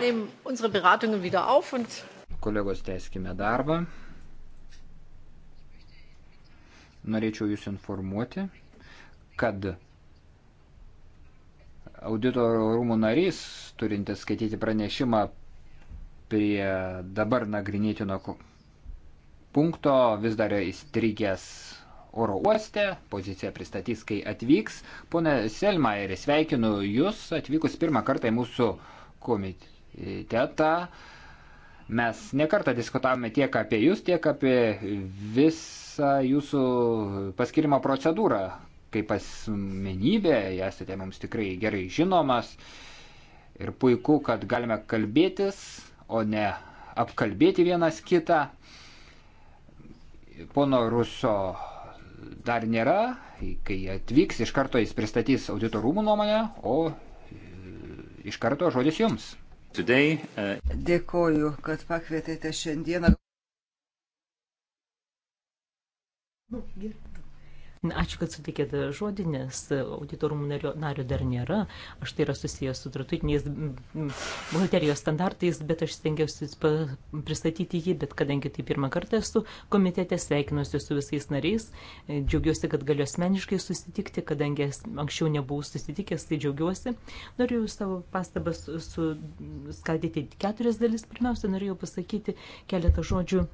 nehmen unsere Beratungen wieder auf und Kolegos, tęskime darbą. Norėčiau Jūs informuoti, kad audito rūmų narys, turintis skaityti pranešimą prie dabar nagrinėtino punkto, vis dar įstrigęs oro uoste, poziciją pristatys, kai atvyks. Pone Selmairis, sveikinu Jūs atvykus pirmą kartą į mūsų komitetą komitetą. Mes nekartą diskutavome tiek apie jūs, tiek apie visą jūsų paskirimo procedūrą. Kaip asmenybė, esate mums tikrai gerai žinomas ir puiku, kad galime kalbėtis, o ne apkalbėti vienas kitą. Pono Ruso dar nėra, kai atvyks, iš karto jis pristatys auditorumų nuomonę, o iš karto žodis jums. Today, uh... Dėkoju, kad pakvietėte šiandieną. Nu, gerai. Ačiū, kad sutikėte žodį, nes auditorumų nario, nario dar nėra. Aš tai yra susijęs su tratutiniais mm, buhalterijos standartais, bet aš stengiuosi pristatyti jį, bet kadangi tai pirmą kartą esu komitete, sveikinuosi su visais nariais. Džiaugiuosi, kad galiu asmeniškai susitikti, kadangi anksčiau nebuvau susitikęs, tai džiaugiuosi. Noriu savo pastabas suskaldyti keturias dalis. Pirmiausia, norėjau pasakyti keletą žodžių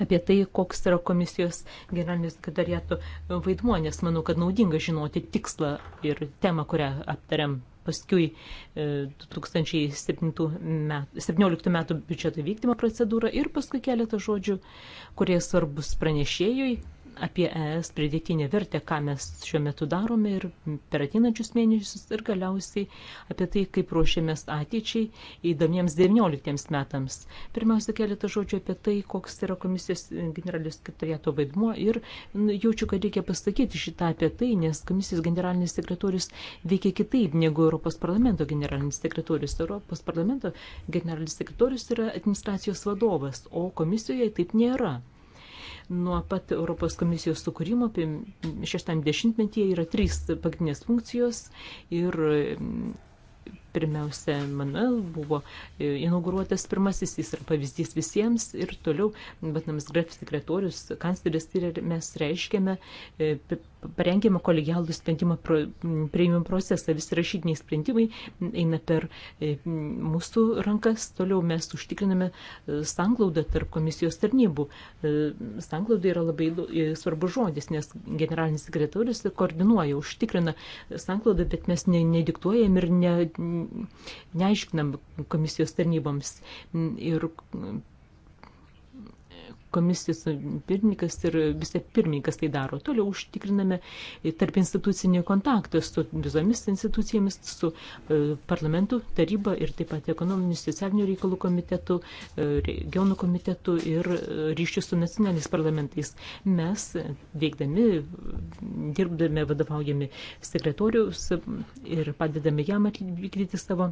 apie tai, koks yra komisijos generalinis sekretariato vaidmuo, nes manau, kad naudinga žinoti tikslą ir temą, kurią aptariam. Paskui 2017 e, metų, metų biudžeto vykdymo procedūrą ir paskui keletą žodžių, kurie svarbus pranešėjui apie ES pridėtinę vertę, ką mes šiuo metu darome ir per ateinančius mėnesius ir galiausiai apie tai, kaip ruošiamės ateičiai įdomiems 19 metams. Pirmiausia, keletą žodžių apie tai, koks yra komisijos generalinis sekretariato vaidmuo ir nu, jaučiu, kad reikia pasakyti šitą apie tai, nes komisijos generalinis sekretorius veikia kitaip negu Europos parlamento generalinis sekretorius. Europos parlamento generalinis sekretorius yra administracijos vadovas, o komisijoje taip nėra. Nuo pat Europos komisijos sukūrimo, 60-metyje yra trys pagrindinės funkcijos ir pirmiausia, Manuel buvo e, inauguruotas pirmasis, jis yra pavyzdys visiems ir toliau, vadinamas graf sekretorius, kancleris ir tai mes reiškėme e, parengėme kolegialų sprendimą pro, prieimimo procesą. Visi rašytiniai sprendimai eina per e, mūsų rankas. Toliau mes užtikriname e, sanglaudą tarp komisijos tarnybų. E, sanglauda yra labai svarbus žodis, nes generalinis sekretorius koordinuoja, užtikrina sanglaudą, bet mes ne, nediktuojam ir ne, neaiškinam komisijos tarnyboms. Ir komisijos pirmininkas ir visi pirmininkas tai daro. Toliau užtikriname tarp institucinį kontaktą su visomis institucijomis, su e, parlamentu, taryba ir taip pat ekonominių socialinių reikalų komitetu, e, regionų komitetu ir e, ryšių su nacionaliniais parlamentais. Mes veikdami, dirbdami, vadovaujami sekretorius ir padedame jam atvykdyti savo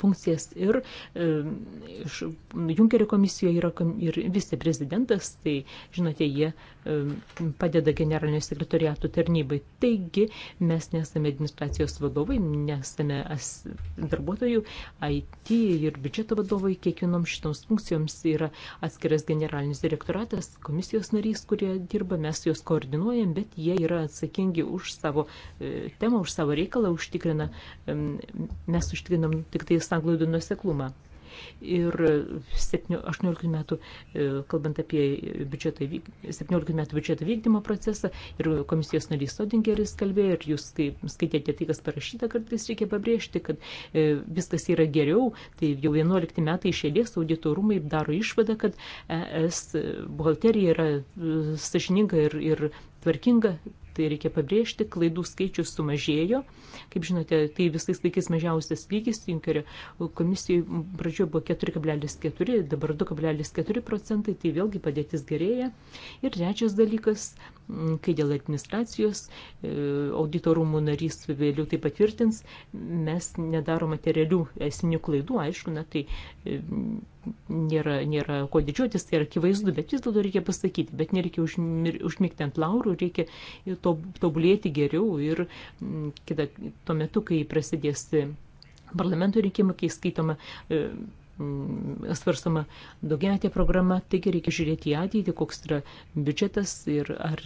funkcijas ir e, iš Junkerio komisijoje yra ir viceprezidentas, tai žinote, jie padeda generalinio sekretoriato tarnybai. Taigi mes nesame administracijos vadovai, nesame darbuotojų, IT ir biudžeto vadovai. Kiekvienom šitoms funkcijoms yra atskiras generalinis direktoratas, komisijos narys, kurie dirba, mes juos koordinuojam, bet jie yra atsakingi už savo e, temą, už savo reikalą, užtikrina, mes užtikrinam tik tai sanglaudinuoseklumą ir 18 metų, e, kalbant apie biudžetą, 17 metų biudžeto vykdymo procesą, ir komisijos narys Sodingeris kalbėjo, ir jūs skaitėte tai, kas parašyta, kartais reikia pabrėžti, kad e, viskas yra geriau, tai jau 11 metai išėlės auditorumai daro išvadą, kad ES buhalterija yra e, sažininga ir, ir tvarkinga, tai reikia pabrėžti, klaidų skaičius sumažėjo. Kaip žinote, tai visais laikais mažiausias lygis, Junkerio komisijoje pradžioje buvo 4,4, dabar 2,4 procentai, tai vėlgi padėtis gerėja. Ir trečias dalykas, Kai dėl administracijos e, auditorumų narys vėliau tai patvirtins, mes nedaro materialių esminių klaidų, aišku, na tai e, nėra, nėra ko didžiuotis, tai yra akivaizdu, bet vis dėlto reikia pasakyti, bet nereikia užmigti ant laurų, reikia tobulėti geriau ir kita, tuo metu, kai prasidės parlamento rinkimai, kai skaitoma e, Mm, svarstama daugiatė programa, taigi reikia žiūrėti į ateitį, koks yra biudžetas ir ar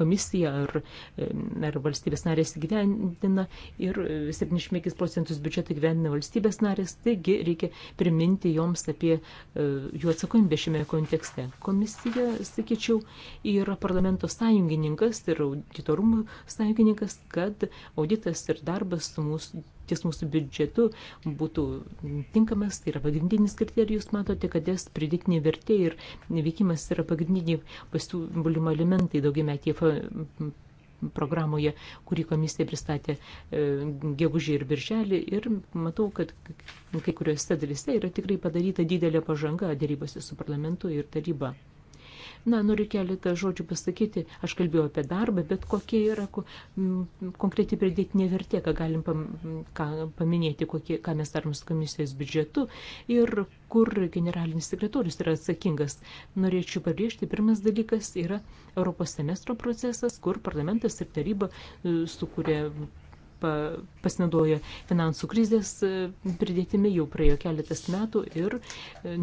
komisija ar, mm, ar valstybės narės gyvendina ir 75 procentus biudžetą gyvendina valstybės narės, taigi reikia priminti joms apie e, jų atsakomybę šiame kontekste. Komisija, sakyčiau, yra parlamento sąjungininkas ir auditorumų sąjungininkas, kad auditas ir darbas su mūsų ties mūsų biudžetu būtų tinkamas, tai yra pagrindinis kriterijus, matote, kad es pridėtinė vertė ir veikimas yra pagrindiniai pasiūlymo elementai daugiametėje programoje, kurį komisija pristatė e, gegužį ir birželį. Ir matau, kad kai kuriuose dalyse yra tikrai padaryta didelė pažanga dėrybose su parlamentu ir taryba. Na, noriu keletą žodžių pasakyti, aš kalbėjau apie darbą, bet kokie yra ko, konkreti pridėtinė vertė, ką galim pam, ką, paminėti, kokie, ką mes darom su komisijos biudžetu ir kur generalinis sekretorius yra atsakingas. Norėčiau pabrėžti, pirmas dalykas yra Europos semestro procesas, kur parlamentas ir taryba e, sukūrė pasinaudojo finansų krizės e, pridėtimi, jau praėjo keletas metų ir e,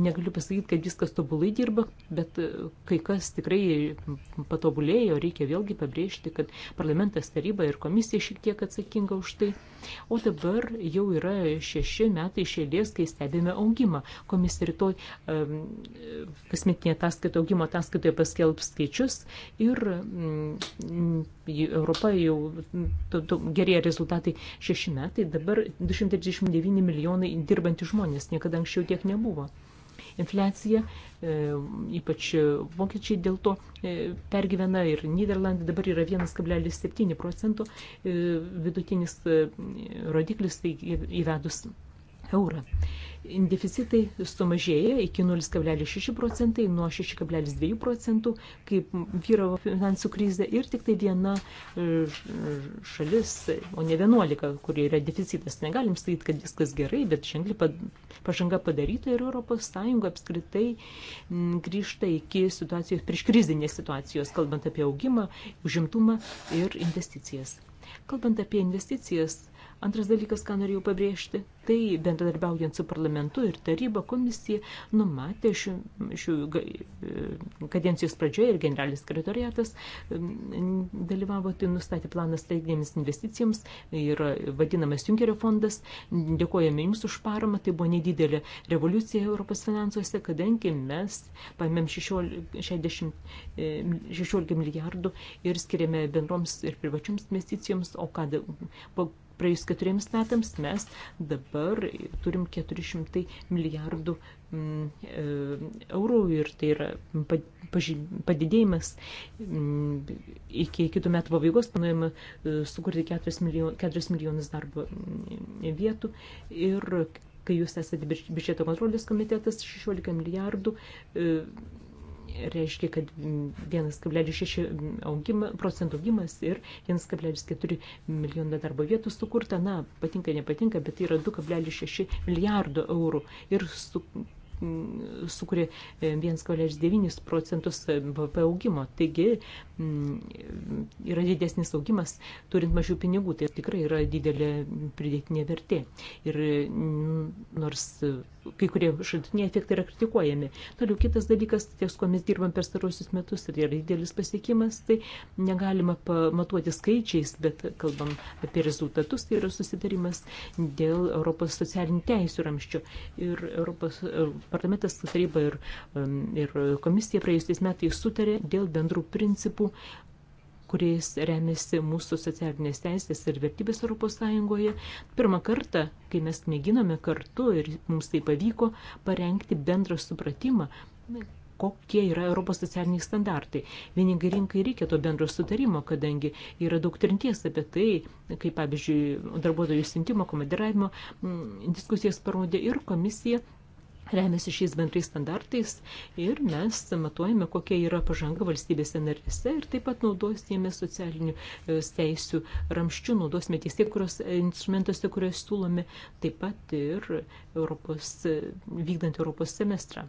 negaliu pasakyti, kad viskas tobulai dirba, bet e, kai kas tikrai patobulėjo, reikia vėlgi pabrėžti, kad parlamentas taryba ir komisija šiek tiek atsakinga už tai. O dabar jau yra šeši metai išėlės, kai stebime augimą. Komisija rytoj um, kasmetinė ataskaita, augimo ataskaitoje paskelbs skaičius ir um, mm, Europa jau to, to, gerėja rezultatai šeši metai, dabar 239 milijonai dirbantys žmonės, niekada anksčiau tiek nebuvo infliacija, e, ypač vokiečiai dėl to e, pergyvena ir Niderlandai dabar yra 1,7 procento e, vidutinis rodiklis tai įvedus eurą deficitai sumažėja iki 0,6 procentai nuo 6,2 procentų, kaip vyravo finansų krizė ir tik tai viena e, šalis, o ne 11, kur yra deficitas. Negalim sakyti, kad viskas gerai, bet ženkli pažanga padaryta ir ES apskritai grįžta iki situacijos, prieš krizinės situacijos, kalbant apie augimą, užimtumą ir investicijas. Kalbant apie investicijas, Antras dalykas, ką norėjau pabrėžti, tai bendradarbiaujant su parlamentu ir taryba komisija numatė šių, šių e, kadencijos pradžioje ir generalinis sekretariatas dalyvavo, tai nustatė planą strateginėms investicijoms ir vadinamas Junkerio fondas. Dėkojame Jums už paramą, tai buvo nedidelė revoliucija Europos finansuose, kadangi mes paėmėm 16, 60, 16 milijardų ir skiriame bendroms ir privačioms investicijoms, o ką po praėjus keturiems metams mes dabar turim 400 milijardų mm, e, eurų ir tai yra padidėjimas mm, iki kitų metų pabaigos planuojama e, sukurti 4, milijon, 4 milijonus darbo mm, vietų ir kai jūs esate biudžeto kontrolės komitetas 16 milijardų e, reiškia, kad 1,6 procentų augimas ir 1,4 milijono darbo vietų sukurta, na, patinka, nepatinka, bet tai yra 2,6 milijardo eurų ir su, Mm, sukūrė 1,9 e, procentus e, BVP augimo. Taigi mm, yra didesnis augimas, turint mažiau pinigų, tai tikrai yra didelė pridėtinė vertė. Ir mm, nors e, kai kurie šaltiniai efektai yra kritikuojami. Toliau kitas dalykas, ties kuo mes dirbam per starosius metus, ir tai yra didelis pasiekimas, tai negalima pamatuoti skaičiais, bet kalbam apie rezultatus, tai yra susitarimas dėl Europos socialinių teisų ramščio. Ir Europos parlamentas, taryba ir, um, ir komisija praėjusiais metais sutarė dėl bendrų principų kuriais remiasi mūsų socialinės teisės ir vertybės Europos Sąjungoje. Pirmą kartą, kai mes mėginome kartu ir mums tai pavyko parengti bendrą supratimą, kokie yra Europos socialiniai standartai. Vieningai rinkai reikia to bendro sutarimo, kadangi yra daug trinties apie tai, kaip pavyzdžiui, darbuotojų siuntimo, komandiravimo mm, diskusijas parodė ir komisija remiasi šiais bendrais standartais ir mes matuojame, kokia yra pažanga valstybėse narėse ir taip pat naudosime socialinių e, teisių ramščių, naudosime teisėkuros instrumentuose, kuriuos siūlome, taip pat ir Europos, e, vykdant Europos semestrą.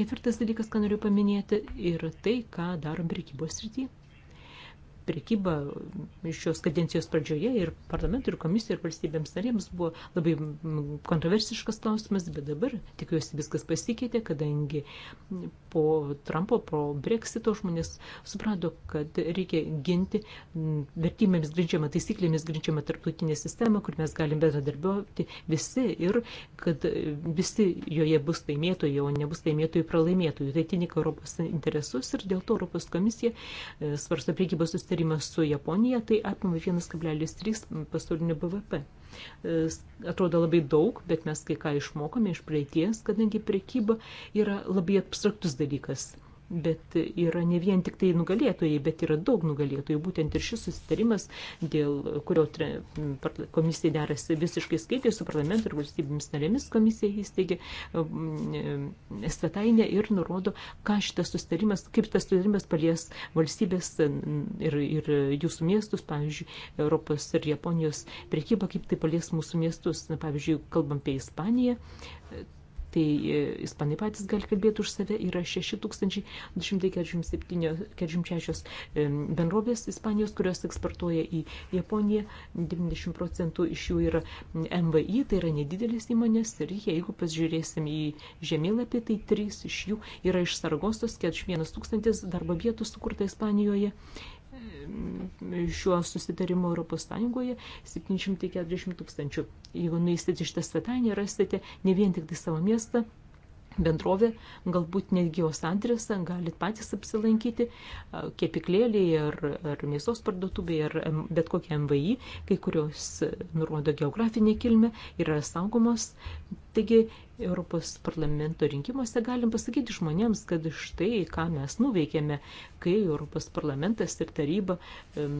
Ketvirtas dalykas, ką noriu paminėti, yra tai, ką darom prekybos srityje prekyba šios kadencijos pradžioje ir parlamentui, ir komisijai, ir valstybėms narėms buvo labai kontroversiškas klausimas, bet dabar tikiuosi viskas pasikeitė, kadangi po Trumpo, po Brexito žmonės suprato, kad reikia ginti vertybėmis grindžiamą, taisyklėmis grindžiamą tarptautinę sistemą, kur mes galim bendradarbiauti visi ir kad visi joje bus laimėtojai, o nebus laimėtojai pralaimėtojai. Tai tinika Europos interesus ir dėl to Europos komisija e, svarsto priekybos sustarimą su Japonija, tai apima 1,3 pasaulinio BVP. E, atrodo labai daug, bet mes kai ką išmokome iš praeities, kadangi priekyba yra labai abstraktus dalykas. Bet yra ne vien tik tai nugalėtojai, bet yra daug nugalėtojų. Būtent ir šis susitarimas, dėl kurio komisija derasi visiškai skaitė su parlamentu ir valstybėmis narėmis, komisija įsteigė svetainę ir nurodo, ką šitas susitarimas, kaip tas susitarimas palies valstybės ir, ir jūsų miestus, pavyzdžiui, Europos ir Japonijos priekybą, kaip tai palies mūsų miestus. Na, pavyzdžiui, kalbam apie Ispaniją tai e, ispanai patys gali kalbėti už save, yra 6246 bendrovės Ispanijos, kurios eksportuoja į Japoniją, 90 procentų iš jų yra MVI, tai yra nedidelis įmonės ir jeigu pasižiūrėsim į žemėlapį, tai 3 iš jų yra iš Sargosos, 41 tūkstantis darbo vietų sukurta Ispanijoje šiuo susitarimu Europos Sąjungoje 740 tūkstančių. Jeigu nuėsite iš tą svetainę, rasite ne vien tik tai savo miestą, bendrovė, galbūt netgi jos adresą, galit patys apsilankyti kepiklėlėje ar, ar mėsos parduotuvėje ar bet kokia MVI, kai kurios e, nurodo geografinį kilmę, yra saugomos. Taigi Europos parlamento rinkimuose galim pasakyti žmonėms, kad štai ką mes nuveikėme, kai Europos parlamentas ir taryba um,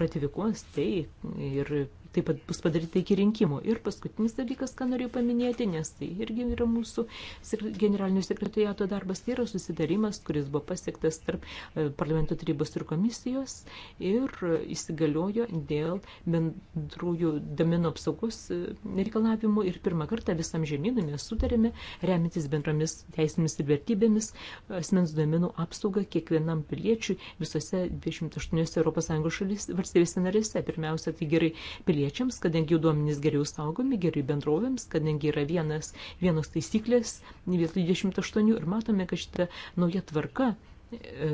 ratifikuos tai ir taip pat bus padaryta iki rinkimų. Ir paskutinis dalykas, ką norėjau paminėti, nes tai irgi yra mūsų generalinio sekretoriato darbas, tai yra susidarimas, kuris buvo pasiektas tarp e, parlamento tarybos ir komisijos ir įsigaliojo dėl bendrųjų domenų apsaugos e, reikalavimų ir pirmą kartą visam žemynui mes sutarėme, remintis bendromis teisėmis ir vertybėmis, e, asmens domenų apsaugą kiekvienam piliečiui visose 28 ES šalis valstybėse narėse. Pirmiausia, tai gerai piliečiai piliečiams, kadangi jų duomenys geriau saugomi, gerai bendrovėms, kadangi yra vienas, vienos taisyklės, vietoj 28 ir matome, kad šita nauja tvarka E,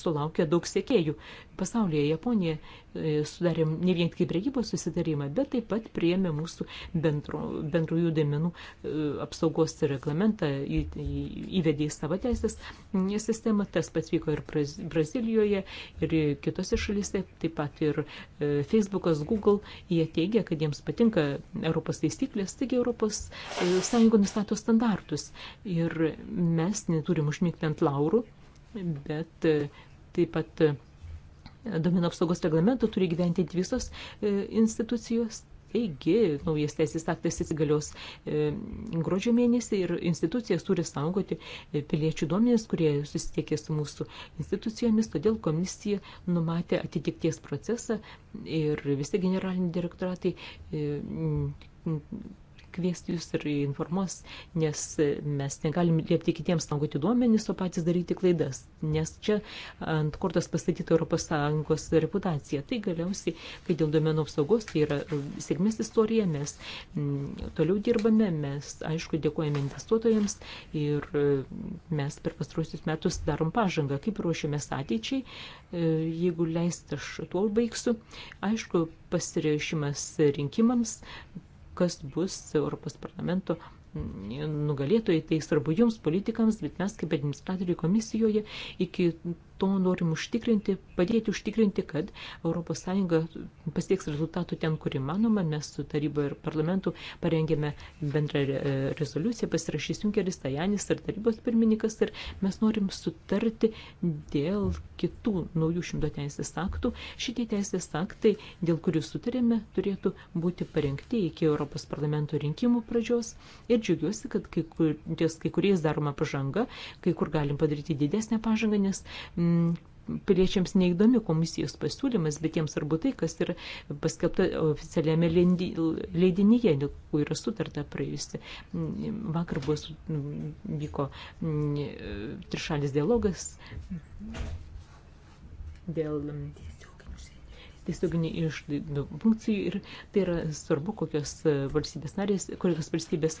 sulaukia daug sėkėjų. Pasaulyje Japonija e, sudarė ne vien tik priekybos susitarimą, bet taip pat priėmė mūsų bendro, bendrųjų dėmenų e, apsaugos reglamentą, į, į, įvedė į savo teisės sistemą. Tas pats vyko ir Brazilijoje, ir kitose šalyse, taip pat ir Facebookas, Google. Jie teigia, kad jiems patinka Europos taisyklės, taigi Europos Sąjunga nustato standartus. Ir mes neturim užmygti ant laurų bet e, taip pat e, domino apsaugos reglamentą turi gyventinti visos e, institucijos. Taigi, naujas teisės aktas įsigalios e, gruodžio mėnesį ir institucijas turi saugoti piliečių duomenys, kurie susitiekė su mūsų institucijomis, todėl komisija numatė atitikties procesą ir visi generaliniai direktoratai e, kvies jūs ir informuos, nes mes negalim liepti kitiems naugoti duomenys, o patys daryti klaidas, nes čia ant kortos pastatyta ES reputacija. Tai galiausiai, kai dėl duomenų apsaugos, tai yra e, sėkmės istorija, mes mm, toliau dirbame, mes aišku dėkojame investuotojams ir e, mes per pastrosius metus darom pažangą, kaip ruošiamės ateičiai, e, jeigu leist aš tuo baigsiu. Aišku, pasireišimas rinkimams, kas bus Europos parlamento nugalėtojai, tai svarbu jums, politikams, bet mes kaip administratoriai komisijoje iki to norim užtikrinti, padėti užtikrinti, kad ES pasieks rezultatų ten, kur įmanoma. Mes su taryba ir parlamentu parengėme bendrą rezoliuciją, pasirašys Junkeris, Tajanis ir tarybos pirmininkas ir mes norim sutarti dėl kitų naujų šimto teisės aktų. Šitie teisės aktai, dėl kurių sutarėme, turėtų būti parengti iki Europos parlamento rinkimų pradžios ir džiugiuosi, kad kai, kur, ties, kai kuriais daroma pažanga, kai kur galim padaryti didesnę pažangą, nes m, mm, Mm, piliečiams neįdomi komisijos pasiūlymas, bet jiems svarbu tai, kas yra paskelbta oficialiame leidinyje, kuo yra sutarta praėjusi. Mm, vakar buvo, mm, vyko trišalis dialogas dėl tiesioginių išlaidų funkcijų ir tai yra svarbu, kokios valstybės narės, kokios valstybės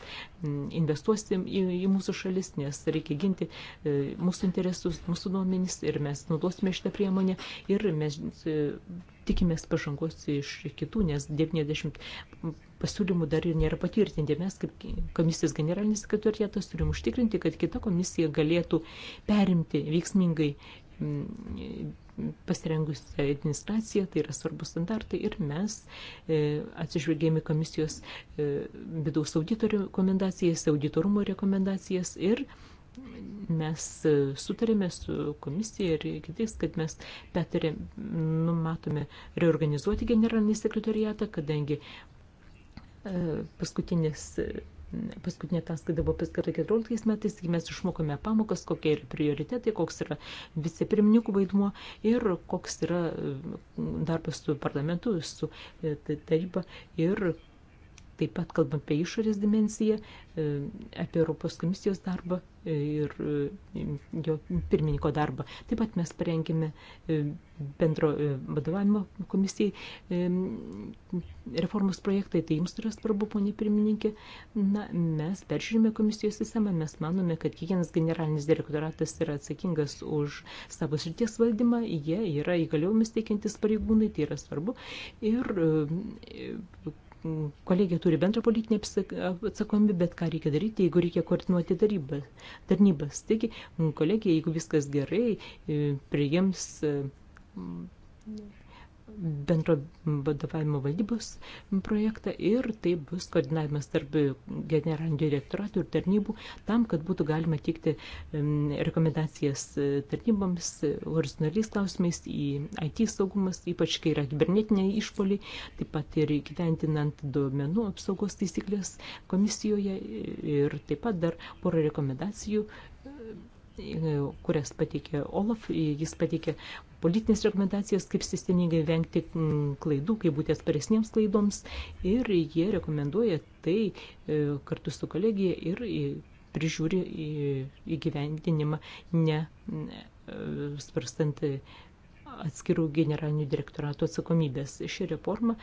investuosim į, į mūsų šalis, nes reikia ginti e, mūsų interesus, mūsų duomenys ir mes naudosime šitą priemonę ir mes e, tikimės pažangos iš kitų, nes 90 pasiūlymų dar ir nėra patvirtinti. Mes kaip komisijos generalinis sekretorietas turim užtikrinti, kad kita komisija galėtų perimti veiksmingai pasirengusi administracija, tai yra svarbus standartai ir mes e, atsižvelgėme komisijos e, vidaus auditorių rekomendacijas, auditorumo rekomendacijas ir mes e, sutarėme su komisija ir kitais, kad mes Peterė numatome reorganizuoti generalinį sekretariatą, kadangi paskutinis paskutinė ataskaita buvo paskata 14 metais, kai mes išmokome pamokas, kokie yra prioritetai, koks yra vicepirmininkų vaidmuo ir koks yra darbas su parlamentu, su e, taryba ir Taip pat kalbam apie išorės dimensiją, e, apie Europos komisijos darbą e, ir e, jo pirmininko darbą. Taip pat mes parengėme bendro vadovavimo komisijai reformos projektai, tai jums yra svarbu, ponė pirmininkė. Na, mes peržiūrime komisijos sistemą, mes manome, kad kiekvienas generalinis direktoratas yra atsakingas už savo srities valdymą, jie yra įgaliojomis teikiantis pareigūnai, tai yra svarbu. Ir kolegija turi bendrą politinę atsakomybę, bet ką reikia daryti, jeigu reikia koordinuoti darybą, tarnybas. Taigi, kolegija, jeigu viskas gerai, e, priims e, bendro vadovavimo valdybos projektą ir tai bus koordinavimas tarp generalinių direktoratų ir tarnybų tam, kad būtų galima teikti rekomendacijas e, tarnyboms horizontaliais klausimais į IT saugumas, ypač kai yra kibernetiniai išpoliai, taip pat ir įgyventinant duomenų apsaugos taisyklės komisijoje ir taip pat dar porą rekomendacijų e, kurias pateikė Olaf, jis pateikė politinės rekomendacijas, kaip sistemingai vengti mm, klaidų, kaip būti atsparesniems klaidoms. Ir jie rekomenduoja tai e, kartu su kolegija ir prižiūri įgyvendinimą, ne mm, e, svarstant atskirų generalinių direktoratų atsakomybės. Ši reforma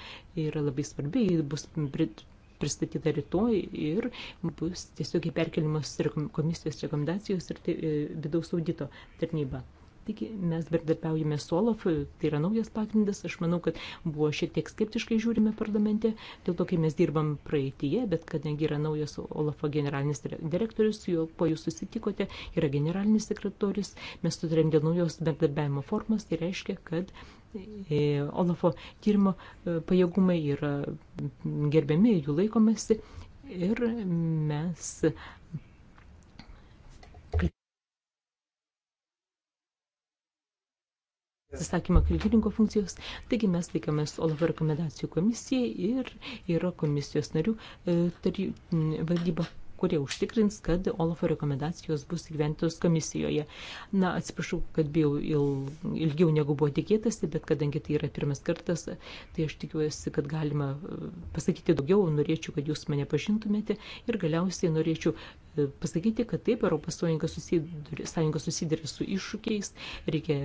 yra labai svarbi, ji bus pristatyta rytoj ir bus tiesiog perkeliamas komisijos rekomendacijos ir e, vidaus audito tarnyba. Taigi mes bendradarbiaujame su OLAF, tai yra naujas pagrindas. Aš manau, kad buvo šiek tiek skeptiškai žiūrime parlamente, dėl to, kai mes dirbam praeitie, bet kadangi yra naujas OLAFO generalinis direktorius, jo po jūs susitikote, yra generalinis sekretorius, mes sutarėm dėl naujos bendradarbiavimo formos, tai reiškia, kad e, OLAFO tyrimo e, pajėgumai yra gerbiami, jų laikomasi ir mes atsisakymą kalbininko funkcijos, taigi mes laikėmės Olafo rekomendacijų komisijai ir yra komisijos narių e, valdyba, kurie užtikrins, kad Olafo rekomendacijos bus įgyventos komisijoje. Na, atsiprašau, kad bijau il, ilgiau negu buvo tikėtasi, bet kadangi tai yra pirmas kartas, tai aš tikiuosi, kad galima e, pasakyti daugiau, norėčiau, kad jūs mane pažintumėte ir galiausiai norėčiau e, pasakyti, kad taip, ES susiduria, susiduria su iššūkiais, reikia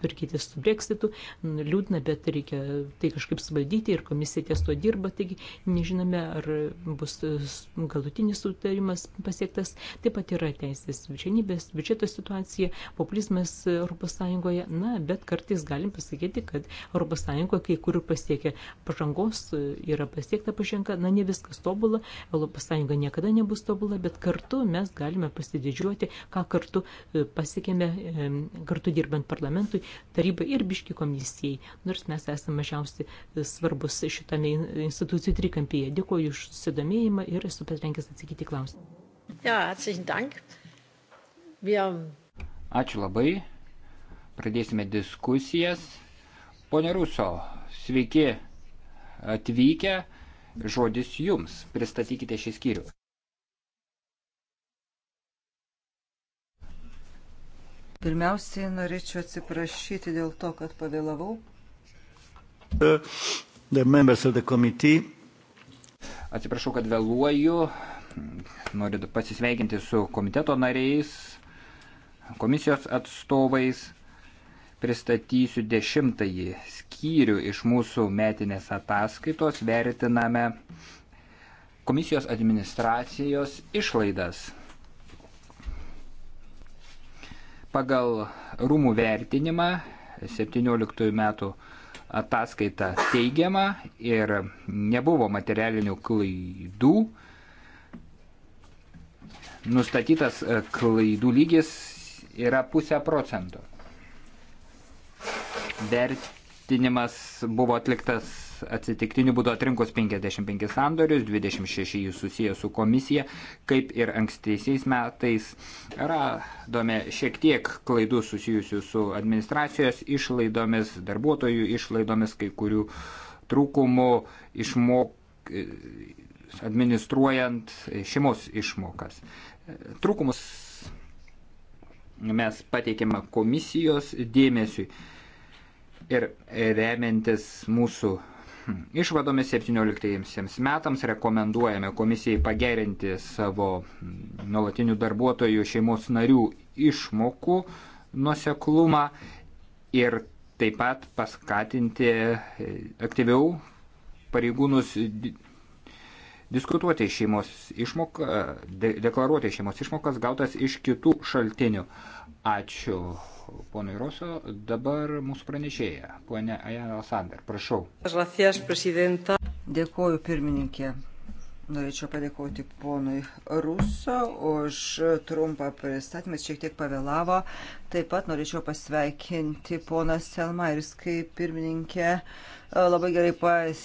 tvarkytis su breksitu, liūdna, bet reikia tai kažkaip suvaldyti ir komisija ties to dirba, taigi nežinome, ar bus galutinis sutarimas pasiektas. Taip pat yra teisės viršenybės, biudžeto situacija, populizmas ES, na, bet kartais galim pasakyti, kad ES kai kur pasiekia pažangos, yra pasiekta pažanga, na, ne viskas tobula, ES niekada nebus tobula, bet kartu mes galime pasididžiuoti, ką kartu e, pasiekėme, kartu dirbant parlamentui tarybai ir biški komisijai, nors mes esame mažiausiai e, svarbus šitame institucijų trikampyje. Dėkuoju už susidomėjimą ir esu patenkęs atsakyti klausimą. Ja, herzlichen Dank. Wir... Ačiū labai. Pradėsime diskusijas. Pone Ruso, sveiki atvykę. Žodis jums. Pristatykite šį skyrių. Pirmiausiai norėčiau atsiprašyti dėl to, kad pavėlavau. Atsiprašau, kad vėluoju. Noriu pasisveikinti su komiteto nariais, komisijos atstovais. Pristatysiu dešimtąjį skyrių iš mūsų metinės ataskaitos. Vertiname komisijos administracijos išlaidas Pagal rūmų vertinimą 17 metų ataskaita teigiama ir nebuvo materialinių klaidų. Nustatytas e, klaidų lygis yra pusę procento. Vertinimas buvo atliktas atsitiktiniu būdu atrinkus 55 sandorius, 26 jų susijęs su komisija, kaip ir ankstysiais metais radome šiek tiek klaidų susijusių su administracijos išlaidomis, darbuotojų išlaidomis, kai kurių trūkumų išmok administruojant šeimos išmokas. Trūkumus mes pateikėme komisijos dėmesiui ir remiantis mūsų išvadomis 17 metams rekomenduojame komisijai pagerinti savo nuolatinių darbuotojų šeimos narių išmokų nuseklumą ir taip pat paskatinti aktyviau pareigūnus diskutuoti šeimos išmoką, de, deklaruoti šeimos išmokas gautas iš kitų šaltinių. Ačiū ponui Roso. Dabar mūsų pranešėja, ponė Ajana Alexander, prašau. Dėkuoju pirmininkė. Norėčiau padėkoti ponui Ruso už trumpą pristatymą, jis šiek tiek pavėlavo. Taip pat norėčiau pasveikinti poną Selmairis, kaip pirmininkė labai gerai pas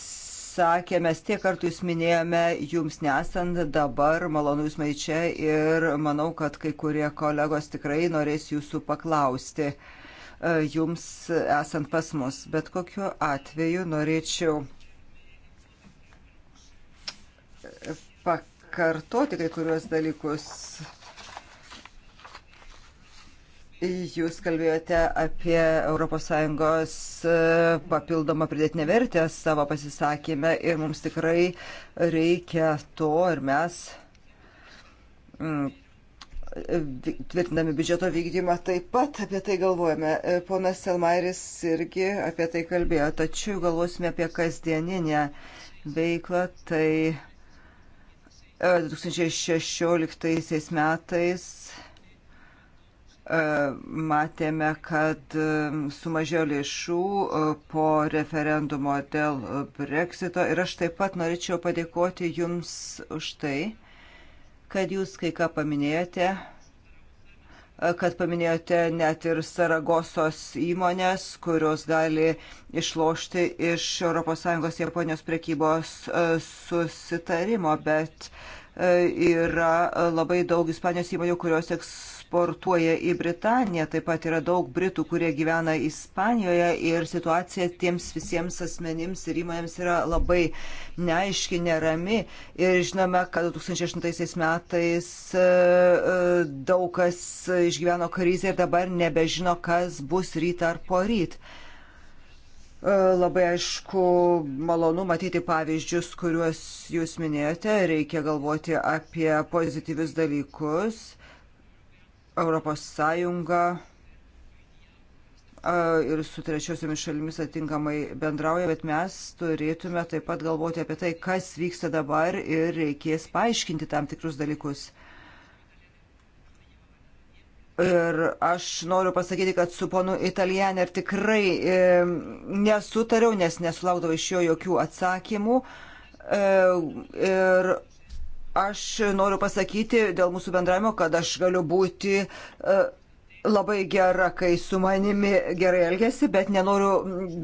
sakė, mes tiek kartų jūs minėjome, jums nesant dabar, malonu jūs mai čia ir manau, kad kai kurie kolegos tikrai norės jūsų paklausti, e, jums esant pas mus. Bet kokiu atveju norėčiau e, pakartoti kai kuriuos dalykus Jūs kalbėjote apie ES e, papildomą pridėtinę vertę savo pasisakymę ir mums tikrai reikia to ir mes mm, tvirtindami biudžeto vykdymą taip pat apie tai galvojame. E, ponas Selmairis irgi apie tai kalbėjo, tačiau galvosime apie kasdieninę veiklą. Tai 2016 e, metais E, matėme, kad e, sumažėjo lėšų e, po referendumo dėl breksito ir aš taip pat norėčiau padėkoti Jums už tai, kad Jūs kai ką paminėjote, kad paminėjote net ir Saragosos įmonės, kurios gali išlošti iš ES Japonijos prekybos susitarimo, bet yra labai daug Ispanijos įmonių, kurios eks eksportuoja į Britaniją, taip pat yra daug Britų, kurie gyvena Ispanijoje ir situacija tiems visiems asmenims ir įmonėms yra labai neaiški, nerami. Ir žinome, kad 2008 metais e, e, daug kas išgyveno krizę ir dabar nebežino, kas bus ryt ar poryt. E, labai aišku, malonu matyti pavyzdžius, kuriuos jūs minėjote. Reikia galvoti apie pozityvius dalykus. Europos Sąjunga ir su trečiosiomis šalimis atinkamai bendrauja, bet mes turėtume taip pat galvoti apie tai, kas vyksta dabar ir reikės paaiškinti tam tikrus dalykus. Ir aš noriu pasakyti, kad su ponu Italianer tikrai e, nesutariau, nes nesulaukdavau iš jo jokių atsakymų. E, ir Aš noriu pasakyti dėl mūsų bendravimo, kad aš galiu būti e, labai gera, kai su manimi gerai elgesi, bet nenoriu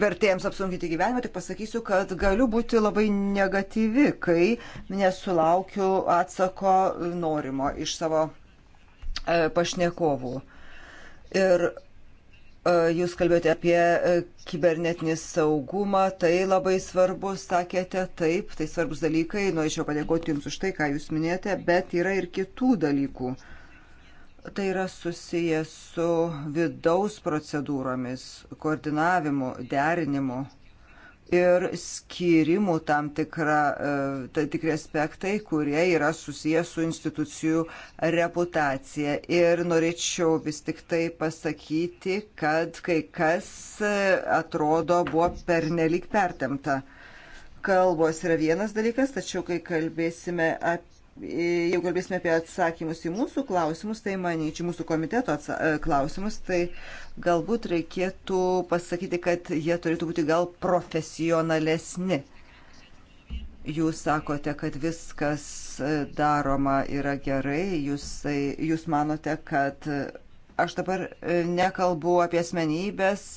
vertėjams apsunkinti gyvenimą, tik pasakysiu, kad galiu būti labai negatyvi, kai nesulaukiu atsako norimo iš savo e, pašnekovų. Ir E, jūs kalbėjote apie e, kibernetinį saugumą, tai labai svarbu, sakėte, taip, tai svarbus dalykai, norėčiau nu, padėkoti Jums už tai, ką Jūs minėjote, bet yra ir kitų dalykų. Tai yra susijęs su vidaus procedūromis, koordinavimu, derinimu ir skirimų tam, tikra, e, tam tikri aspektai, kurie yra susijęs su institucijų reputacija. Ir norėčiau vis tik tai pasakyti, kad kai kas e, atrodo buvo pernelik pertemta. Kalbos yra vienas dalykas, tačiau kai kalbėsime apie jeigu kalbėsime apie atsakymus į mūsų klausimus, tai manyčiau, mūsų komiteto e, klausimus, tai galbūt reikėtų pasakyti, kad jie turėtų būti gal profesionalesni. Jūs sakote, kad viskas e, daroma yra gerai, jūs, jūs manote, kad e, aš dabar nekalbu apie asmenybės,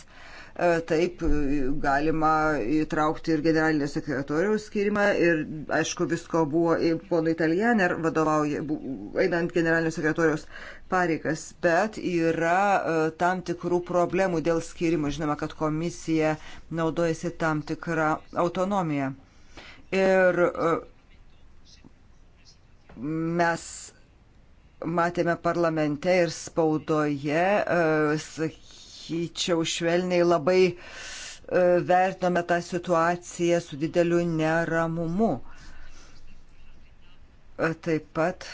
E, taip, e, galima įtraukti ir generalinio sekretoriaus skirimą ir, aišku, visko buvo pono Italianer vadovauja, einant generalinio sekretoriaus pareigas, bet yra e, tam tikrų problemų dėl skirimo. Žinoma, kad komisija naudojasi tam tikrą autonomiją. Ir mes matėme parlamente ir spaudoje, sakyčiau, švelniai labai e, vertiname tą situaciją su dideliu neramumu. E, taip pat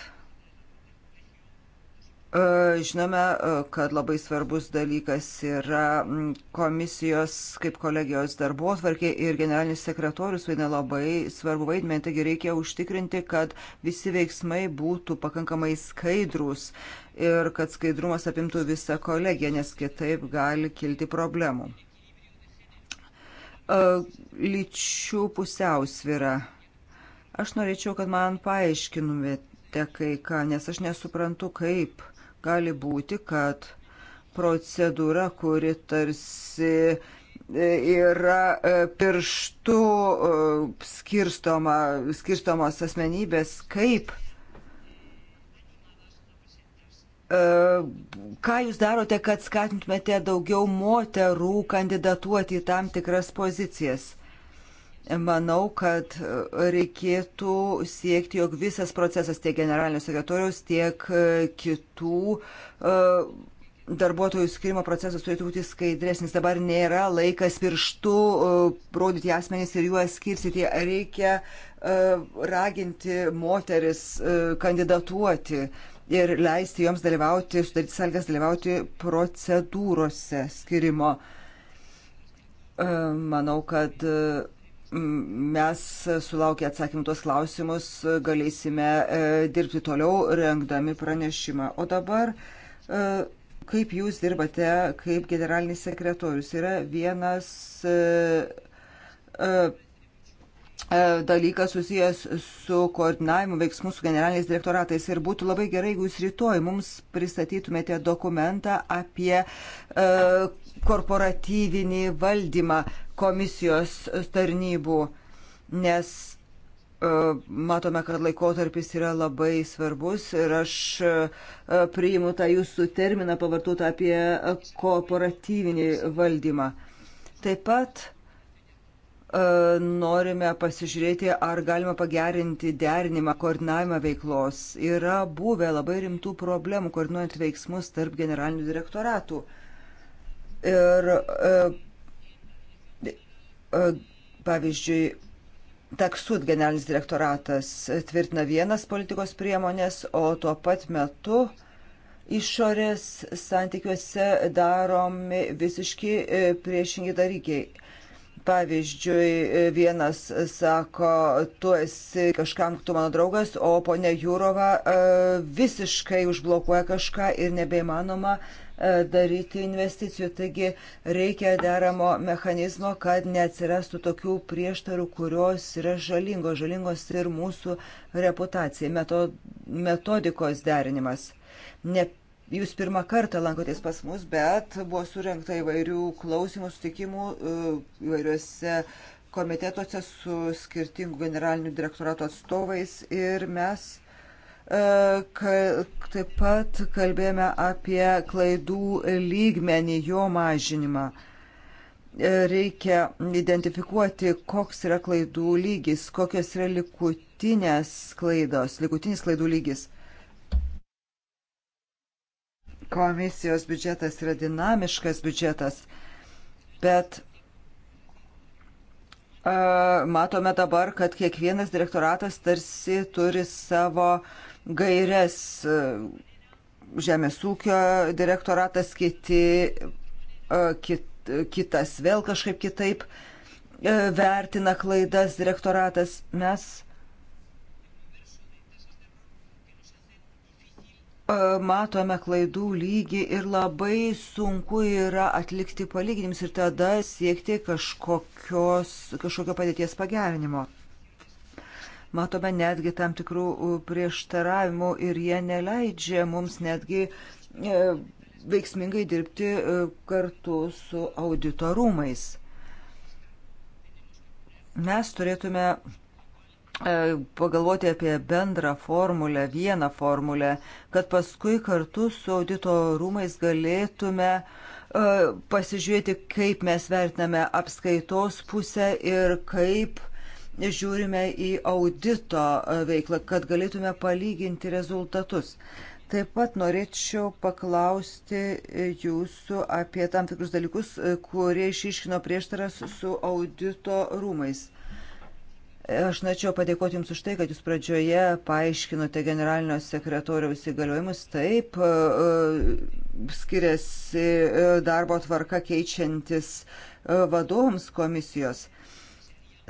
E, žinome, e, kad labai svarbus dalykas yra komisijos kaip kolegijos darbotvarkė ir generalinis sekretorius vaidina labai svarbu vaidmenį, taigi reikia užtikrinti, kad visi veiksmai būtų pakankamai skaidrus ir kad skaidrumas apimtų visą kolegiją, nes kitaip gali kilti problemų. E, lyčių pusiausvyrą. Aš norėčiau, kad man paaiškinumėte kai ką, nes aš nesuprantu, kaip uh, gali būti, kad procedūra, kuri tarsi e, yra e, pirštų e, skirstoma, skirstomos asmenybės, kaip, ką jūs darote, kad skatintumėte daugiau moterų kandidatuoti į tam tikras pozicijas manau, kad e, reikėtų siekti, jog visas procesas tiek generalinio sekretoriaus, tiek e, kitų e, darbuotojų skirimo procesas turėtų būti skaidresnis. Dabar nėra laikas pirštų rodyti asmenys ir juos skirstyti. Reikia raginti moteris kandidatuoti ir leisti joms dalyvauti, sudaryti sąlygas dalyvauti procedūrose skirimo. Manau, kad mes sulaukę atsakymų tuos klausimus e, galėsime e, dirbti toliau, rengdami pranešimą. O dabar, e, kaip jūs dirbate kaip generalinis sekretorius, yra vienas E, dalykas susijęs su koordinavimu veiksmų su generaliniais direktoratais. Ir būtų labai gerai, jeigu jūs rytoj mums pristatytumėte dokumentą apie uh, korporatyvinį valdymą komisijos tarnybų, nes e, matome, kad laikotarpis yra labai svarbus ir aš priimu tą jūsų terminą pavartotą apie kooperatyvinį valdymą. Taip pat E, norime pasižiūrėti, ar galima pagerinti derinimą, koordinavimą veiklos. Yra buvę labai rimtų problemų koordinuojant veiksmus tarp generalinių direktoratų. Ir e, e, pavyzdžiui, Taksut generalinis direktoratas tvirtina vienas politikos priemonės, o tuo pat metu išorės santykiuose daromi visiški priešingi dalykiai Pavyzdžiui, vienas sako, tu esi kažkam, tu mano draugas, o ponia Jūrova e, visiškai užblokuoja kažką ir nebeįmanoma e, daryti investicijų. Taigi reikia deramo mechanizmo, kad neatsirastų tokių prieštarų, kurios yra žalingos, žalingos ir mūsų reputacijai. Metodikos derinimas. Ne Jūs pirmą kartą lankotės pas mus, bet buvo surinkta įvairių klausimų, sutikimų e, įvairiuose komitetuose su skirtingų generalinių direktorato atstovais ir mes e, taip pat kalbėjome apie klaidų lygmenį, jo mažinimą. E, reikia identifikuoti, koks yra klaidų lygis, kokios yra likutinės klaidos, likutinis klaidų lygis komisijos biudžetas yra dinamiškas biudžetas, bet e, matome dabar, kad kiekvienas direktoratas tarsi turi savo gairias. E, Žemės ūkio direktoratas, kiti, e, kit, kitas vėl kažkaip kitaip vertina klaidas direktoratas. Mes matome klaidų lygį ir labai sunku yra atlikti palyginimus ir tada siekti kažkokios, kažkokio padėties pagerinimo. Matome netgi tam tikrų prieštaravimų ir jie neleidžia mums netgi e, veiksmingai dirbti e, kartu su auditorumais. Mes turėtume E, pagalvoti apie bendrą formulę, vieną formulę, kad paskui kartu su audito rūmais galėtume e, pasižiūrėti, kaip mes vertiname apskaitos pusę ir kaip žiūrime į audito e, veiklą, kad galėtume palyginti rezultatus. Taip pat norėčiau paklausti jūsų apie tam tikrus dalykus, kurie išiškino prieštaras su audito rūmais. Aš norėčiau padėkoti Jums už tai, kad Jūs pradžioje paaiškinote generalinio sekretoriaus įgaliojimus. Taip, e, skiriasi e, darbo tvarka keičiantis e, vadovams komisijos.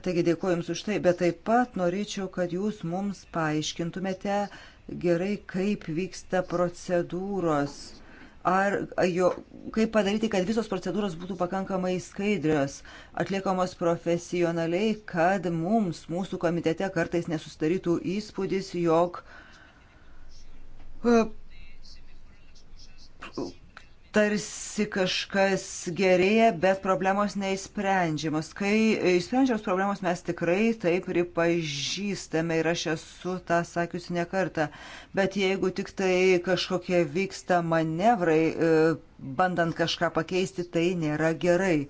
Taigi dėkuoju Jums už tai, bet taip pat norėčiau, kad Jūs mums paaiškintumėte gerai, kaip vyksta procedūros ar jo, kaip padaryti, kad visos procedūros būtų pakankamai skaidrios, atliekamos profesionaliai, kad mums, mūsų komitete, kartais nesustarytų įspūdis, jog tarsi kažkas gerėja, bet problemos neįsprendžiamos. Kai įsprendžiamos problemos mes tikrai taip pripažįstame ir aš esu tą sakiusi ne kartą, bet jeigu tik tai kažkokie vyksta manevrai, e, bandant kažką pakeisti, tai nėra gerai.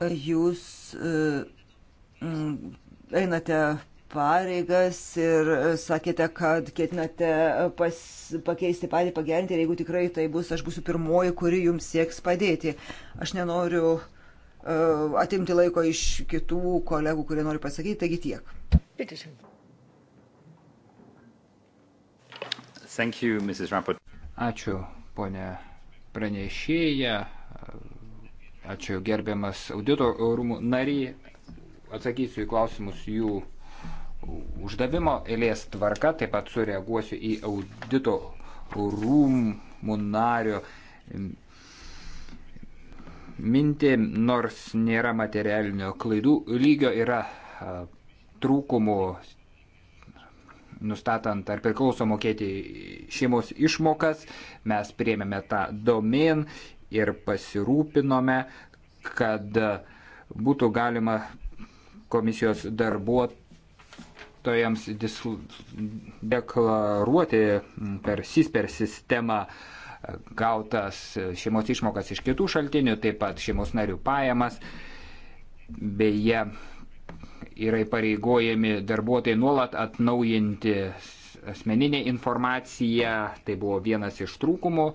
Jūs e, einate pareigas ir e, sakėte, kad ketinate e, pas, pakeisti padį, pagerinti ir jeigu tikrai tai bus, aš būsiu pirmoji, kuri jums sieks padėti. Aš nenoriu uh, atimti laiko iš kitų kolegų, kurie nori pasakyti, taigi tiek. Pitisim. Thank you, Mrs. Rapport. Ačiū, ponė pranešėja. Ačiū gerbiamas audito rūmų nariai. Atsakysiu į klausimus jų uždavimo eilės tvarka, taip pat sureaguosiu į audito rūmų nario mintį, nors nėra materialinio klaidų lygio, yra trūkumų nustatant ar priklauso mokėti šeimos išmokas, mes priemėme tą domen ir pasirūpinome, kad būtų galima komisijos darbuotojų vartotojams deklaruoti per SIS per sistemą e, gautas šeimos išmokas iš kitų šaltinių, taip pat šeimos narių pajamas. Beje, yra įpareigojami darbuotojai nuolat atnaujinti asmeninę informaciją, tai buvo vienas iš trūkumų.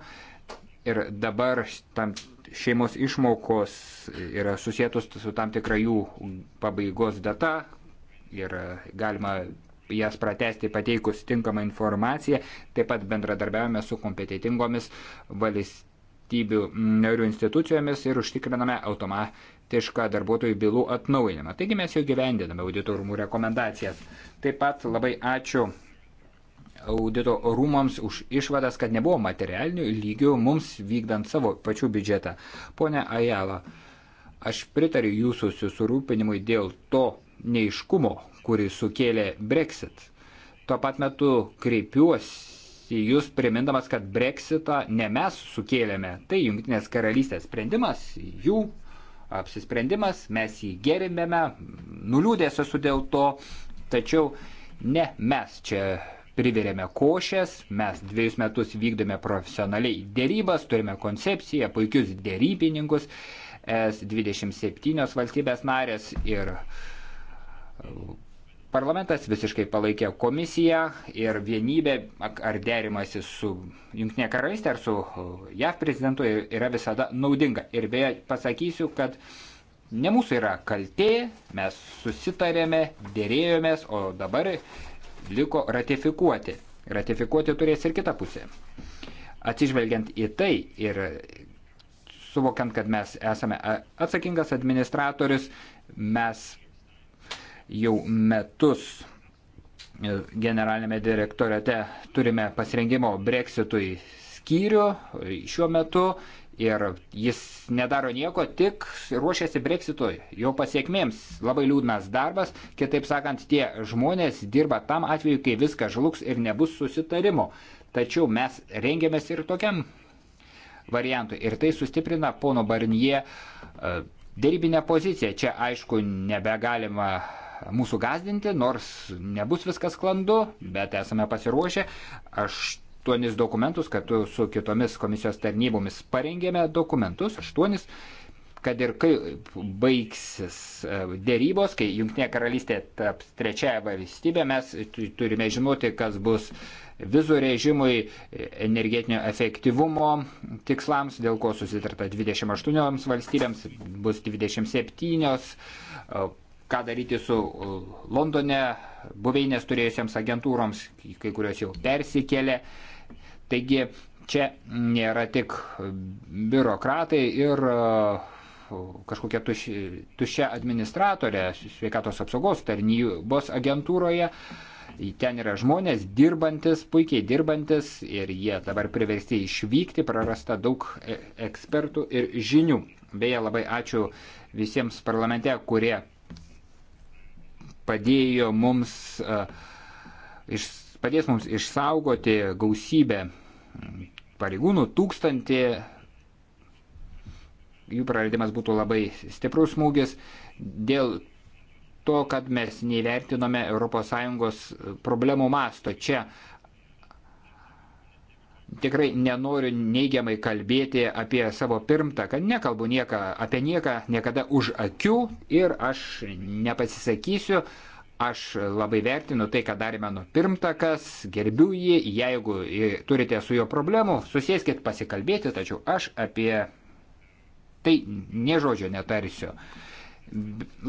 Ir dabar tam šeimos išmokos yra susijėtos su tam tikra jų pabaigos data, ir e, galima jas pratesti pateikus tinkamą informaciją. Taip pat bendradarbiavame su kompetitingomis valstybių narių institucijomis ir užtikriname automatišką darbuotojų bylų atnaujinimą. Taigi mes jau gyvendiname auditorumų rekomendacijas. Taip pat labai ačiū audito rūmams už išvadas, kad nebuvo materialinių lygių mums vykdant savo pačių biudžetą. Pone Ajala, aš pritariu jūsų susirūpinimui dėl to, neiškumo, kurį sukėlė Brexit. Tuo pat metu kreipiuosi jūs primindamas, kad Brexitą ne mes sukėlėme, tai Junktinės karalystės sprendimas, jų apsisprendimas, mes jį gerimėme, nuliūdės esu dėl to, tačiau ne mes čia priverėme košės, mes dviejus metus vykdome profesionaliai dėrybas, turime koncepciją, puikius dėrybininkus, S27 valstybės narės ir uh, Parlamentas visiškai palaikė komisiją ir vienybė ar derimasi su Junktinė karalystė ar su JAV prezidentu yra visada naudinga. Ir beje pasakysiu, kad ne mūsų yra kaltė, mes susitarėme, dėrėjomės, o dabar liko ratifikuoti. Ratifikuoti turės ir kita pusė. Atsižvelgiant į tai ir suvokiant, kad mes esame atsakingas administratorius, mes jau metus generalinėme direktorate turime pasirengimo breksitui skyrių šiuo metu ir jis nedaro nieko, tik ruošiasi breksitui, jo pasiekmėms labai liūdnas darbas, kitaip sakant, tie žmonės dirba tam atveju, kai viskas žlugs ir nebus susitarimo. Tačiau mes rengiamės ir tokiam variantui ir tai sustiprina pono Barnie e, dėrybinę poziciją. Čia aišku nebegalima mūsų gazdinti, nors nebus viskas sklandu, bet esame pasiruošę. Aštuonis dokumentus, kartu su kitomis komisijos tarnybomis parengėme dokumentus, aštuonis, kad ir kai baigsis e, dėrybos, kai Junktinė karalystė taps trečiaja valstybė, mes turime žinoti, kas bus vizų režimui, energetinio efektyvumo tikslams, dėl ko susitarta 28 valstybėms, bus 27 ką daryti su uh, Londone buveinės turėjusiems agentūroms, kai kurios jau persikėlė. Taigi čia nėra tik biurokratai ir uh, kažkokia tuščia administratorė sveikatos apsaugos tarnybos agentūroje. Ten yra žmonės dirbantis, puikiai dirbantis ir jie dabar priversti išvykti, prarasta daug e, ekspertų ir žinių. Beje, labai ačiū visiems parlamente, kurie padėjo mums, e, iš, padės mums išsaugoti gausybę pareigūnų, tūkstantį. Jų praradimas būtų labai stiprus smūgis dėl to, kad mes neįvertinome ES problemų masto. Čia tikrai nenoriu neigiamai kalbėti apie savo pirmtaką, nekalbu nieką, apie nieką niekada už akių ir aš nepasisakysiu. Aš labai vertinu tai, ką darė mano pirmtakas, gerbiu jį, jeigu turite su juo problemų, susėskit pasikalbėti, tačiau aš apie tai nežodžio netarsiu.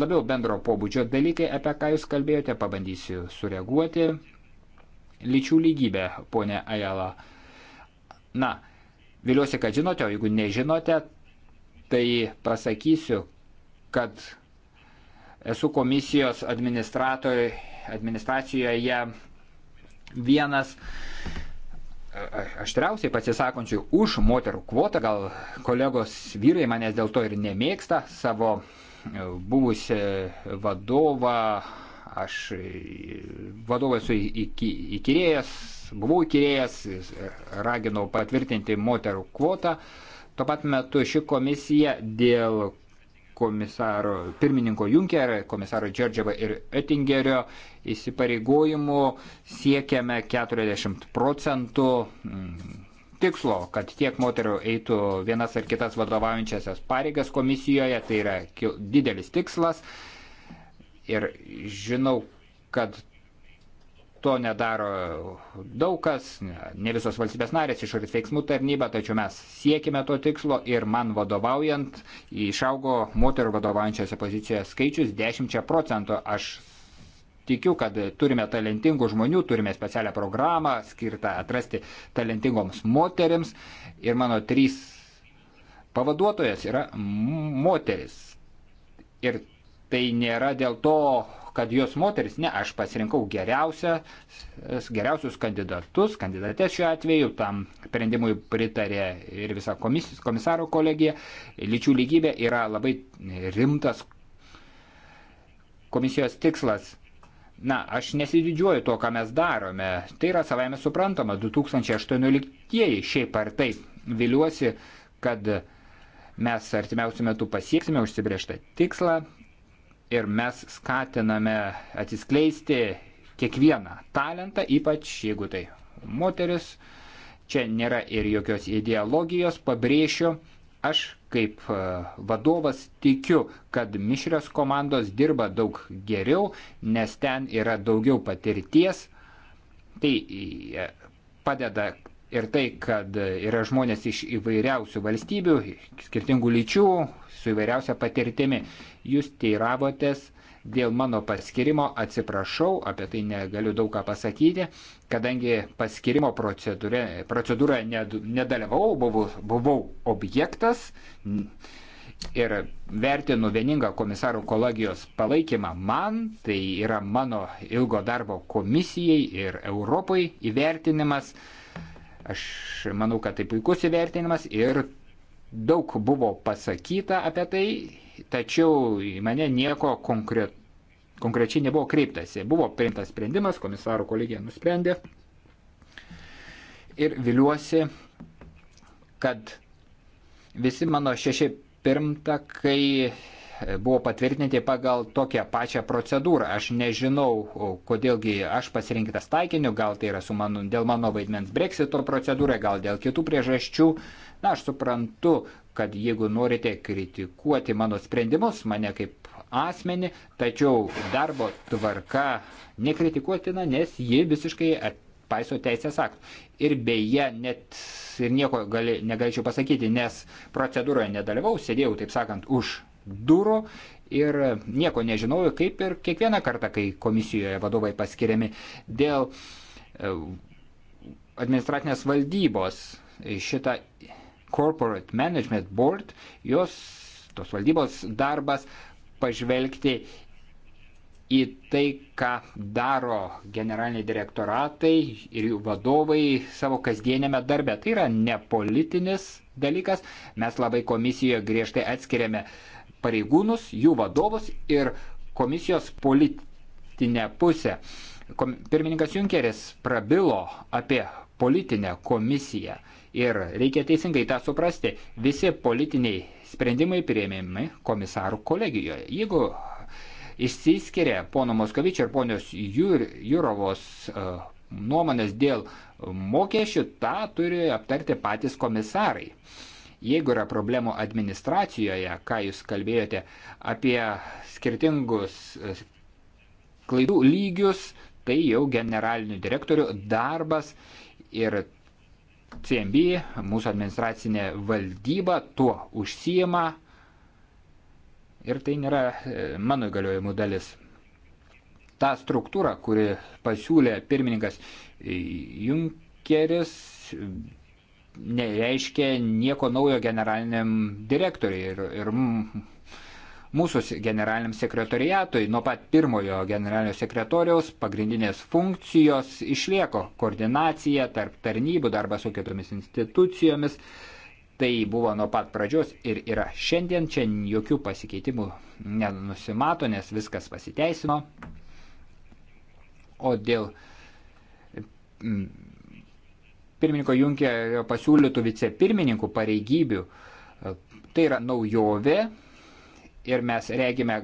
Labiau bendro pobūdžio dalykai, apie ką jūs kalbėjote, pabandysiu sureaguoti. Lyčių lygybė, ponė Ajala. Uh, Na, viliuosi, kad žinote, o jeigu nežinote, tai pasakysiu, kad esu komisijos administracijoje vienas aštriausiai pasisakančių už moterų kvotą, gal kolegos vyrai manęs dėl to ir nemėgsta savo e, buvusi vadovą, aš e, vadovas esu įkyrėjęs, buvau tyrėjas, raginau patvirtinti moterų kvotą. Tuo pat metu ši komisija dėl komisaro pirmininko Junker, komisaro Džerdževo ir Oettingerio įsipareigojimų siekiame 40 procentų mm, tikslo, kad tiek moterų eitų vienas ar kitas vadovaujančiasias pareigas komisijoje, tai yra didelis tikslas. Ir žinau, kad To nedaro daug kas, ne visos valstybės narės, išorės veiksmų tarnyba, tačiau mes siekime to tikslo ir man vadovaujant išaugo moterų vadovaujančiose pozicijose skaičius 10 procentų. Aš tikiu, kad turime talentingų žmonių, turime specialią programą skirtą atrasti talentingoms moteriams ir mano trys pavaduotojas yra moteris. Ir tai nėra dėl to, kad jos moteris, ne, aš pasirinkau geriausius kandidatus, kandidatės šiuo atveju, tam sprendimui pritarė ir visa komis, komisaro kolegija. Lyčių lygybė yra labai rimtas komisijos tikslas. Na, aš nesididžiuoju to, ką mes darome. Tai yra savaime suprantama. 2018-ieji šiaip ar taip. Viliuosi, kad mes artimiausių metų pasieksime užsibriežtą tikslą, ir mes skatiname atsiskleisti kiekvieną talentą, ypač jeigu tai moteris. Čia nėra ir jokios ideologijos, pabrėšiu, aš kaip e, vadovas tikiu, kad mišrios komandos dirba daug geriau, nes ten yra daugiau patirties, tai e, padeda ir tai, kad yra žmonės iš įvairiausių valstybių, skirtingų lyčių, su įvairiausia patirtimi. Jūs teiravotės dėl mano paskirimo, atsiprašau, apie tai negaliu daug ką pasakyti, kadangi paskirimo procedūrą nedalyvau, buvau, buvau objektas. Ir vertinu vieningą komisarų kolegijos palaikymą man, tai yra mano ilgo darbo komisijai ir Europai įvertinimas. Aš manau, kad tai puikus įvertinimas ir daug buvo pasakyta apie tai, tačiau į mane nieko konkre... konkrečiai nebuvo kreiptasi. Buvo priimtas sprendimas, komisaro kolegija nusprendė. Ir viliuosi, kad visi mano šeši pirmtakai buvo patvirtinti pagal tokią pačią procedūrą. Aš nežinau, kodėlgi aš pasirinktas taikiniu, gal tai yra su manu, dėl mano vaidmens breksito procedūrai, gal dėl kitų priežasčių. Na, aš suprantu, kad jeigu norite kritikuoti mano sprendimus, mane kaip asmenį, tačiau darbo tvarka nekritikuotina, nes ji visiškai paiso teisės aktų. Ir beje, net ir nieko gali, negalėčiau pasakyti, nes procedūroje nedalyvau, sėdėjau, taip sakant, už durų ir nieko nežinojau, kaip ir kiekvieną kartą, kai komisijoje vadovai paskiriami dėl e, administracinės valdybos šitą Corporate Management Board, jos tos valdybos darbas pažvelgti į tai, ką daro generaliniai direktoratai ir jų vadovai savo kasdienėme darbe. Tai yra nepolitinis dalykas. Mes labai komisijoje griežtai atskiriame uh, pareigūnus, jų vadovus ir komisijos politinę pusę. Pirmininkas Junkeris prabilo apie politinę komisiją ir reikia teisingai tą suprasti. Visi politiniai sprendimai prieimėmi komisarų kolegijoje. Jeigu išsiskiria pono Moskovičio ir ponios Jur, Jurovos uh, nuomonės dėl mokesčių, tą turi aptarti patys komisarai. Uh, Jeigu yra problemų administracijoje, ką jūs kalbėjote apie skirtingus e, klaidų lygius, tai jau generalinių direktorių darbas ir CMB, mūsų administracinė valdyba, tuo užsijima ir tai nėra e, mano įgaliojimų dalis. Ta struktūra, kuri pasiūlė pirmininkas e, Junkeris, nereiškia nieko naujo generaliniam direktoriui ir, ir mūsų generaliniam sekretoriatui. Nuo pat pirmojo generalinio sekretoriaus pagrindinės funkcijos išlieko koordinacija tarp tarnybų, darbas su kitomis institucijomis. Tai buvo nuo pat pradžios ir yra šiandien, čia jokių pasikeitimų nenusimato, nes viskas pasiteisino. O dėl pirmininko Junkerio pasiūlytų vicepirmininkų pareigybių. E, tai yra naujovė ir mes regime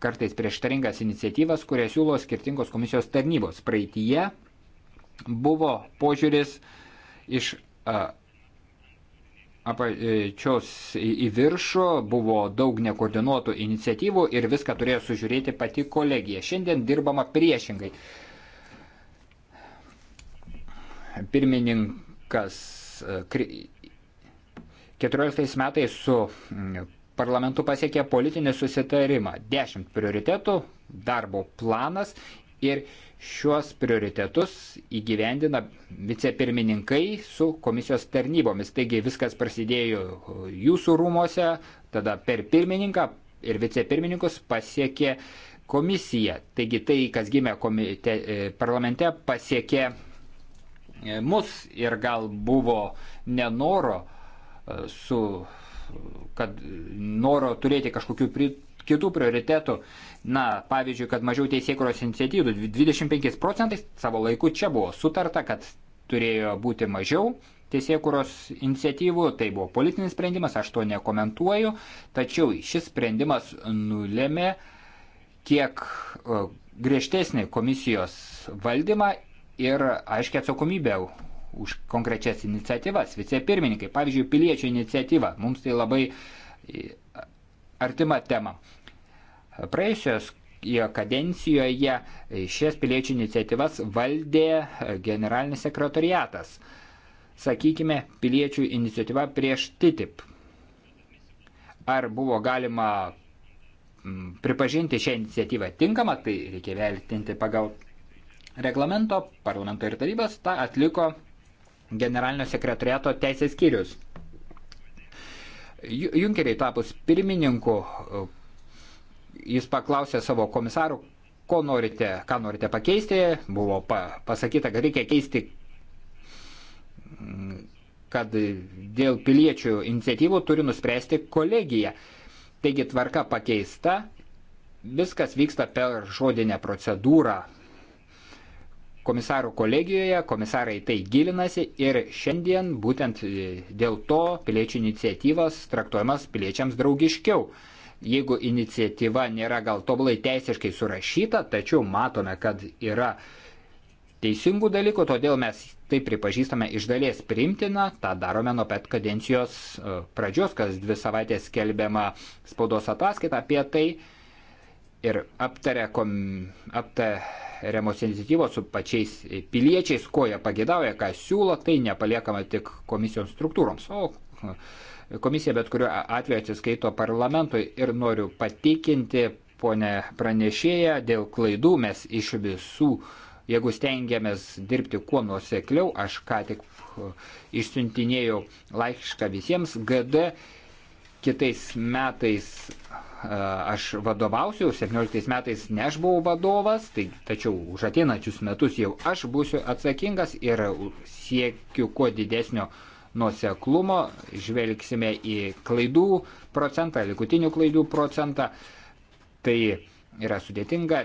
kartais prieštaringas iniciatyvas, kurias siūlo skirtingos komisijos tarnybos. Praeitie buvo požiūris iš e, apačios į viršų, buvo daug nekoordinuotų iniciatyvų ir viską turėjo sužiūrėti pati kolegija. Šiandien dirbama priešingai pirmininkas 14 e, metais su parlamentu pasiekė politinį susitarimą. 10 prioritetų, darbo planas ir šiuos prioritetus įgyvendina vicepirmininkai su komisijos tarnybomis. Taigi viskas prasidėjo jūsų rūmose, tada per pirmininką ir vicepirmininkus pasiekė komisija. Taigi tai, kas gimė komite, e, parlamente, pasiekė E, mus ir gal buvo nenoro e, su kad noro turėti kažkokių pri, kitų prioritetų. Na, pavyzdžiui, kad mažiau teisėkuros iniciatyvų 25 procentais savo laiku čia buvo sutarta, kad turėjo būti mažiau teisėkuros iniciatyvų, tai buvo politinis sprendimas, aš to nekomentuoju, tačiau šis sprendimas nulėmė kiek e, griežtesnį komisijos valdymą ir aiškia atsakomybę už konkrečias iniciatyvas. Vicepirmininkai, pavyzdžiui, piliečių iniciatyva, mums tai labai e, artima tema. Praėjusios kadencijoje e, šias piliečių iniciatyvas valdė e, generalinis sekretariatas. Sakykime, piliečių iniciatyva prieš TTIP. Ar buvo galima pripažinti šią iniciatyvą tinkamą, tai reikia vertinti pagal reglamento, parlamento ir tarybos, tą atliko generalinio sekretoriato teisės skyrius. Junkeriai tapus pirmininku, jis paklausė savo komisarų, ko norite, ką norite pakeisti, buvo pa, pasakyta, kad reikia keisti, mm, kad dėl piliečių iniciatyvų turi nuspręsti kolegija. Taigi tvarka pakeista, viskas vyksta per žodinę procedūrą, komisarų kolegijoje, komisarai tai gilinasi ir šiandien būtent e, dėl to piliečių iniciatyvas traktuojamas piliečiams draugiškiau. Jeigu iniciatyva nėra gal tobulai teisiškai surašyta, tačiau matome, kad yra teisingų dalykų, todėl mes tai pripažįstame iš dalies primtina, tą darome nuo pat kadencijos e, pradžios, kas dvi savaitės skelbiama spaudos ataskaita apie tai ir aptarė, kom, aptariamos iniciatyvos su pačiais piliečiais, ko jie pagėdauja, ką siūlo, tai nepaliekama tik komisijoms struktūroms. O komisija bet kuriuo atveju atsiskaito parlamentui ir noriu patikinti ponę pranešėją, dėl klaidų mes iš visų, jeigu stengiamės dirbti kuo nuosekliau, aš ką tik išsiuntinėjau laišką visiems GD, kitais metais aš vadovausiu, 17 metais ne aš buvau vadovas, tai, tačiau už ateinačius metus jau aš būsiu atsakingas ir siekiu kuo didesnio nuoseklumo, žvelgsime į klaidų procentą, likutinių klaidų procentą. Tai yra sudėtinga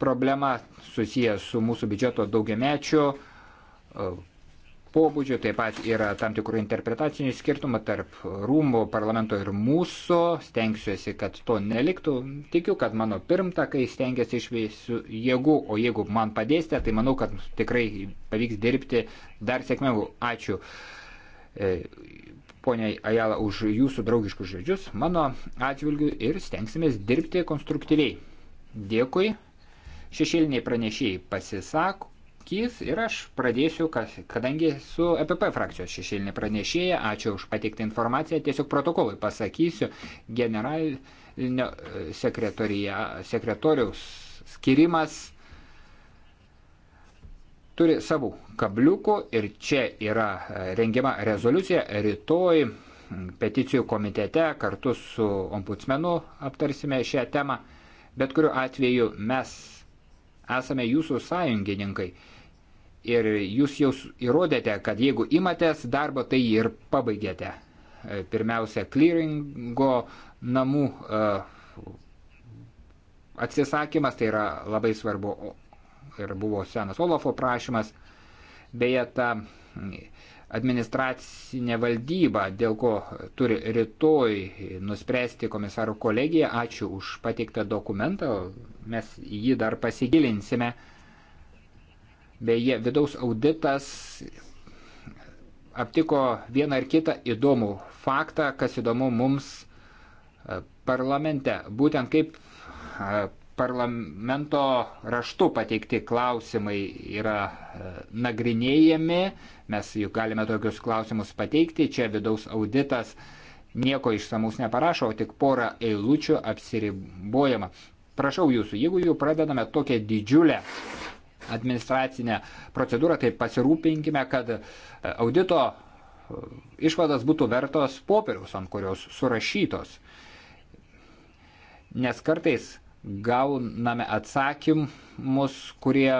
problema susijęs su mūsų biudžeto daugiamečiu pobūdžio, taip pat yra tam tikrų interpretacinių skirtumų tarp rūmų, parlamento ir mūsų, stengsiuosi, kad to neliktų, tikiu, kad mano pirmtakai stengiasi išveisiu jėgų, o jeigu man padėsite, tai manau, kad tikrai pavyks dirbti dar sėkmiau. Ačiū. E, Pone Ajala, už jūsų draugiškus žodžius mano atvilgiu ir stengsimės dirbti konstruktyviai. Dėkui. Šešėliniai pranešėjai pasisako pasisakys ir aš pradėsiu, kas, kadangi su EPP frakcijos šešėlinė pranešėja, ačiū už pateiktą informaciją, tiesiog protokolui pasakysiu generalinio e, sekretoriaus skirimas turi savų kabliukų ir čia yra e, rengiama rezoliucija rytoj peticijų komitete kartu su ombudsmenu aptarsime šią temą. Bet kuriuo atveju mes esame jūsų sąjungininkai. Ir jūs jau įrodėte, kad jeigu imatės darbo, tai ir pabaigėte. E, pirmiausia, klyringo namų e, atsisakymas, tai yra labai svarbu ir buvo senas Olafo prašymas. Beje, ta administracinė valdyba, dėl ko turi rytoj nuspręsti komisarų kolegija. Ačiū už pateiktą dokumentą, mes jį dar pasigilinsime. Beje, vidaus auditas aptiko vieną ar kitą įdomų faktą, kas įdomu mums e, parlamente. Būtent kaip e, parlamento raštu pateikti klausimai yra e, nagrinėjami, mes juk galime tokius klausimus pateikti, čia vidaus auditas nieko išsamaus neparašo, tik porą eilučių apsiribojama. Prašau jūsų, jeigu jau pradedame tokią didžiulę administracinę procedūrą, tai pasirūpinkime, kad e, audito e, išvadas būtų vertos popieriaus, ant kurios surašytos. Nes kartais gauname atsakymus, kurie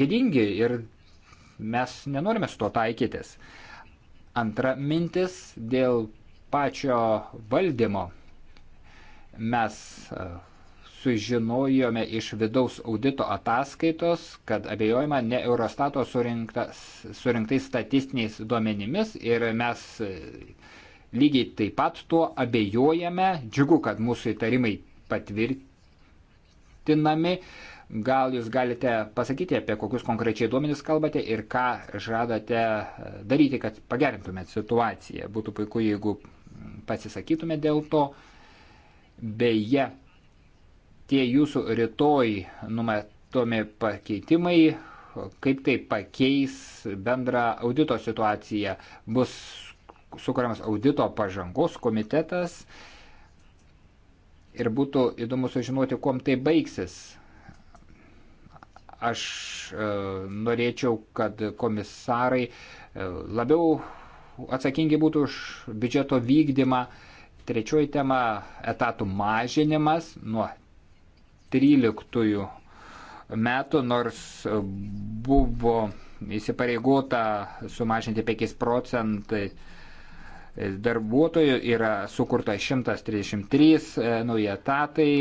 gėdingi ir mes nenorime su tuo taikytis. Antra mintis dėl pačio valdymo. Mes e, sužinojome iš vidaus audito ataskaitos, kad abejojama ne Eurostato surinktais statistiniais duomenimis ir mes e, lygiai taip pat tuo abejojame. Džiugu, kad mūsų įtarimai patvirt, vertinami. Gal jūs galite pasakyti, apie kokius konkrečiai duomenys kalbate ir ką žadate e, daryti, kad pagerintumėt situaciją. Būtų puiku, jeigu pasisakytumėt dėl to. Beje, tie jūsų rytoj numatomi pakeitimai, kaip tai pakeis bendrą audito situaciją, bus sukuriamas audito pažangos komitetas ir būtų įdomu sužinoti, kuom tai baigsis. Aš e, norėčiau, kad komisarai e, labiau atsakingi būtų už biudžeto vykdymą. Trečioji tema - etatų mažinimas nuo 13 metų, nors buvo įsipareigota sumažinti 5 procentai darbuotojų yra sukurta 133 e, nauji etatai,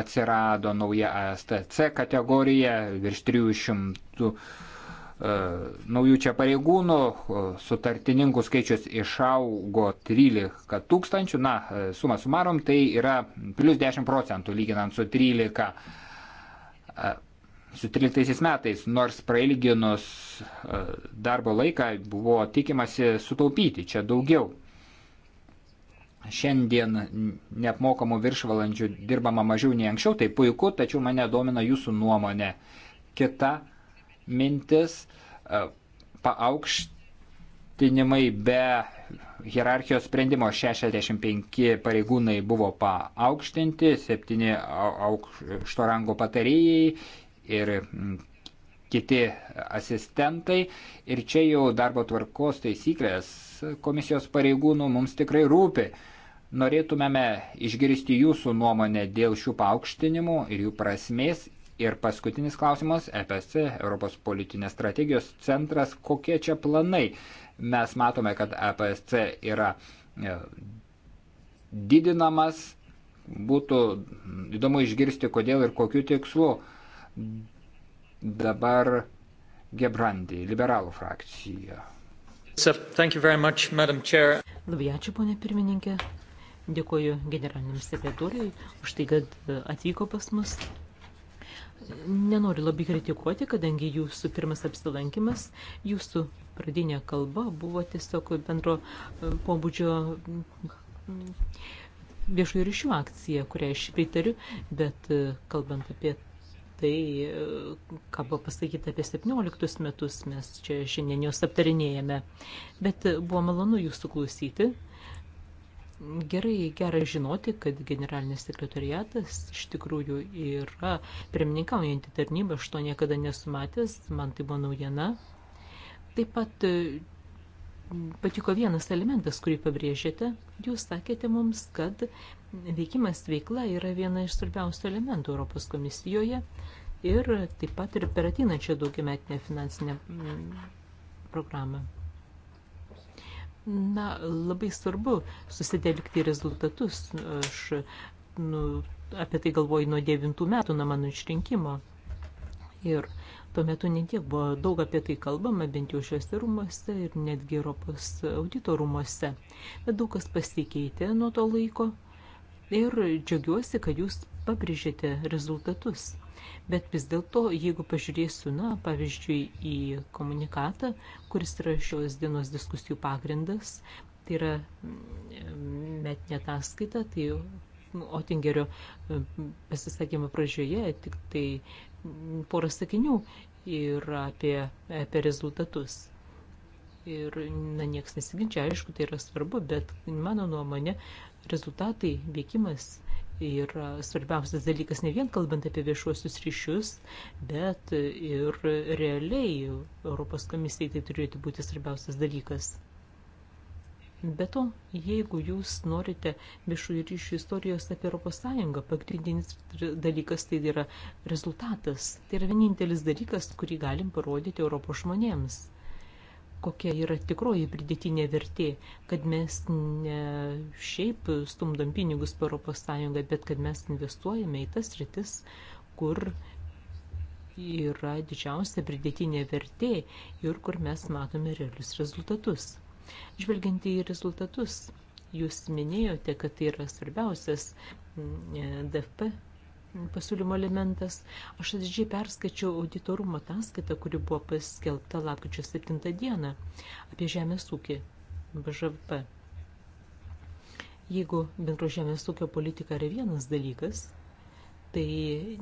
atsirado nauja ASTC kategorija, virš 300 e, naujų čia pareigūnų, sutartininkų skaičius išaugo 13 tūkstančių, na, e, suma sumarom, tai yra plus 10 procentų lyginant su 13 su 13 metais, nors prailginus e, darbo laiką buvo tikimasi sutaupyti čia daugiau. Šiandien neapmokamų viršvalandžių dirbama mažiau nei anksčiau, tai puiku, tačiau mane domina jūsų nuomonė. Kita mintis e, - paaukštinimai be hierarchijos sprendimo 65 pareigūnai buvo paaukštinti, 7 aukšto rango patarėjai ir mm, kiti asistentai. Ir čia jau darbo tvarkos taisyklės komisijos pareigūnų mums tikrai rūpi. Norėtumėme išgirsti jūsų nuomonę dėl šių paaukštinimų ir jų prasmės. Ir paskutinis klausimas - EPC, Europos politinės strategijos centras, kokie čia planai? Mes matome, kad EPSC yra e, didinamas, būtų įdomu išgirsti, kodėl ir kokiu tikslu. Dabar Gebrandi, liberalų frakcija. Much, Labai ačiū, ponė pirmininkė. Dėkuoju generaliniam sekretoriui už tai, kad e, atvyko pas mus. Nenoriu labai kritikuoti, kadangi jūsų pirmas apsilankimas, jūsų pradinė kalba buvo tiesiog bendro e, pobūdžio viešųjų ryšių akcija, kurią aš pritariu, bet e, kalbant apie tai, e, ką buvo pasakyta apie 17 metus, mes čia šiandien juos aptarinėjame. Bet e, buvo malonu jūsų klausyti. Gerai, gerai žinoti, kad generalinis sekretariatas iš tikrųjų yra pirmininkaujanti tarnyba, aš to niekada nesu matęs, man tai buvo naujiena. Taip pat e, patiko vienas elementas, kurį pabrėžėte, jūs sakėte mums, kad veikimas veikla yra viena iš svarbiausių elementų Europos komisijoje ir taip pat ir per ateinančią daugiametinę finansinę mm, programą. Na, labai svarbu susitelkti rezultatus. Aš nu, apie tai galvoju nuo devintų metų nuo mano išrinkimo. Ir tuo metu netiek buvo daug apie tai kalbama, bent jau šiuose rūmose ir netgi Europos audito rūmose. Bet daug kas pasikeitė nuo to laiko ir džiaugiuosi, kad jūs pabrėžėte rezultatus. Bet vis dėlto, jeigu pažiūrėsiu, na, pavyzdžiui, į komunikatą, kuris yra šios dienos diskusijų pagrindas, tai yra mm, metinė ataskaita, tai Otingerio mm, pasisakymo pradžioje tik tai mm, porą sakinių ir apie, apie rezultatus. Ir, na, nieks nesiginčia, aišku, tai yra svarbu, bet mano nuomonė, rezultatai, veikimas yra svarbiausias dalykas ne vien kalbant apie viešuosius ryšius, bet ir realiai Europos komisijai tai turėtų būti svarbiausias dalykas. Be to, jeigu jūs norite viešųjų ryšių istorijos apie ES, pagrindinis dalykas tai yra rezultatas. Tai yra vienintelis dalykas, kurį galim parodyti Europos žmonėms kokia yra tikroji pridėtinė vertė, kad mes ne šiaip stumdom pinigus per Europos Sąjungą, bet kad mes investuojame į tas rytis, kur yra didžiausia pridėtinė vertė ir kur mes matome realius rezultatus. Žvelgiant į rezultatus, jūs minėjote, kad tai yra svarbiausias mm, e, DFP pasiūlymo elementas. Aš atidžiai perskaičiau auditorumo ataskaitą, kuri buvo paskelbta lapkričio 7 dieną apie žemės ūkį BŽP. Jeigu bendro žemės ūkio politika yra vienas dalykas, tai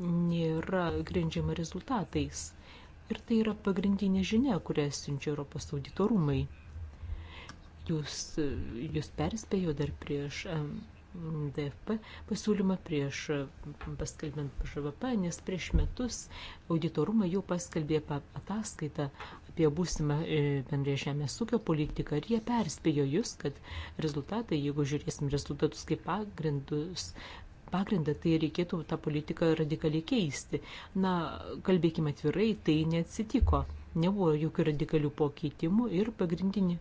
nėra grindžiama rezultatais. Ir tai yra pagrindinė žinia, kurią siunčia Europos auditorumai. Jūs, jūs perspėjo dar prieš DFP pasiūlymą prieš paskelbint PŽVP, nes prieš metus auditorumą jau paskelbė ataskaitą apie būsimą e, bendrąją žemės ūkio politiką ir jie perspėjo jūs, kad rezultatai, jeigu žiūrėsim rezultatus kaip pagrindus, pagrindą, tai reikėtų tą politiką radikaliai keisti. Na, kalbėkime atvirai, tai neatsitiko nebuvo jokių radikalių pokytimų ir pagrindinė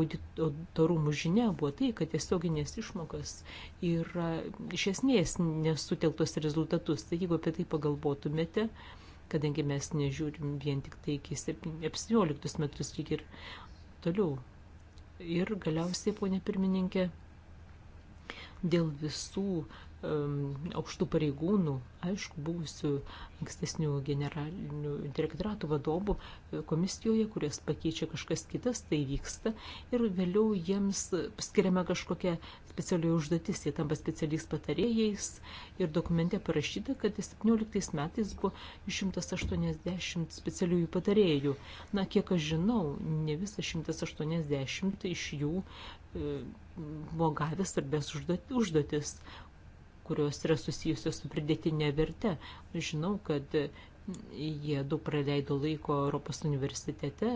auditorumų žinia buvo tai, kad tiesioginės išmokos yra iš esmės nesutelktos rezultatus. Tai jeigu apie tai pagalvotumėte, kadangi mes nežiūrim vien tik tai iki 17 metus lyg ir toliau. Ir galiausiai, ponė pirmininkė, dėl visų aukštų pareigūnų, aišku, buvusių ankstesnių generalinių direktoratų vadovų komisijoje, kurias pakeičia kažkas kitas, tai vyksta ir vėliau jiems skiriama kažkokia specialioji užduotis, jie tampa specialiais patarėjais ir dokumente parašyta, kad 17 metais buvo 180 specialiųjų patarėjų. Na, kiek aš žinau, ne visą 180 iš jų e, buvo gavęs svarbės užduotis, kurios yra susijusios su pridėtinė verte. Žinau, kad jie daug praleido laiko Europos universitete.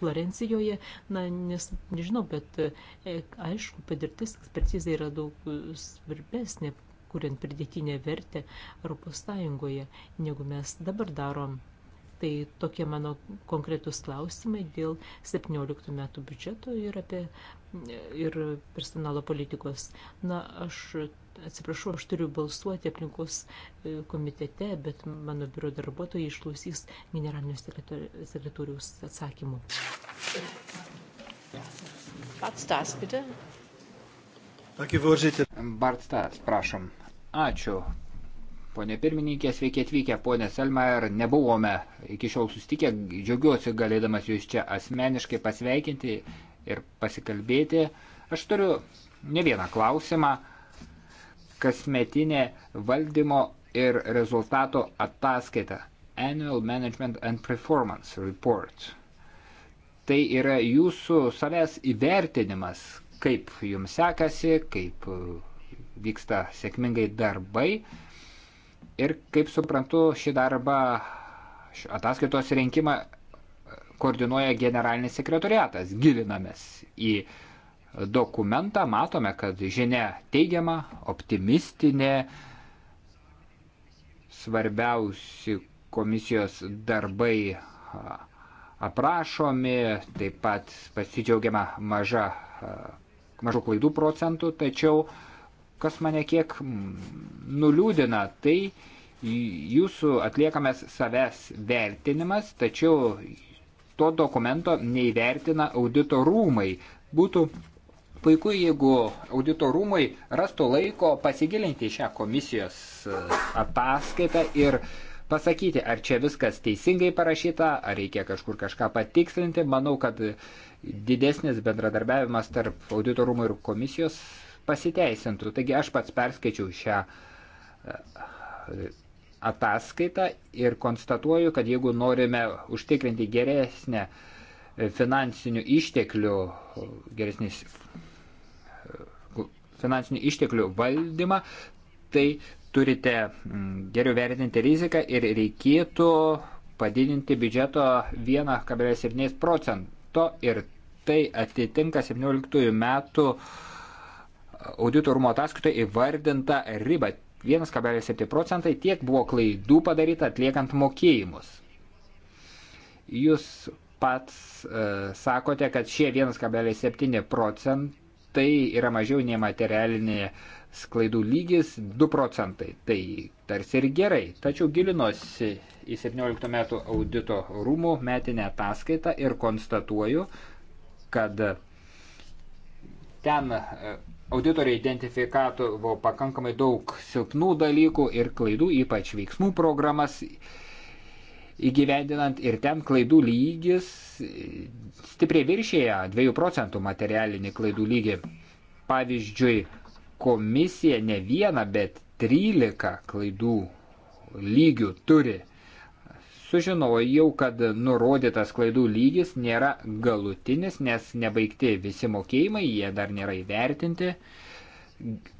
Florencijoje, na, nes, nežinau, bet e, aišku, padirtis ekspertizai yra daug svarbesnė, kuriant pridėtinę vertę Europos Sąjungoje, negu mes dabar darom. Tai tokie mano konkretus klausimai dėl 17 metų biudžeto ir apie ir personalo politikos. Na, aš atsiprašau, aš turiu balsuoti aplinkos e, komitete, bet mano biuro darbuotojai išklausys generalinio sekretoriaus atsakymų. Pats tas, bitte. Bart Stas, prašom. Ačiū, Pone pirmininkė, sveiki atvykę, ponė Selmer, nebuvome iki šiol sustikę, džiaugiuosi galėdamas jūs čia asmeniškai pasveikinti ir pasikalbėti. Aš turiu ne vieną klausimą. Kasmetinė valdymo ir rezultato ataskaita Annual Management and Performance Report. Tai yra jūsų savęs įvertinimas, kaip jums sekasi, kaip vyksta sėkmingai darbai Ir kaip suprantu, šį darbą, ataskaitos rinkimą e, koordinuoja generalinis sekretoriatas. Gilinamės į dokumentą, matome, kad žinia teigiama, optimistinė, svarbiausi komisijos darbai aprašomi, taip pat pasidžiaugiama maža, mažų klaidų procentų, tačiau uh, kas mane kiek mm, nuliūdina, tai jūsų atliekamas savęs vertinimas, tačiau to dokumento neįvertina audito rūmai. Būtų puiku, jeigu audito rūmai rastų laiko pasigilinti šią komisijos e, ataskaitą ir pasakyti, ar čia viskas teisingai parašyta, ar reikia kažkur kažką patikslinti. Manau, kad didesnis bendradarbiavimas tarp audito rūmų ir komisijos pasiteisintų. Taigi aš pats perskaičiau šią e, ataskaitą ir konstatuoju, kad jeigu norime užtikrinti geresnę e, finansinių išteklių, geresnis e, finansinių išteklių valdymą, tai turite geriau vertinti riziką ir reikėtų padidinti biudžeto 1,7 procento ir tai atitinka 17 metų uh, auditorumo ataskaitoje įvardinta riba 1,7 procentai tiek buvo klaidų padaryta atliekant mokėjimus. Jūs pats uh, sakote, kad šie 1,7 procentai yra mažiau nei materialinė sklaidų lygis 2 procentai. Tai tarsi ir gerai. Tačiau gilinosi į 17 metų audito rūmų metinę ataskaitą ir konstatuoju, kad ten uh, Auditoriai identifikavo pakankamai daug silpnų dalykų ir klaidų, ypač veiksmų programas įgyvendinant ir ten klaidų lygis stipriai viršėja 2 procentų materialinį klaidų lygį. Pavyzdžiui, komisija ne vieną, bet 13 klaidų lygių turi. Sužinojau, kad nurodytas klaidų lygis nėra galutinis, nes nebaigti visi mokėjimai, jie dar nėra įvertinti.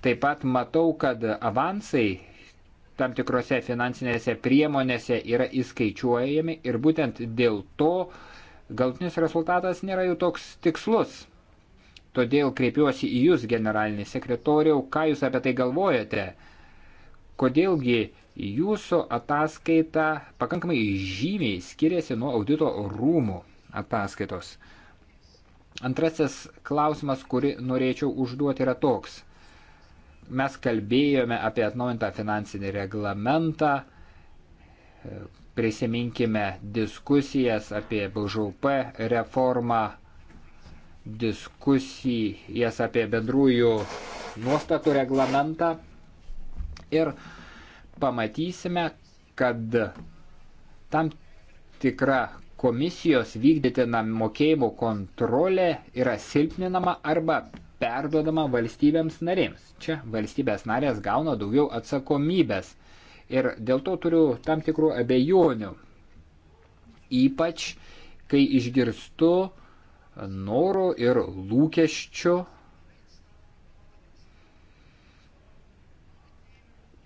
Taip pat matau, kad avansai tam tikrose finansinėse priemonėse yra įskaičiuojami ir būtent dėl to galtinis rezultatas nėra jau toks tikslus. Todėl kreipiuosi į Jūs, generalinį sekretoriau, ką Jūs apie tai galvojate? Kodėlgi Jūsų ataskaita pakankamai žymiai skiriasi nuo audito rūmų ataskaitos. Antrasis klausimas, kurį norėčiau užduoti, yra toks. Mes kalbėjome apie atnaujintą finansinį reglamentą, prisiminkime diskusijas apie BŽP reformą, diskusijas apie bendrųjų nuostatų reglamentą ir uh, pamatysime, kad tam tikra komisijos vykdytina mokėjimų kontrolė yra silpninama arba perduodama valstybėms narėms. Čia valstybės narės gauna daugiau atsakomybės ir dėl to turiu tam tikrų abejonių. Ypač, kai išgirstu norų ir lūkesčių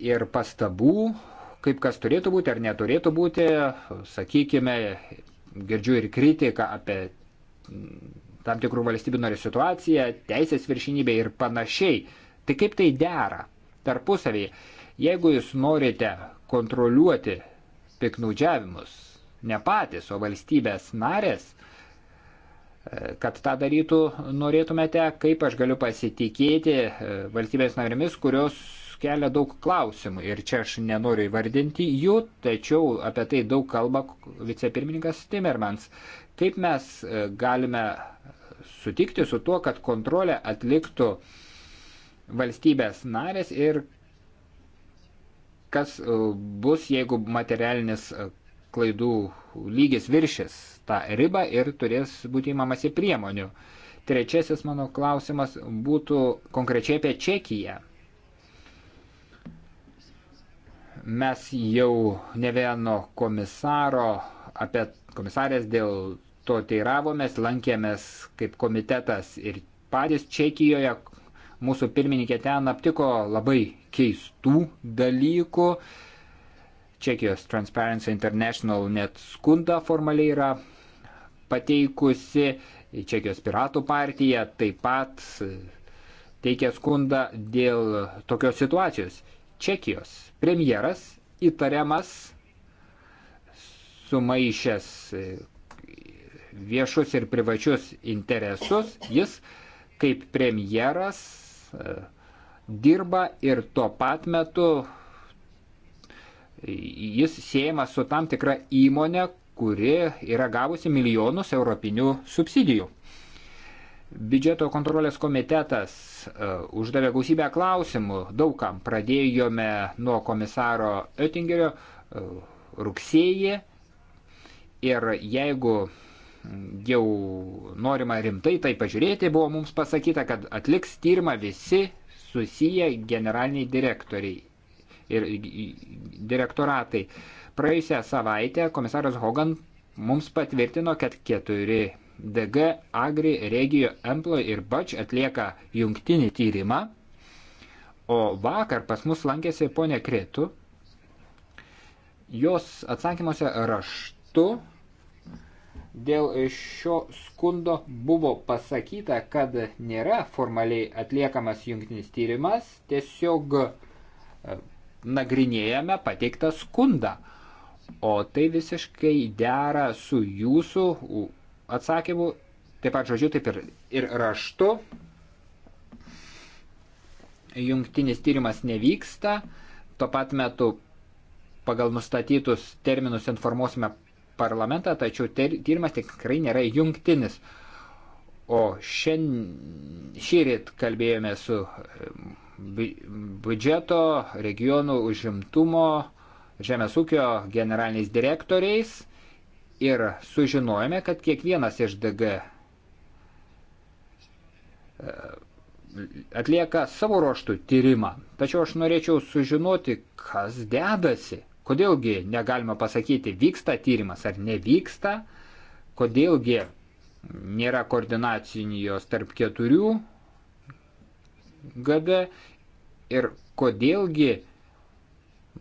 ir pastabų, kaip kas turėtų būti ar neturėtų būti. Sakykime, girdžiu ir kritiką apie mm, tam tikrų valstybių nori situaciją, teisės viršinybę ir panašiai. Tai kaip tai dera tarpusavėje? Jeigu jūs norite kontroliuoti piknaudžiavimus, ne patys, o valstybės narės, e, kad tą darytų norėtumėte, kaip aš galiu pasitikėti e, valstybės narėmis, kurios kelia daug klausimų ir čia aš nenoriu įvardinti jų, tačiau apie tai daug kalba vicepirmininkas Timmermans. Kaip mes e, galime sutikti su tuo, kad kontrolę atliktų valstybės narės ir kas e, bus, jeigu materialinis e, klaidų lygis viršis tą ribą ir turės būti įmamasi priemonių. Trečiasis mano klausimas būtų konkrečiai apie Čekiją. Mes jau ne vieno komisaro apie komisarės dėl to teiravomės, lankėmės kaip komitetas ir patys Čekijoje. Mūsų pirmininkė ten aptiko labai keistų dalykų. Čekijos Transparency International net skundą formaliai yra pateikusi. Čekijos piratų partija taip pat teikia skundą dėl tokios situacijos. Čekijos premjeras įtariamas sumaišęs viešus ir privačius interesus, jis kaip premjeras dirba ir tuo pat metu jis siejama su tam tikra įmonė, kuri yra gavusi milijonus europinių subsidijų. Biudžeto kontrolės komitetas e, uždavė gausybę klausimų, daugam pradėjome nuo komisaro Oettingerio e, rugsėjį ir jeigu jau norima rimtai tai pažiūrėti, buvo mums pasakyta, kad atliks tyrimą visi susiję generaliniai direktoriai ir direktoratai. Praėjusią savaitę komisaras Hogan mums patvirtino, kad keturi DG, Agri, Regio, Emplo ir Bač atlieka jungtinį tyrimą, o vakar pas mus lankėsi ponė Kretu. Jos atsakymuose raštu dėl šio skundo buvo pasakyta, kad nėra formaliai atliekamas jungtinis tyrimas, tiesiog e, nagrinėjame pateiktą skundą. O tai visiškai dera su jūsų atsakymų, taip pat žodžiu, taip ir, ir raštu. Jungtinis tyrimas nevyksta, tuo pat metu pagal nustatytus terminus informuosime parlamentą, tačiau ter, tyrimas tikrai nėra jungtinis. O šiandien šįryt kalbėjome su um, biudžeto, regionų užimtumo, žemės ūkio generaliniais direktoriais ir sužinojome, kad kiekvienas iš DG e, atlieka savo ruoštų tyrimą. Tačiau aš norėčiau sužinoti, kas dedasi. Kodėlgi negalima pasakyti, vyksta tyrimas ar nevyksta, kodėlgi nėra koordinacinijos tarp keturių GB ir kodėlgi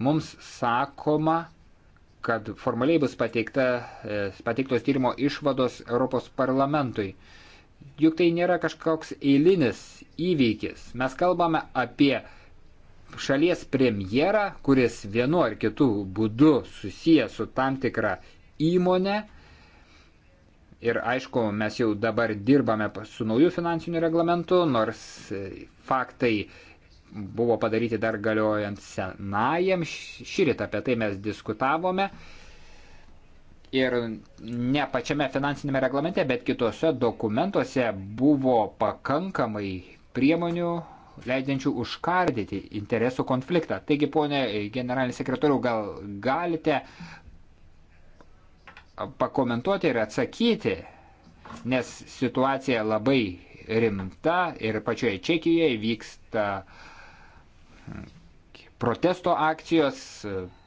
mums sakoma, kad formaliai bus pateikta, e, pateiktos tyrimo išvados Europos parlamentui. Juk tai nėra kažkoks eilinis įvykis. Mes kalbame apie šalies premjerą, kuris vienu ar kitu būdu susijęs su tam tikra įmonė. Ir aišku, mes jau dabar dirbame su nauju finansiniu reglamentu, nors e, faktai buvo padaryti dar galiojant senajam. Šįryt apie tai mes diskutavome. Ir ne pačiame finansinėme reglamente, bet kitose dokumentuose buvo pakankamai priemonių leidžiančių užkardyti interesų konfliktą. Taigi, ponė generalinis sekretoriau, gal galite pakomentuoti ir atsakyti, nes situacija labai rimta ir pačioje Čekijoje vyksta uh, protesto akcijos.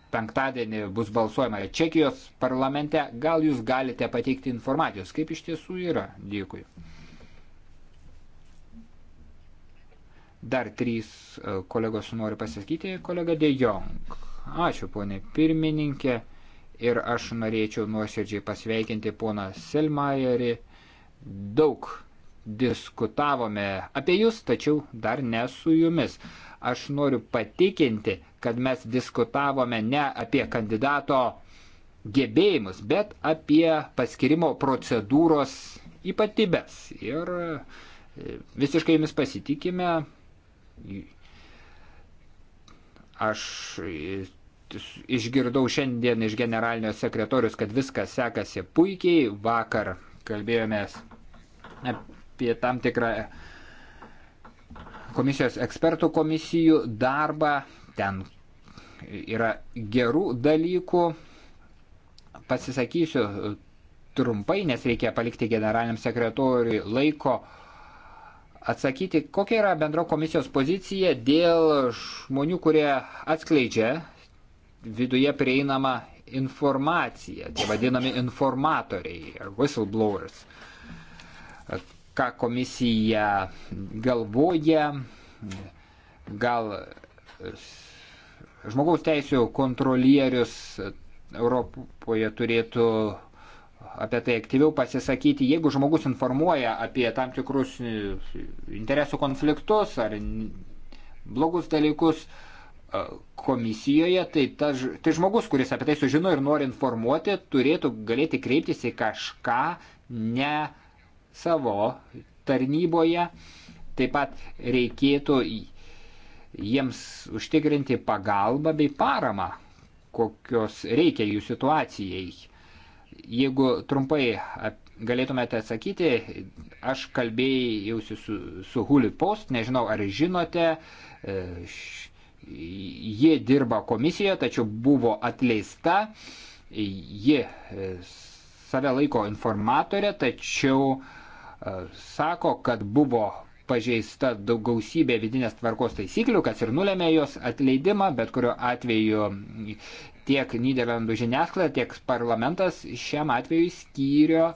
Penktadienį bus balsuojama Čekijos parlamente. Gal jūs galite pateikti informacijos, kaip iš tiesų yra? Dėkui. Dar trys e, kolegos nori pasakyti. Kolega De Jong. Ačiū, ponė pirmininkė. Ir aš norėčiau nuoširdžiai pasveikinti poną Selmajerį. Daug diskutavome apie jūs, tačiau dar ne su jumis. Aš noriu patikinti, kad mes diskutavome ne apie kandidato gebėjimus, bet apie paskirimo procedūros ypatybės. Ir e, visiškai jumis pasitikime. Aš e, išgirdau šiandien iš generalinio sekretorius, kad viskas sekasi puikiai. Vakar kalbėjomės apie tam tikrą komisijos ekspertų komisijų darbą, ten yra gerų dalykų. Pasisakysiu trumpai, nes reikia palikti generaliniam sekretoriui laiko atsakyti, kokia yra bendro komisijos pozicija dėl žmonių, kurie atskleidžia viduje prieinamą informaciją, tie vadinami informatoriai, whistleblowers ką komisija galvoja, gal žmogaus teisų kontrolierius Europoje turėtų apie tai aktyviau pasisakyti, jeigu žmogus informuoja apie tam tikrus interesų konfliktus ar blogus dalykus komisijoje, tai, ta, tai žmogus, kuris apie tai sužino ir nori informuoti, turėtų galėti kreiptis į kažką ne savo tarnyboje. Taip pat reikėtų jiems užtikrinti pagalbą bei paramą, kokios reikia jų situacijai. Jeigu trumpai galėtumėte atsakyti, aš kalbėjausi su, su Huli Post, nežinau ar žinote, e, ji dirba komisijoje, tačiau buvo atleista, ji e, save laiko informatorė, tačiau uh, E, sako, kad buvo pažeista daug gausybė vidinės tvarkos taisyklių, kas ir nulėmė jos atleidimą, bet kurio atveju tiek Niderlandų žiniasklaida, tiek parlamentas šiam atveju skyrio e,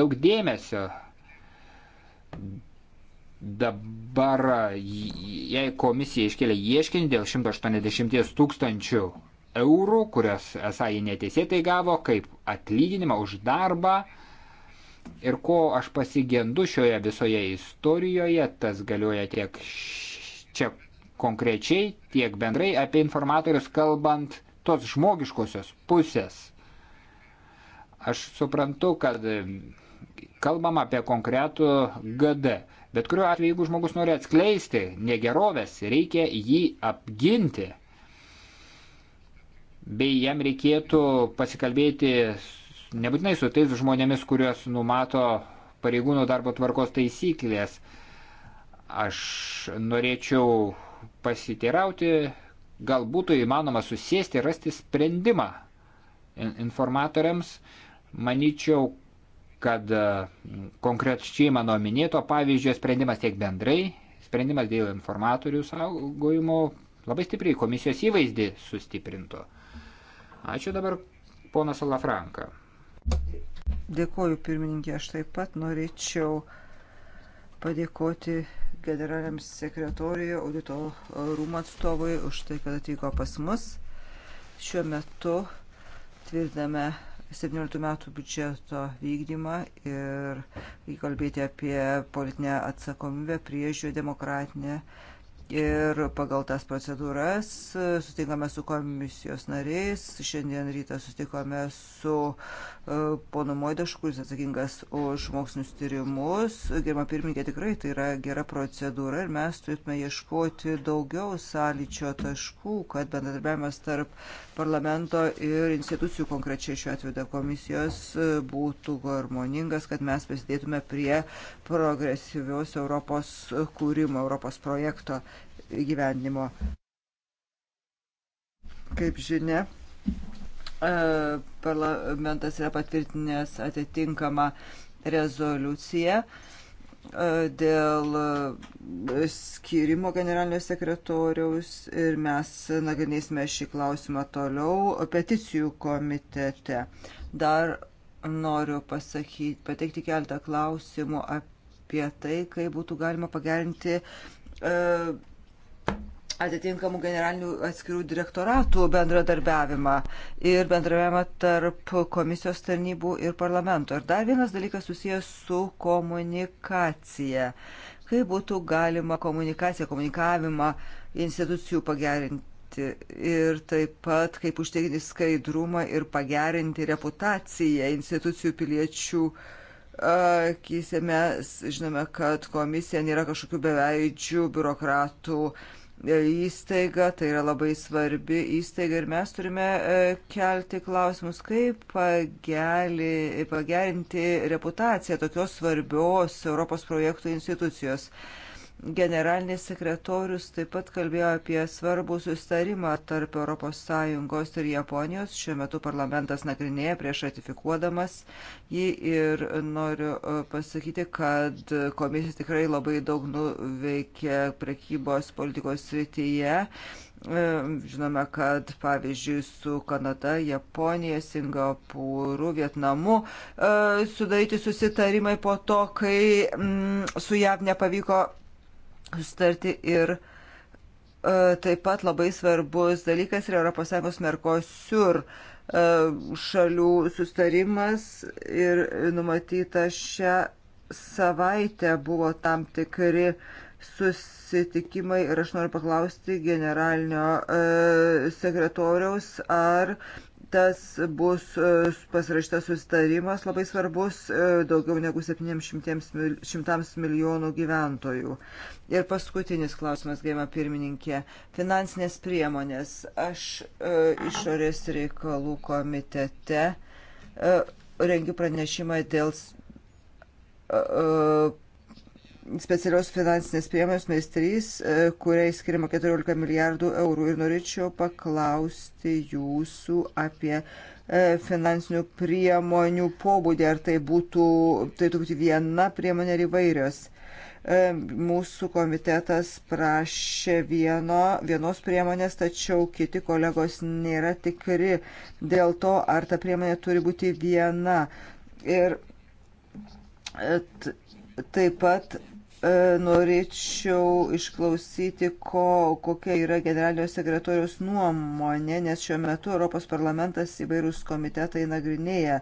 daug dėmesio. Dabar, jei komisija iškėlė ieškinį dėl 180 tūkstančių eurų, kurias esą jie neteisėtai gavo kaip atlyginimą už darbą, Ir ko aš pasigendu šioje visoje istorijoje, tas galioja tiek čia konkrečiai, tiek bendrai apie informatorius kalbant tos žmogiškosios pusės. Aš suprantu, kad kalbam apie konkretų GD, bet kuriuo atveju, jeigu žmogus nori atskleisti negerovės, reikia jį apginti. Bei jam reikėtų pasikalbėti nebūtinai su tais žmonėmis, kuriuos numato pareigūnų darbo tvarkos taisyklės. Aš norėčiau pasiteirauti, gal būtų įmanoma susėsti ir rasti sprendimą informatoriams. Manyčiau, kad mm, konkrečiai mano minėto pavyzdžio sprendimas tiek bendrai, sprendimas dėl informatorių saugojimo labai stipriai komisijos įvaizdį sustiprintų. Ačiū dabar ponas Alafranka. Dėkoju, pirmininkė, aš taip pat norėčiau padėkoti generaliam sekretoriui, audito rūmų atstovui už tai, kad atvyko pas mus. Šiuo metu tvirtiname 17 metų biudžeto vykdymą ir kalbėti apie politinę atsakomybę, priežiūrę, demokratinę uh, ir pagal tas procedūras e, sutikome su komisijos nariais. Šiandien rytą sutikome su e, ponu Moidašku, kuris atsakingas už mokslinius tyrimus. Germa pirmininkė, tikrai tai yra gera procedūra ir mes turėtume ieškoti daugiau sąlyčio taškų, kad bendradarbiavimas tarp parlamento ir institucijų, konkrečiai šiuo atveju komisijos, e, būtų harmoningas, kad mes prisidėtume prie progresyvios Europos kūrimo, Europos projekto įgyvendinimo. Kaip žinia, e, parlamentas yra patvirtinęs atitinkamą rezoliuciją e, dėl e, skirimo generalinio sekretoriaus ir mes nagrinėsime šį klausimą toliau peticijų komitete. Dar noriu pasakyti, pateikti keletą klausimų apie tai, kaip būtų galima pagerinti atitinkamų generalinių atskirų direktoratų bendradarbiavimą ir bendradarbiavimą tarp komisijos tarnybų ir parlamento. Ir dar vienas dalykas susijęs su komunikacija. Kaip būtų galima komunikaciją, komunikavimą institucijų pagerinti ir taip pat kaip užtikrinti skaidrumą ir pagerinti reputaciją institucijų piliečių akise mes žinome, kad komisija nėra kažkokių beveidžių biurokratų E, įstaiga, tai yra labai svarbi įstaiga ir mes turime e, kelti klausimus, kaip pageli, pagerinti reputaciją tokios svarbios Europos projektų institucijos. Generalinis sekretorius taip pat kalbėjo apie svarbų sustarimą tarp ES ir Japonijos. Šiuo metu parlamentas nagrinėja prieš ratifikuodamas jį ir noriu e, pasakyti, kad komisija tikrai labai daug nuveikė prekybos politikos srityje. E, žinome, kad pavyzdžiui su Kanada, Japonija, Singapūru, Vietnamu e, sudaryti susitarimai po to, kai mm, su JAV nepavyko sustarti ir e, taip pat labai svarbus dalykas yra ES Merkosur e, šalių sustarimas ir numatyta šią savaitę buvo tam tikri susitikimai ir aš noriu paklausti generalinio e, sekretoriaus, ar Kitas bus e, pasirašytas susitarimas labai svarbus e, daugiau negu 700 milijonų gyventojų. Ir paskutinis klausimas, gaima pirmininkė. Finansinės priemonės. Aš e, išorės reikalų komitete rengiu pranešimą dėl specialios finansinės priemonės meistrys, e, kuriai skiriama 14 milijardų eurų. Ir norėčiau paklausti jūsų apie e, finansinių priemonių pobūdį, ar tai būtų, tai būtų viena priemonė ar įvairios. E, mūsų komitetas prašė vieno, vienos priemonės, tačiau kiti kolegos nėra tikri dėl to, ar ta priemonė turi būti viena. Ir Taip pat e, norėčiau išklausyti, ko, kokia yra generalinio sekretoriaus nuomonė, nes šiuo metu Europos parlamentas įvairūs komitetai nagrinėja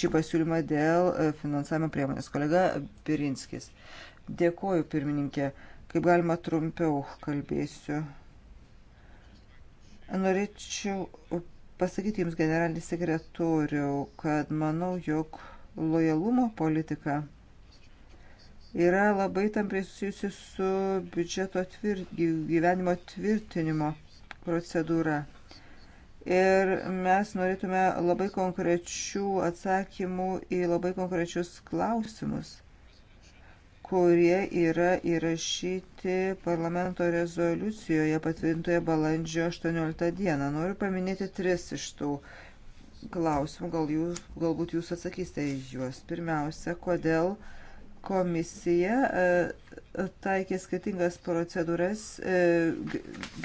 šį pasiūlymą dėl e, finansavimo priemonės. Kolega Pirinskis. Dėkoju, pirmininkė. Kaip galima trumpiau kalbėsiu. Norėčiau pasakyti Jums, generalinį sekretorių, kad manau, jog lojalumo politika – yra labai tampriai susijusi su biudžeto tvirt, gyvenimo tvirtinimo procedūra. Ir mes norėtume labai konkrečių atsakymų į labai konkrečius klausimus, kurie yra įrašyti parlamento rezoliucijoje patvirtintoje balandžio 18 dieną. Noriu paminėti tris iš tų klausimų, gal jūs, galbūt jūs atsakysite į juos. Pirmiausia, kodėl uh, Komisija e, taikė skirtingas procedūras e,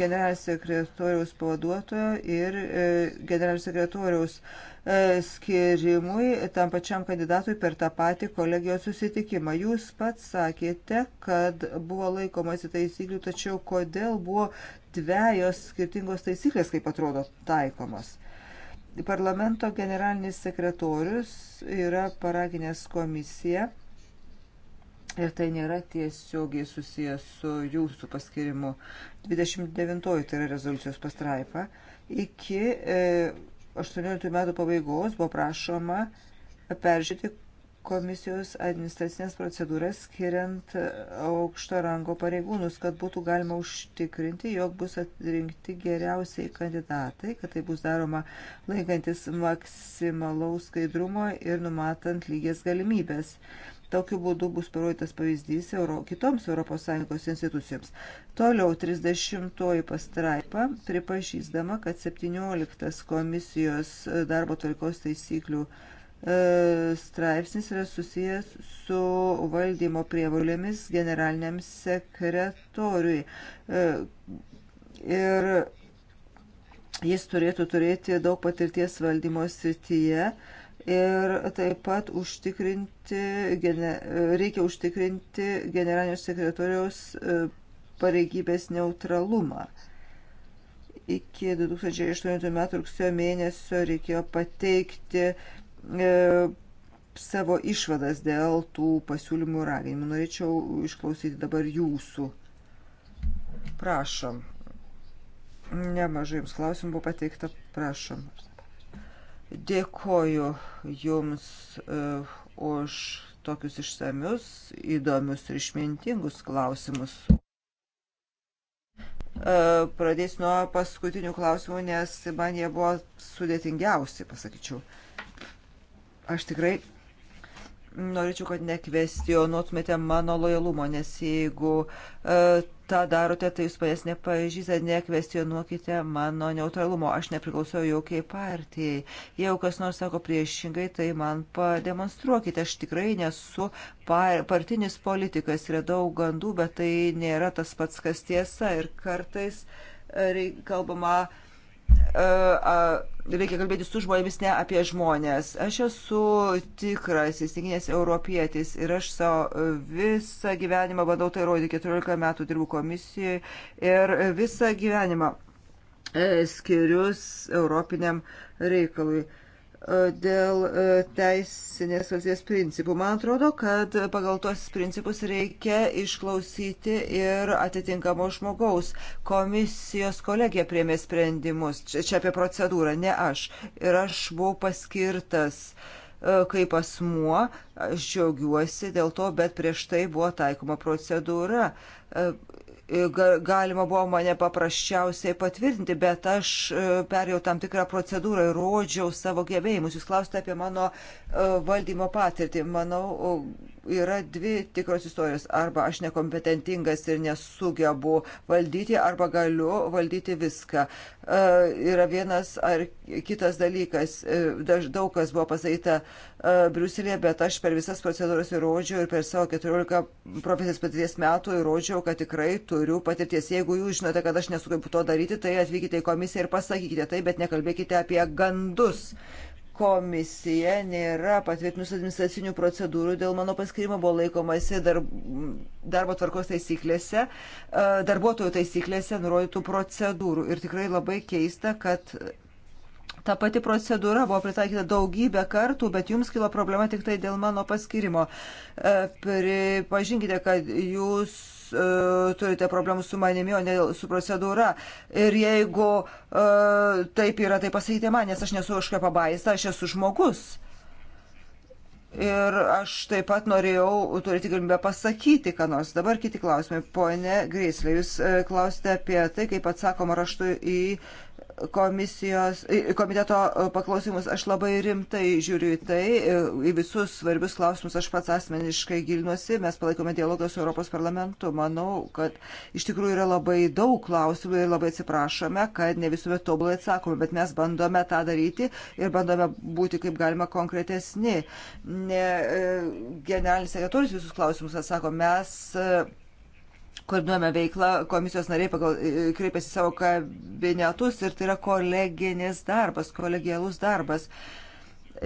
generalinio sekretoriaus pavaduotojo ir e, generalinio sekretoriaus skirimui tam pačiam kandidatui per tą patį kolegijos susitikimą. Jūs pats sakėte, kad buvo laikomasi taisyklių, tačiau kodėl buvo dviejos skirtingos taisyklės, kaip atrodo, taikomos? Parlamento generalinis sekretorius yra paraginęs komisiją Ir tai nėra tiesiogiai susijęs su jūsų paskirimu. 29 tai yra rezoliucijos pastraipa. Iki 18 e, metų pabaigos buvo prašoma peržiūrėti komisijos administracinės procedūras skiriant aukšto rango pareigūnus, kad būtų galima užtikrinti, jog bus atrinkti geriausiai kandidatai, kad tai bus daroma laikantis maksimalaus skaidrumo ir numatant lygias galimybės. Tokiu būdu bus parodytas pavyzdys Euro, kitoms ES institucijoms. Toliau 30 pastraipa pripažįstama, kad 17 komisijos darbo tvarkos taisyklių e, straipsnis yra susijęs su valdymo prievolėmis generaliniam sekretoriui. E, ir jis turėtų turėti daug patirties valdymo srityje ir taip pat užtikrinti, reikia užtikrinti generalinio sekretoriaus e, pareigybės neutralumą. Iki 2008 m. rugsėjo mėnesio reikėjo pateikti e, savo išvadas dėl tų pasiūlymų ir raginimų. Norėčiau išklausyti dabar jūsų. Prašom. Nemažai jums klausimų buvo pateikta. Prašom. Dėkoju Jums uh, už tokius išsamius, įdomius ir išmintingus klausimus. Uh, Pradėsiu nuo paskutinių klausimų, nes man jie buvo sudėtingiausi, pasakyčiau. Aš tikrai norėčiau, kad nekvestionuotumėte mano lojalumo, nes jeigu uh, tą darote, tai jūs manęs nepažįstate, nekvestionuokite mano neutralumo. Aš nepriklausau jokiai partijai. Jeigu kas nors sako priešingai, tai man pademonstruokite. Aš tikrai nesu partinis politikas. Yra daug gandų, bet tai nėra tas pats, kas tiesa. Ir kartais e, kalbama reikia kalbėti su žmonėmis, ne apie žmonės. Aš esu tikras įstikinęs europietis ir aš savo visą gyvenimą bandau tai rodyti, 14 metų dirbu komisijoje ir visą gyvenimą e, skirius europiniam reikalui dėl e, teisinės valstybės principų. Man atrodo, kad pagal tuos principus reikia išklausyti ir atitinkamo žmogaus. Komisijos kolegija priemė sprendimus. Čia, čia apie procedūrą, ne aš. Ir aš buvau paskirtas e, kaip asmuo, aš džiaugiuosi dėl to, bet prieš tai buvo taikoma procedūra. E, E, galima buvo mane paprasčiausiai patvirtinti, bet aš e, perėjau tam tikrą procedūrą ir rodžiau savo gebėjimus. Jūs klausite apie mano e, valdymo patirtį. Manau, yra dvi tikros istorijos. Arba aš nekompetentingas ir nesugebu valdyti, arba galiu valdyti viską. E, yra vienas ar kitas dalykas. E, daug kas buvo pasakyta e, Briuselėje, bet aš per visas procedūras įrodžiau ir per savo 14 profesijos patirties metų įrodžiau, kad tikrai turiu patirties. Jeigu jūs žinote, kad aš nesugebu to daryti, tai atvykite į komisiją ir pasakykite tai, bet nekalbėkite apie gandus komisija nėra patvirtinus administracinių procedūrų dėl mano paskirimo, buvo laikomasi darb, darbo tvarkos taisyklėse, e, darbuotojų taisyklėse nurodytų procedūrų. Ir tikrai labai keista, kad Ta pati procedūra buvo pritaikyta daugybę kartų, bet jums kilo problema tik tai dėl mano paskirimo. E, pripažinkite, kad jūs uh, turite problemų su manimi, o ne su procedūra. Ir jeigu uh, taip yra, tai pasakykite man, nes aš nesu kažkokia pabaisa, aš esu žmogus. Ir aš taip pat norėjau turėti galimybę pasakyti, ką nors. Dabar kiti klausimai. Pone Greislė, jūs e, klausite apie tai, kaip atsakoma raštu į komisijos, komiteto paklausimus aš labai rimtai žiūriu į tai, į visus svarbius klausimus aš pats asmeniškai gilinuosi, mes palaikome dialogą su Europos parlamentu, manau, kad iš tikrųjų yra labai daug klausimų ir labai atsiprašome, kad ne visuomet tobulai atsakome, bet mes bandome tą daryti ir bandome būti kaip galima konkretesni. Ne, e, generalinis sekretorius visus klausimus atsako, mes koordinuojame veiklą, komisijos nariai pagal, e, kreipiasi savo kabinetus ir tai yra koleginis darbas, kolegialus darbas.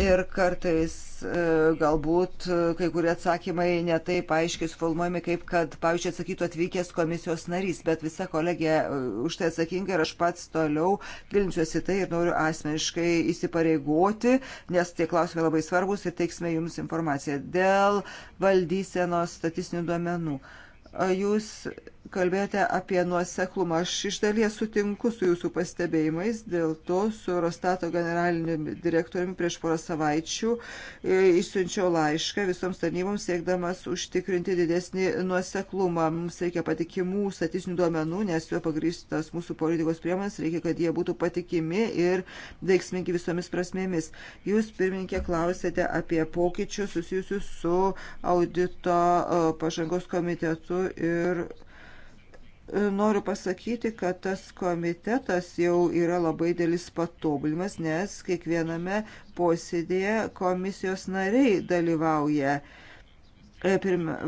Ir kartais e, galbūt e, kai kurie atsakymai netai paaiškiai suformuojami, kaip kad, pavyzdžiui, atsakytų atvykęs komisijos narys, bet visa kolegija už tai atsakinga ir aš pats toliau gilinsiuosi tai ir noriu asmeniškai įsipareigoti, nes tie klausimai labai svarbus ir teiksime jums informaciją dėl valdysenos statistinių duomenų. Uh, Jūs kalbėjote apie nuoseklumą. Aš iš dalies sutinku su jūsų pastebėjimais, dėl to su Eurostato generaliniu direktoriumi prieš porą savaičių e, išsiunčiau laišką visoms tarnyboms siekdamas užtikrinti didesnį nuoseklumą. Mums reikia patikimų statistinių duomenų, nes juo pagrįstas mūsų politikos priemonės, reikia, kad jie būtų patikimi ir veiksmingi visomis prasmėmis. Jūs, pirmininkė, klausėte apie pokyčius susijusius su audito e, pažangos komitetu ir Noriu pasakyti, kad tas komitetas jau yra labai dėlis patobulimas, nes kiekviename posėdėje komisijos nariai dalyvauja. E, pirma,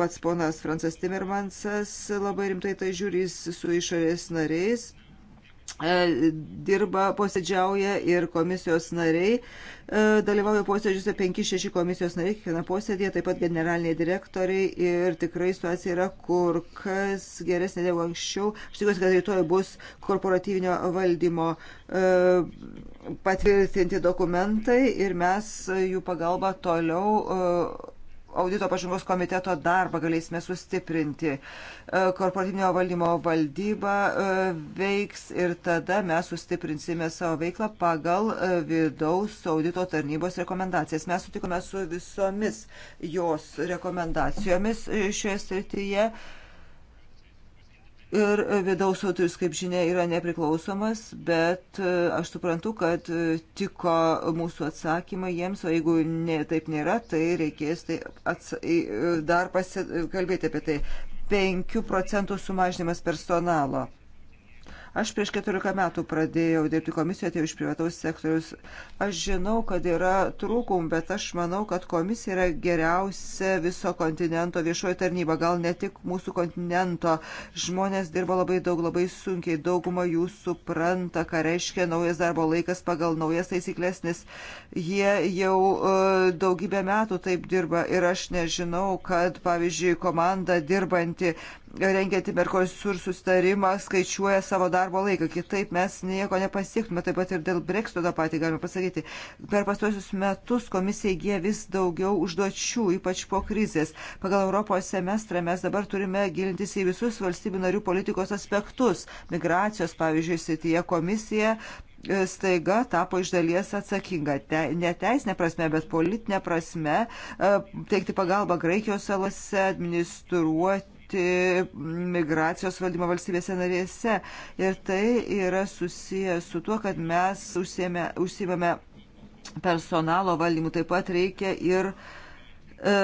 pats ponas Francas Timmermansas labai rimtai tai žiūri su išorės nariais E, dirba posėdžiauja ir komisijos nariai. E, dalyvauja posėdžiuose 5-6 komisijos nariai kiekvieną posėdį, taip pat generaliniai direktoriai ir tikrai situacija yra kur kas geresnė negu anksčiau. Aš tikiuosi, kad rytoj bus korporatyvinio valdymo e, patvirtinti dokumentai ir mes jų pagalba toliau audito pažangos komiteto darbą galėsime sustiprinti. E, Korporatyvinio valdymo valdyba e, veiks ir tada mes sustiprinsime savo veiklą pagal e, vidaus audito tarnybos rekomendacijas. Mes sutikome su visomis jos rekomendacijomis šioje srityje. Ir vidaus autorius, kaip žinia, yra nepriklausomas, bet e, aš suprantu, kad e, tiko mūsų atsakymai jiems, o jeigu ne, taip nėra, tai reikės tai ats... E, dar pasikalbėti apie tai. 5 procentų sumažinimas personalo. Aš prieš 14 metų pradėjau dirbti komisijoje, tai iš privataus sektorius. Aš žinau, kad yra trūkum, bet aš manau, kad komisija yra geriausia viso kontinento viešoji tarnyba. Gal ne tik mūsų kontinento. Žmonės dirba labai daug, labai sunkiai. Dauguma jų supranta, ką reiškia naujas darbo laikas pagal naujas taisyklės, nes jie jau uh, daugybę metų taip dirba. Ir aš nežinau, kad, pavyzdžiui, komanda dirbanti rengianti Merkosur sustarimą skaičiuoja savo darbo laiką. Kitaip mes nieko nepasiektume. Taip pat ir dėl Brexito tą patį galime pasakyti. Per pastosius metus komisija įgyja vis daugiau užduočių, ypač po krizės. Pagal Europos semestrą mes dabar turime gilintis į visus valstybių narių politikos aspektus. Migracijos, pavyzdžiui, sityje komisija e, staiga tapo iš dalies atsakinga, te, ne teisinė prasme, bet politinė prasme, e, teikti pagalbą Graikijos salose, administruoti dirbti migracijos valdymo valstybėse narėse. Ir tai yra susijęs su tuo, kad mes užsiemame personalo valdymu. Taip pat reikia ir e,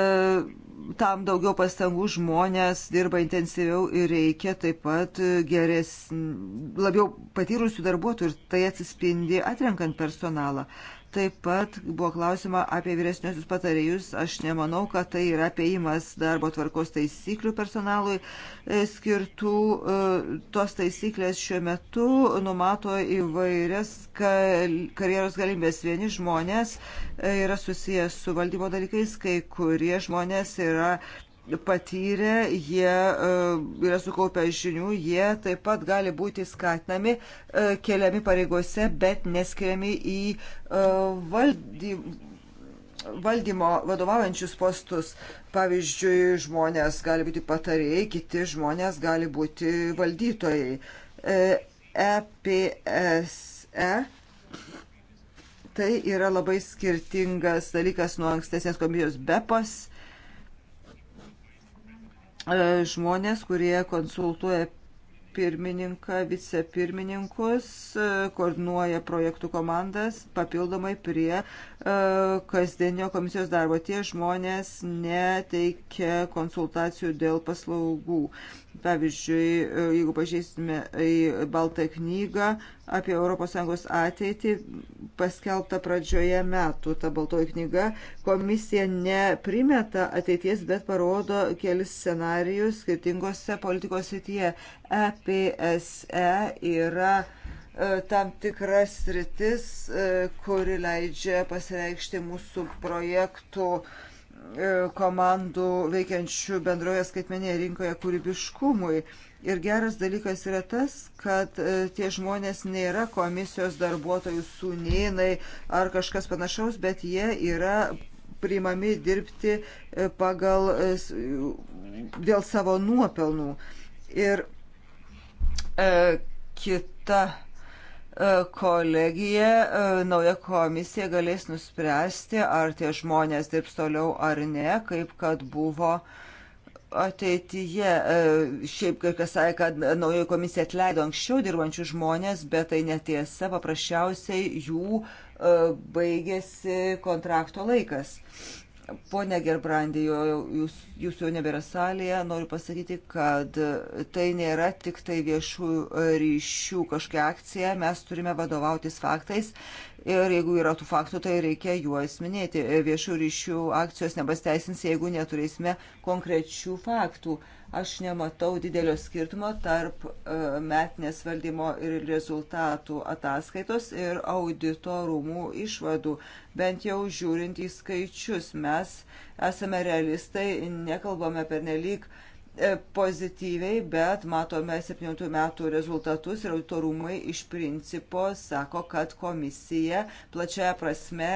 tam daugiau pastangų žmonės dirba intensyviau ir reikia taip pat geres, labiau patyrusių darbuotojų ir tai atsispindi atrenkant personalą. Taip pat buvo klausima apie vyresniosius patarėjus. Aš nemanau, kad tai yra apieimas darbo tvarkos taisyklių personalui e, skirtų. E, tos taisyklės šiuo metu numato įvairias karjeros galimybės. Vieni žmonės e, yra susijęs su valdymo dalykais, kai kurie žmonės yra patyrę, jie e, yra sukaupę žinių, jie taip pat gali būti skatinami, e, keliami pareigose, bet neskiriami į e, valdy, valdymo vadovaujančius postus. Pavyzdžiui, žmonės gali būti patarėjai, kiti žmonės gali būti valdytojai. EPSE tai yra labai skirtingas dalykas nuo ankstesnės komisijos BEPAS E, žmonės, kurie konsultuoja pirmininką, vicepirmininkus, e, koordinuoja projektų komandas papildomai prie e, kasdienio komisijos darbo. Tie žmonės neteikia konsultacijų dėl paslaugų. Pavyzdžiui, e, jeigu pažiūrėsime į Baltą knygą apie ES ateitį, paskelbta pradžioje metų ta Baltoji knyga, komisija neprimeta ateities, bet parodo kelis scenarijus skirtingose politikos srityje. EPSE e yra e, tam tikras sritis, kuri leidžia pasireikšti mūsų projektų uh, E, komandų veikiančių bendroje skaitmenėje rinkoje kūrybiškumui. Ir geras dalykas yra tas, kad e, tie žmonės nėra komisijos darbuotojų sūnynai ar kažkas panašaus, bet jie yra priimami dirbti e, pagal, dėl savo nuopelnų. Ir e, kita E, kolegija, e, nauja komisija galės nuspręsti, ar tie žmonės dirbs toliau ar ne, kaip kad buvo ateityje. E, šiaip kai kas sakė, kad naujoji komisija atleido anksčiau dirbančių žmonės, bet tai netiesa, paprasčiausiai jų baigėsi kontrakto laikas. Pone Gerbrandė, jūs, jūs jau nebėra salėje, noriu pasakyti, kad tai nėra tik tai viešų ryšių kažkokia akcija, mes turime vadovautis faktais ir jeigu yra tų faktų, tai reikia juos minėti. Viešų ryšių akcijos nebasteisins, jeigu neturėsime konkrečių faktų. Uh, Aš nematau didelio skirtumo tarp e, metinės valdymo ir rezultatų ataskaitos ir audito rūmų išvadų. Bent jau žiūrint į skaičius, mes esame realistai, nekalbame per nelik e, pozityviai, bet matome 17 metų rezultatus ir autorumai iš principo sako, kad komisija plačiaja prasme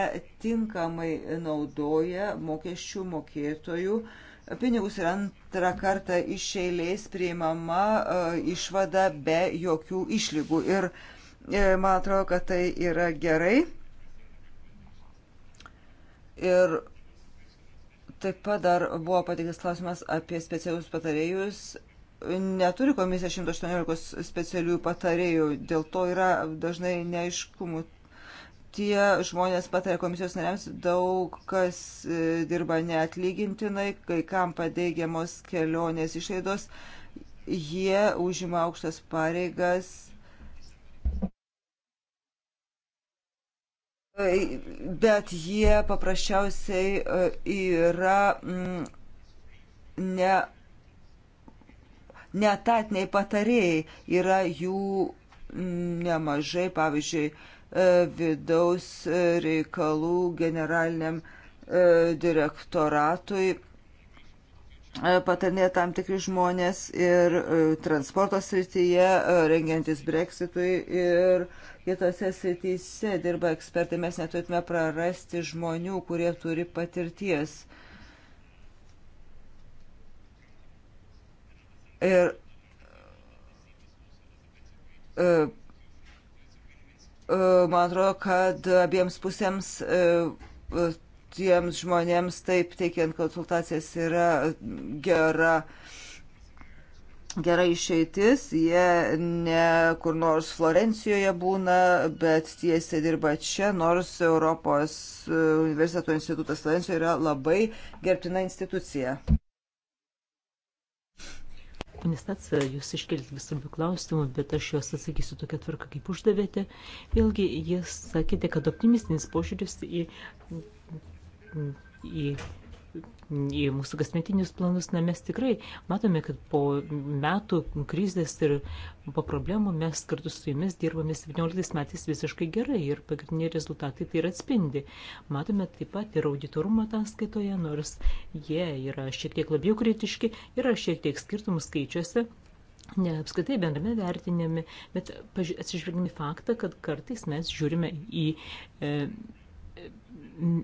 tinkamai naudoja mokesčių mokėtojų uh, pinigus ir antrą kartą iš eilės priimama e, išvada be jokių išlygų. Ir e, man atrodo, kad tai yra gerai. Ir taip pat dar buvo patiktas klausimas apie specialius patarėjus. Neturi komisija 118 specialių patarėjų, dėl to yra dažnai neaiškumų tie žmonės patarė komisijos nariams, daug kas e, dirba neatlygintinai, kai kam padeigiamos kelionės išlaidos, jie užima aukštas pareigas. E, bet jie paprasčiausiai e, yra mm, ne, netatiniai patarėjai, yra jų mm, nemažai, pavyzdžiui, E, vidaus reikalų generaliniam e, direktoratui e, patarnė tam tikri žmonės ir transporto srityje, rengiantis breksitui ir kitose srityse dirba ekspertai. Mes neturėtume prarasti žmonių, kurie turi patirties. Ir E, man atrodo, kad abiems pusėms e, tiems žmonėms taip teikiant konsultacijas yra gera. Gerai išeitis, jie ne kur nors Florencijoje būna, bet tiesiai dirba čia, nors Europos e, universiteto institutas Florencijoje yra labai gerbtina institucija administracija, jūs iškelti vis svarbių klausimų, bet aš juos atsakysiu tokia tvarka, kaip uždavėte. Vėlgi, jūs sakėte, kad optimistinis požiūris į, į į mūsų kasmetinius planus, na mes tikrai matome, kad po metų krizės ir po problemų mes kartu su jumis dirbame 17 metais visiškai gerai ir pagrindiniai rezultatai tai ir atspindi. Matome taip pat ir auditorumo ataskaitoje, nors jie yra šiek tiek labiau kritiški, yra šiek tiek skirtumų skaičiuose. Ne apskaitai bendrame vertinėme, bet atsižvelgime faktą, kad kartais mes žiūrime į e,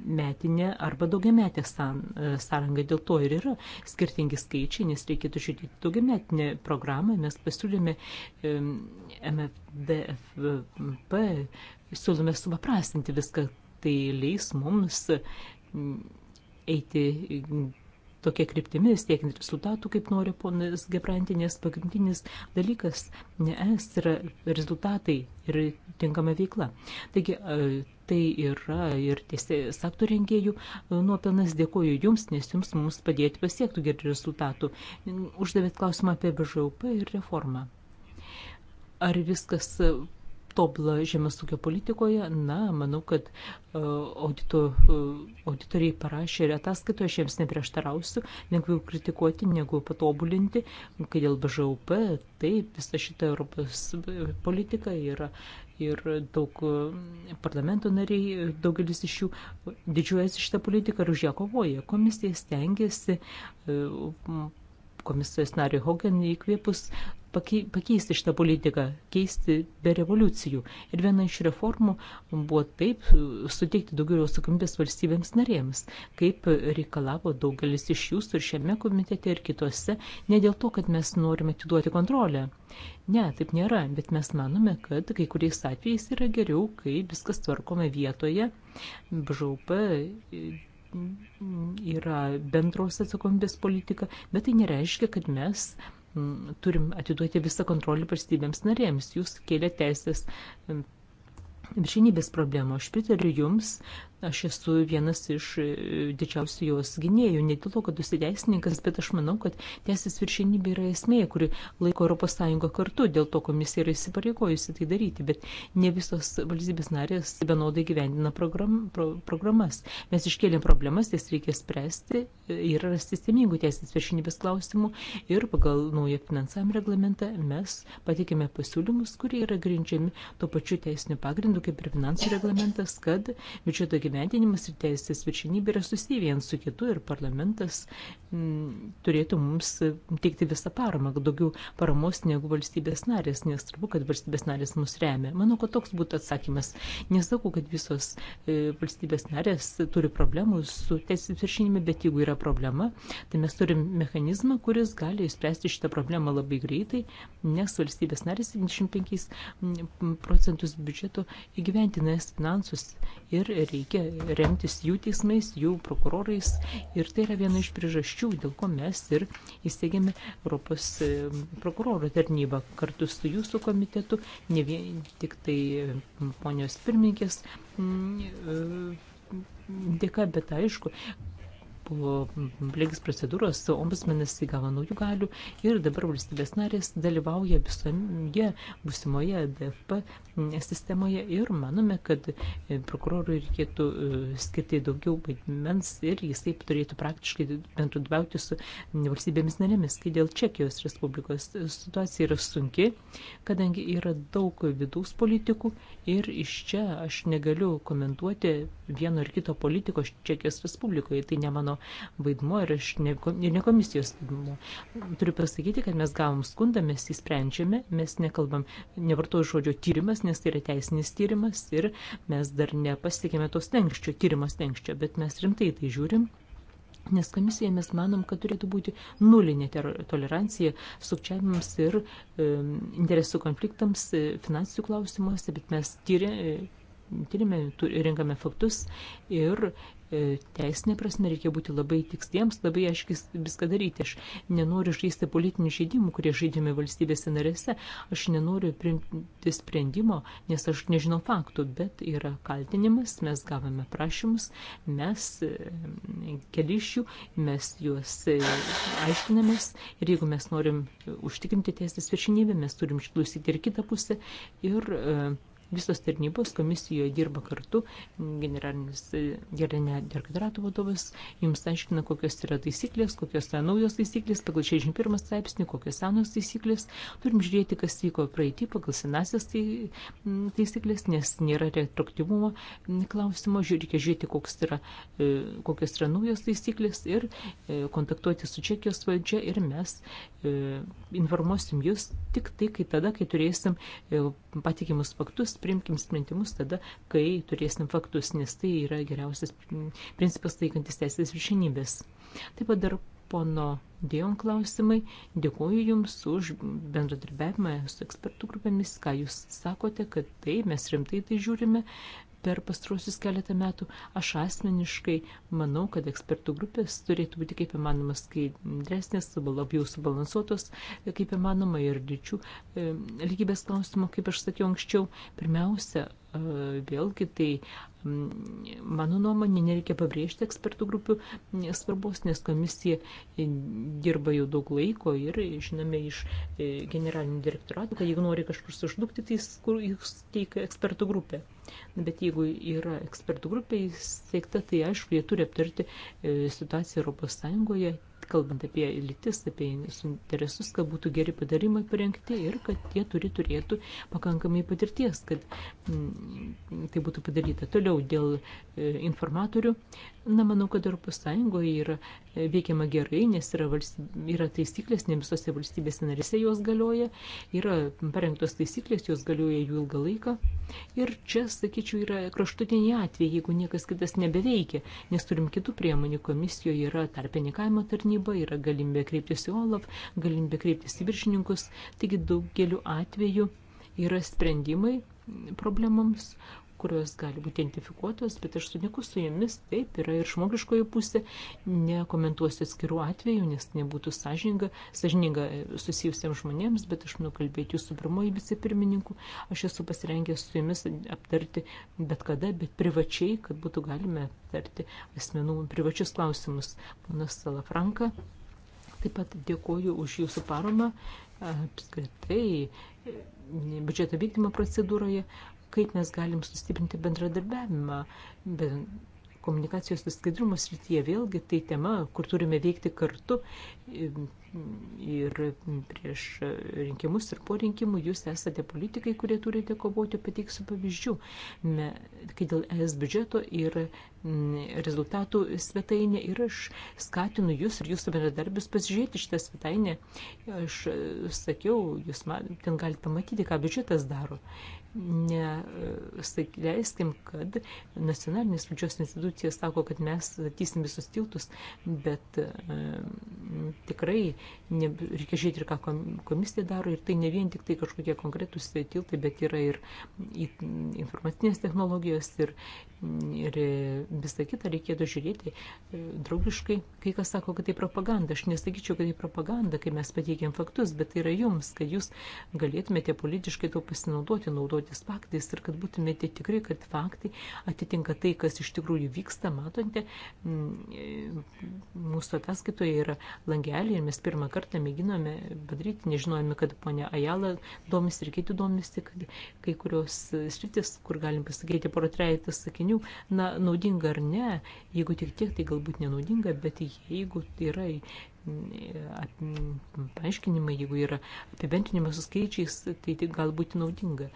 metinę arba daugiametę e, sąrangą. Dėl to ir yra skirtingi skaičiai, nes reikėtų žiūrėti daugiametinę programą. Mes pasiūlėme MFDFP, siūlome supaprastinti viską. Tai leis mums eiti tokia kryptimi, siekiant rezultatų, kaip nori ponas Gebrantinės, pagrindinis dalykas ne es yra rezultatai ir tinkama veikla. Taigi, tai yra ir teisės aktų rengėjų nuopelnas. Dėkoju Jums, nes Jums mums padėti pasiektų gerų rezultatų. Uždavėt klausimą apie BŽUP ir reformą. Ar viskas tobulą žemės ūkio politikoje. Na, manau, kad e, audito, e, auditoriai parašė ir ataskaitoje, aš jiems neprieštarausiu, lengviau kritikuoti negu patobulinti, kai dėl BŽUP, taip, visa šita Europos e, politika yra ir daug parlamento nariai, daugelis iš jų didžiuojasi šitą politiką ir už ją kovoja. Komisija stengiasi komisijos nariui Hogan įkvėpus pakeisti šitą politiką, keisti be revoliucijų. Ir viena iš reformų buvo taip suteikti daugiau atsakomybės valstybėms narėms, kaip reikalavo daugelis iš jūsų ir šiame komitete ir kitose, ne dėl to, kad mes norime atiduoti kontrolę. Ne, taip nėra, bet mes manome, kad kai kuriais atvejais yra geriau, kai viskas tvarkome vietoje. BŽUP yra bendros atsakomybės politika, bet tai nereiškia, kad mes turim atiduoti visą kontrolį valstybėms narėms. Jūs kėlė teisės viršinybės problemų. Aš pritariu Jums, Aš esu vienas iš e, didžiausių jos gynėjų, ne dėl to, kad esu teisininkas, bet aš manau, kad teisės viršinybė yra esmė, kuri laiko ES kartu, dėl to komisija yra įsipareigojusi tai daryti, bet ne visos valstybės narės vienodai gyvendina program, pro, programas. Mes iškėlėm problemas, jas reikia spręsti e, ir rasti sistemingų teisės viršinybės klausimų ir pagal naują finansavimo reglamentą mes patikėme pasiūlymus, kurie yra grindžiami tuo pačiu teisiniu pagrindu kaip ir finansų reglamentas, kad biudžeto gyvenimas įgyvendinimas ir teisės viršinybė yra susiję vienas su kitu ir parlamentas m, turėtų mums teikti visą paramą, daugiau paramos negu valstybės narės, nes svarbu, kad valstybės narės mus remia. Manau, kad toks būtų atsakymas. Nesakau, kad visos e, valstybės narės turi problemų su teisės viršinimi, bet jeigu yra problema, tai mes turim mechanizmą, kuris gali išspręsti šitą problemą labai greitai, nes valstybės narės 75 procentus biudžeto įgyventinės finansus ir reikia reikia remtis jų teismais, jų prokurorais. Ir tai yra viena iš priežasčių, dėl ko mes ir įsteigėme Europos e, prokuroro tarnybą kartu su jūsų komitetu, ne vien tik tai ponios pirmininkės e, dėka, bet aišku, buvo blėgis procedūros, ombudsmenas įgavo naujų galių ir dabar valstybės narės dalyvauja visoje būsimoje DFP sistemoje ir manome, kad e, prokurorui reikėtų e, skirti daugiau vaidmens ir jis taip turėtų praktiškai bendradarbiauti su valstybėmis narėmis, kai dėl Čekijos Respublikos situacija yra sunki, kadangi yra daug vidaus politikų ir iš čia aš negaliu komentuoti vieno ar kito politiko Čekijos Respublikoje, tai ne mano mano vaidmo ir, aš, ne, ir ne komisijos vaidmo. Turiu pasakyti, kad mes gavom skundą, mes jį sprendžiame, mes nekalbam, nevartoju žodžio tyrimas, nes tai yra teisinis tyrimas ir mes dar nepasiekėme tos tenkščio, tyrimas tenkščio, bet mes rimtai tai žiūrim. Nes komisija mes manom, kad turėtų būti nulinė tolerancija sukčiavimams ir e, interesų konfliktams e, finansijų klausimuose, bet mes tyri, e, tyrime, rinkame faktus ir E, teisinė prasme reikia būti labai tiksliems, labai aiškiai viską daryti. Aš nenoriu žaisti politinių žaidimų, kurie žaidžiami valstybėse narėse. Aš nenoriu priimti sprendimo, nes aš nežinau faktų, bet yra kaltinimas, mes gavome prašymus, mes e, keli iš jų, mes juos e, aiškinamės ir jeigu mes norim užtikrinti teisės viršinybę, mes turim išklausyti ir kitą pusę. Ir, uh, visos tarnybos komisijoje dirba kartu, generalinis e, generalinio direktorato vadovas jums aiškina, kokios yra taisyklės, kokios yra naujos taisyklės, pagal 61 straipsnį, kokios senos taisyklės. Turim žiūrėti, kas vyko praeitį pagal senasias tai, taisyklės, nes nėra retroaktyvumo klausimo, reikia žiūrėti, koks yra, e, kokios yra naujos taisyklės ir e, kontaktuoti su Čekijos valdžia ir mes informuosim jūs tik tai, kai tada, kai turėsim patikimus faktus primkim sprendimus tada, kai turėsim faktus, nes tai yra geriausias principas taikantis teisės viršinybės. Taip pat dar pono Dion klausimai. Dėkuoju Jums už bendradarbiavimą su ekspertų grupėmis, ką Jūs sakote, kad tai mes rimtai tai žiūrime, per pastrausius keletą metų. Aš asmeniškai manau, kad ekspertų grupės turėtų būti kaip įmanoma skaidresnės, labiau subalansuotos, kaip įmanoma ir lyčių e, lygybės klausimo, kaip aš sakiau anksčiau. Pirmiausia, e, vėlgi tai Mano nuomonė, nereikia pabrėžti ekspertų grupių svarbos, nes komisija dirba jau daug laiko ir žinome iš e, generalinių direktoratų, kad jeigu nori kažkur sužlugti, tai jis teikia ekspertų grupę. Bet jeigu yra ekspertų grupė įsteigta, tai aišku, jie turi aptarti e, situaciją Europos Sąjungoje kalbant apie lytis, apie interesus, kad būtų geri padarimai parengti ir kad jie turi turėtų pakankamai patirties, kad mm, tai būtų padaryta. Toliau dėl e, informatorių Na, manau, kad Europos Sąjungoje yra e, veikiama gerai, nes yra, valstybė, yra taisyklės, ne visose valstybėse narėse jos galioja, yra parengtos taisyklės, jos galioja jų ilgą laiką. Ir čia, sakyčiau, yra kraštutiniai atvejai, jeigu niekas kitas nebeveikia, nes turim kitų priemonių. Komisijoje yra tarpininkavimo tarnyba, yra galimybė kreiptis į OLAF, galimybė kreiptis į viršininkus. Taigi daugeliu atveju yra sprendimai problemams, kurios gali būti identifikuotos, bet aš sutinku su jomis, taip, yra ir žmogiškoji pusė, nekomentuosiu atskirų atvejų, nes nebūtų sąžininga, sąžininga e, susijusiems žmonėms, bet aš nukalbėti jūsų pirmoji vicepirmininku, aš esu pasirengęs su jomis aptarti bet kada, bet privačiai, kad būtų galime aptarti asmenų privačius klausimus. Ponas Salafranka. Taip pat dėkoju už jūsų paramą apskritai e, biudžeto vykdymo procedūroje kaip mes galim sustiprinti bendradarbiavimą. Be komunikacijos ir skaidrumo srityje vėlgi tai tema, kur turime veikti kartu ir prieš rinkimus ir po rinkimų jūs esate politikai, kurie turite kovoti, pateiksiu pavyzdžių, kai dėl ES biudžeto ir rezultatų svetainė ir aš skatinu jūs ir jūsų bendradarbius pasižiūrėti šitą svetainę. Aš sakiau, jūs man, ten galite pamatyti, ką biudžetas daro. Neleiskim, kad nacionalinės valdžios institucija sako, kad mes statysim visus tiltus, bet e, tikrai ne, reikia žiūrėti ir ką komisija daro, ir tai ne vien tik tai kažkokie konkretūs tiltai, bet yra ir informacinės technologijos ir, ir visą kitą reikėtų žiūrėti e, draugiškai. Kai kas sako, kad tai propaganda, aš nesakyčiau, kad tai propaganda, kai mes pateikėm faktus, bet tai yra jums, kad jūs galėtumėte politiškai to pasinaudoti, naudoti vadovautis faktais ir kad būtumėte tikrai, kad faktai atitinka tai, kas iš tikrųjų vyksta. Matote, mm, e, mūsų ataskaitoje yra langelį ir mes pirmą kartą mėginome padaryti, nežinojame, kad ponia Ajala domis ir kiti domis, kad kai kurios sritis, kur galim pasakyti poro trejatą sakinių, na, naudinga ar ne, jeigu tik tiek, tai galbūt nenaudinga, bet jeigu yra mm, e, mm, paaiškinimai, jeigu yra apibendrinimas su skaičiais, tai, tai gal būti naudinga.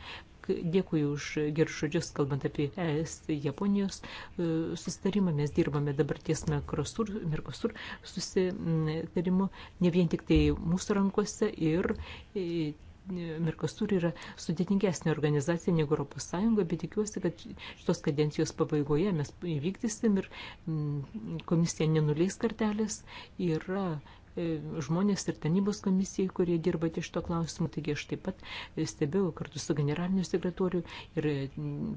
Dėkui už gerus žodžius, kalbant apie ES Japonijos e, sustarimą. Mes dirbame dabar ties Mercosur, Mercosur susitarimu, ne vien tik tai mūsų rankose ir e, Mirkastur yra sudėtingesnė organizacija negu Europos Sąjunga, bet tikiuosi, kad šitos kadencijos pabaigoje mes įvykdysim ir mm, komisija nenuleis kartelės. Yra E, žmonės ir tarnybos komisijai, kurie dirba ties šito klausimu. Taigi aš taip pat e, stebėjau kartu su generaliniu sekretoriu ir e,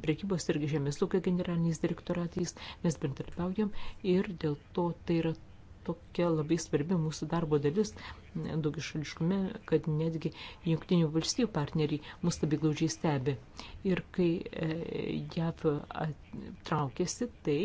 priekybos ir žemės ūkio generaliniais direktoratais, mes bendradarbiaujam ir dėl to tai yra tokia labai svarbi mūsų darbo dalis, daugišališkume, kad netgi jungtinių valstybių partneriai mus labai glaudžiai stebi. Ir kai e, JAV traukiasi, tai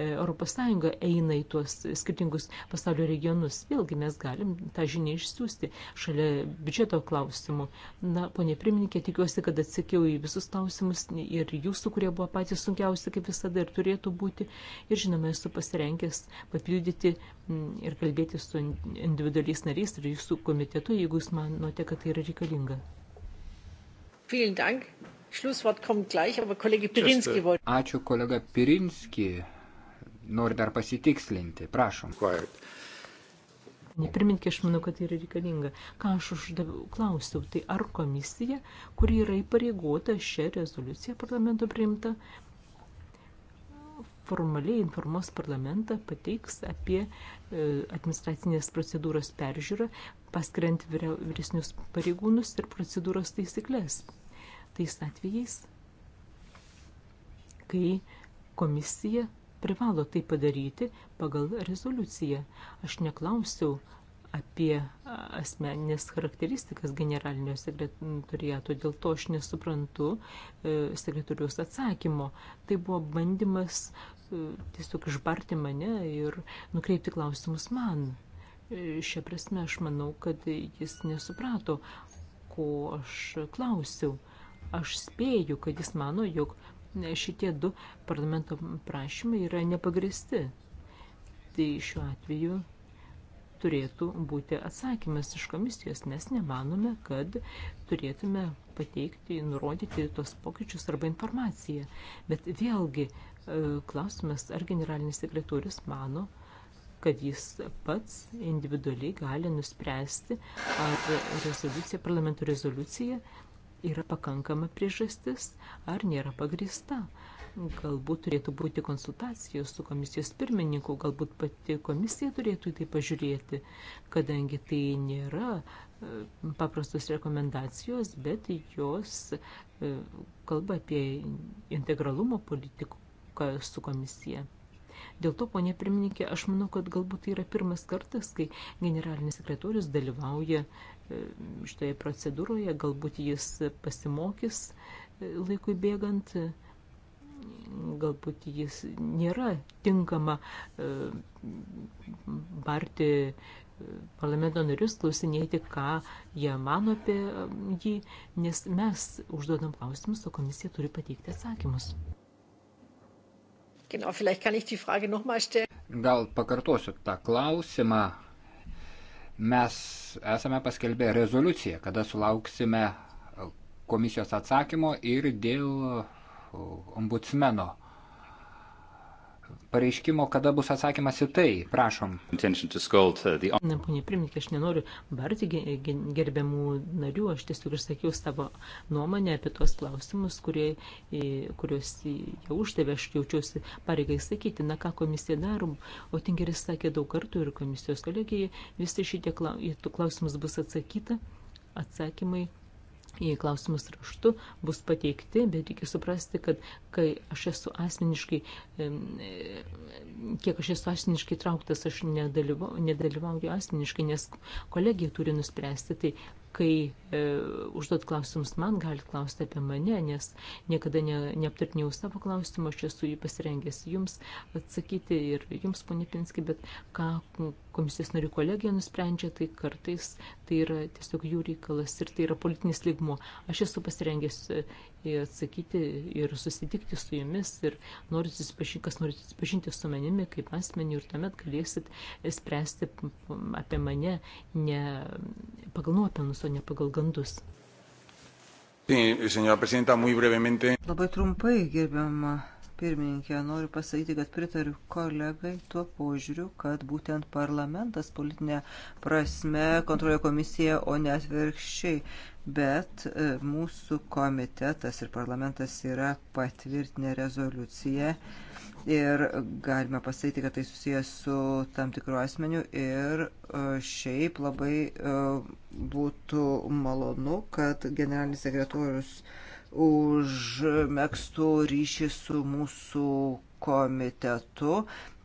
ES eina į tuos skirtingus pasaulio regionus. Vėlgi mes galim tą žinią išsiųsti šalia biudžeto klausimų. Na, ponė pirmininkė, tikiuosi, kad atsakiau į visus klausimus ir jūsų, kurie buvo patys sunkiausi, kaip visada ir turėtų būti. Ir žinoma, esu pasirengęs papildyti mm, ir kalbėti su individualiais nariais ir bendradarbiauti su komitetu, jeigu jūs manote, kad tai yra reikalinga. Vielen Dank. Schlusswort kommt gleich, aber Kollege Pirinski wollte. Ačiū, kolega Pirinski. Noriu dar pasitikslinti. Prašom. Quiet. Nepirminkė, aš manau, kad tai yra reikalinga. Ką aš uždaviau, klausiau, tai ar komisija, kuri yra įpareigota šią rezoliuciją parlamento priimta, formaliai informuos parlamentą, pateiks apie e, administracinės procedūros peržiūrą, paskiriant vyresnius pareigūnus ir procedūros taisyklės. Tais atvejais, kai komisija privalo tai padaryti pagal rezoliuciją. Aš neklausiau, apie asmeninės charakteristikas generalinio sekretoriato, dėl to aš nesuprantu e, sekretoriaus atsakymo. Tai buvo bandymas e, tiesiog išbarti mane ir nukreipti klausimus man. E, Šią prasme aš manau, kad jis nesuprato, ko aš klausiau. Aš spėju, kad jis mano, jog šitie du parlamento prašymai yra nepagristi. Tai šiuo atveju turėtų būti atsakymas iš komisijos. Mes nemanome, kad turėtume pateikti, nurodyti tos pokyčius arba informaciją. Bet vėlgi e, klausimas, ar generalinis sekretorius mano, kad jis pats individualiai gali nuspręsti, ar rezoliucija, parlamento rezoliucija yra pakankama priežastis, ar nėra pagrįsta. Galbūt turėtų būti konsultacijos su komisijos pirmininku, galbūt pati komisija turėtų į tai pažiūrėti, kadangi tai nėra e, paprastos rekomendacijos, bet jos e, kalba apie integralumo politiką su komisija. Dėl to, ponė pirmininkė, aš manau, kad galbūt tai yra pirmas kartas, kai generalinis sekretorius dalyvauja e, šitoje procedūroje, galbūt jis pasimokys laikui bėgant galbūt jis nėra tinkama barti e, e, parlamento narius, klausinėti, ką jie mano apie e, jį, nes mes užduodam klausimus, o komisija turi pateikti atsakymus. Gal pakartosiu tą klausimą. Mes esame paskelbę rezoliuciją, kada sulauksime komisijos atsakymo ir dėl ombudsmeno pareiškimo, kada bus atsakymas į tai. Prašom. Uh, na, ponė pirmininkė, aš nenoriu barti gerbiamų narių, aš tiesiog išsakiau savo nuomonę apie tuos klausimus, kurie, kuriuos jau uždavė, aš jaučiuosi pareigai sakyti, na ką komisija darom, o Tingeris sakė daug kartų ir komisijos kolegijai, visi šitie klausimus bus atsakyta, atsakymai į klausimus raštu bus pateikti, bet reikia suprasti, kad kai aš esu asmeniškai, kiek aš esu asmeniškai trauktas, aš nedalyvauju, nedalyvauju asmeniškai, nes kolegija turi nuspręsti, tai kai e, užduot klausimus man, galit klausti apie mane, nes niekada ne, neaptarniau savo klausimą, aš esu jį pasirengęs jums atsakyti ir jums, ponė Pinski, bet ką komisijos narių kolegija nusprendžia, tai kartais tai yra tiesiog jų reikalas ir tai yra politinis lygmuo. Aš esu pasirengęs E, atsakyti ir susitikti su jumis ir norit susipažinti, kas norit susipažinti su manimi kaip asmeniu ir tuomet galėsit spręsti apie mane ne pagal nuopelnus, o ne pagal gandus. Labai trumpai, gerbiama Pirmininkė, noriu pasakyti, kad pritariu kolegai tuo požiūriu, kad būtent parlamentas politinė prasme kontroliuoja komisiją, o ne atvirkščiai. Bet e, mūsų komitetas ir parlamentas yra patvirtinę rezoliuciją ir galime pasakyti, kad tai susijęs su tam tikru asmeniu ir e, šiaip labai e, būtų malonu, kad generalinis sekretorius užmėgstų ryšį su mūsų komitetu,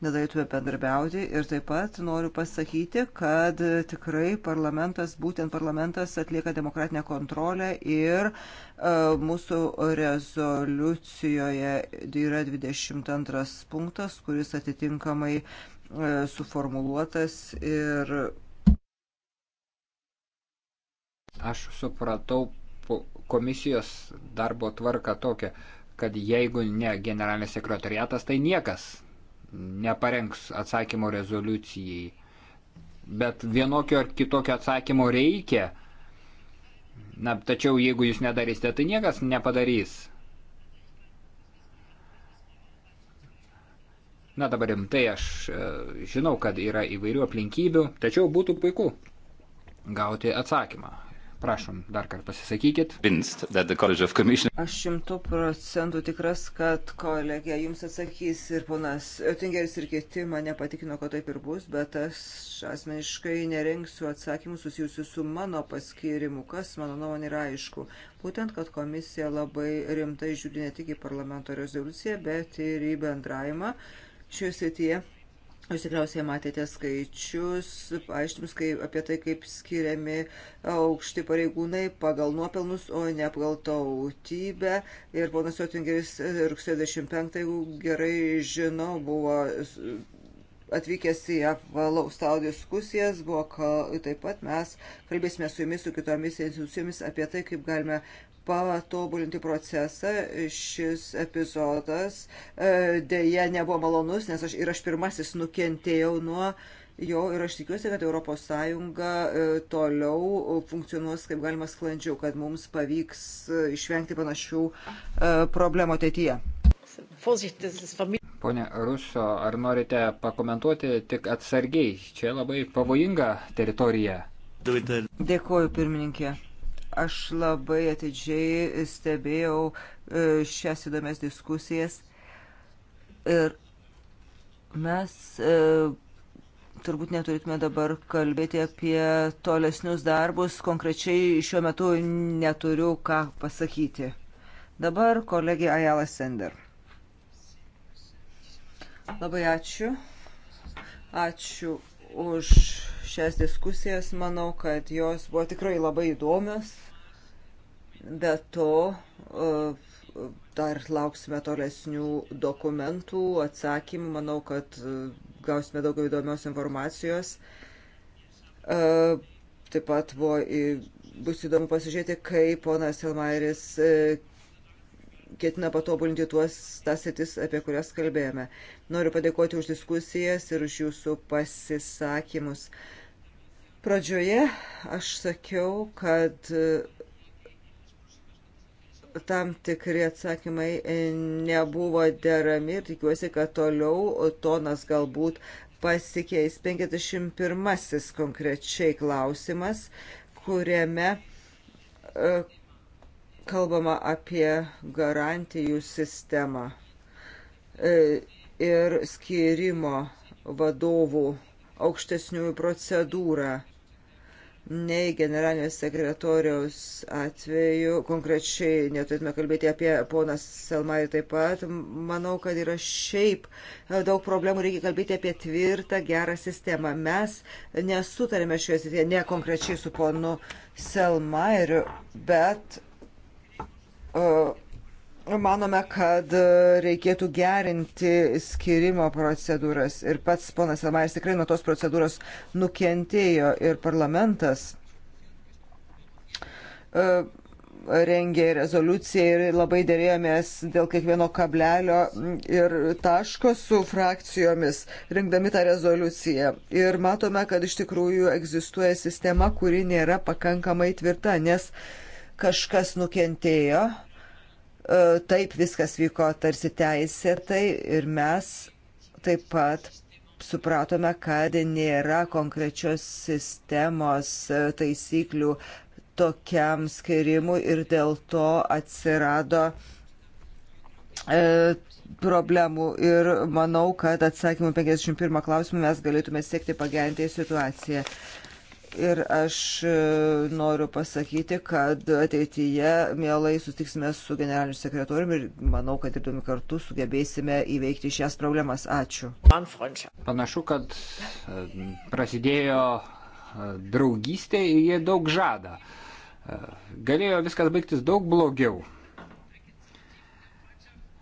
nedarytume bendarbiauti. Ir taip pat noriu pasakyti, kad tikrai parlamentas, būtent parlamentas atlieka demokratinę kontrolę ir uh, mūsų rezoliucijoje yra 22 punktas, kuris atitinkamai uh, suformuluotas ir. Aš supratau komisijos darbo tvarką tokią, kad jeigu ne generalinis sekretariatas, tai niekas neparengs atsakymo rezoliucijai. Bet vienokio ar kitokio atsakymo reikia. Na, tačiau jeigu jūs nedarysite, tai niekas nepadarys. Na dabar rimtai aš e, žinau, kad yra įvairių aplinkybių, tačiau būtų puiku gauti atsakymą. Prašom, dar kartą pasisakykit. Aš šimtų procentų tikras, kad kolegija jums atsakys ir ponas Oettingeris ir kiti mane patikino, kad taip ir bus, bet aš asmeniškai nerenksiu atsakymų susijusių su mano paskirimu, kas mano nuomonė yra aišku. Būtent, kad komisija labai rimtai žiūri ne tik į parlamento rezoliuciją, bet ir į bendravimą šioje srityje Jūs tikriausiai matėte skaičius, aiškimus apie tai, kaip skiriami aukšti pareigūnai pagal nuopelnus, o ne pagal tautybę. Ir ponas Jotingeris e, rugsėjo 25, jeigu gerai žino, buvo atvykęs į apvalaus stalo diskusijas, buvo, taip pat mes kalbėsime su jumis, su kitomis institucijomis apie tai, kaip galime patobulinti procesą. Šis epizodas e, dėja nebuvo malonus, nes aš ir aš pirmasis nukentėjau nuo jo ir aš tikiuosi, kad ES e, toliau funkcionuos kaip galima sklandžiau, kad mums pavyks e, išvengti panašių problemų ateityje. Pone Ruso, ar norite pakomentuoti tik atsargiai? Čia labai pavojinga teritorija. Dėkuoju, pirmininkė. Aš labai atidžiai stebėjau e, šias įdomias diskusijas ir mes e, turbūt neturėtume dabar kalbėti apie tolesnius darbus. Konkrečiai šiuo metu neturiu ką pasakyti. Dabar kolegė Ajala Sender. Labai ačiū. Ačiū už šias diskusijas. Manau, kad jos buvo tikrai labai įdomios. Be to, e, dar lauksime tolesnių dokumentų, atsakymų. Manau, kad e, gausime daugiau įdomios informacijos. E, taip pat buvo, bus įdomu pasižiūrėti, kaip ponas Elmairis ketina patobulinti tuos tas sritis, apie kurias kalbėjome. Noriu padėkoti už diskusijas ir už jūsų pasisakymus. Uh, Pradžioje aš sakiau, kad e, tam tikri atsakymai e, nebuvo derami ir tikiuosi, kad toliau tonas galbūt pasikeis 51 konkrečiai klausimas, kuriame e, kalbama apie garantijų sistemą ir skirimo vadovų aukštesniųjų procedūrą nei generalinio sekretoriaus atveju, konkrečiai neturėtume kalbėti apie poną Selmairį taip pat, manau, kad yra šiaip e, daug problemų, reikia kalbėti apie tvirtą, gerą sistemą. Mes nesutarėme šioje srityje, ne konkrečiai su ponu Selmairiu, bet uh, Manome, kad e, reikėtų gerinti skirimo procedūras ir pats ponas Elmaris tikrai nuo tos procedūros nukentėjo ir parlamentas e, rengė rezoliuciją ir labai dėrėjomės dėl kiekvieno kablelio ir taško su frakcijomis, rinkdami tą rezoliuciją. Ir matome, kad iš tikrųjų egzistuoja sistema, kuri nėra pakankamai tvirta, nes kažkas nukentėjo E, taip viskas vyko tarsi teisėtai ir mes taip pat supratome, kad nėra konkrečios sistemos e, taisyklių tokiam skirimui ir dėl to atsirado e, problemų ir manau, kad atsakymų 51 klausimą mes galėtume siekti pagerinti situaciją. Ir aš e, noriu pasakyti, kad ateityje mielai sustiksime su generaliniu sekretoriumi ir manau, kad dirbdami kartu sugebėsime įveikti šias problemas. Ačiū. Panašu, kad e, prasidėjo e, draugystė ir jie daug žada. Galėjo viskas baigtis daug blogiau.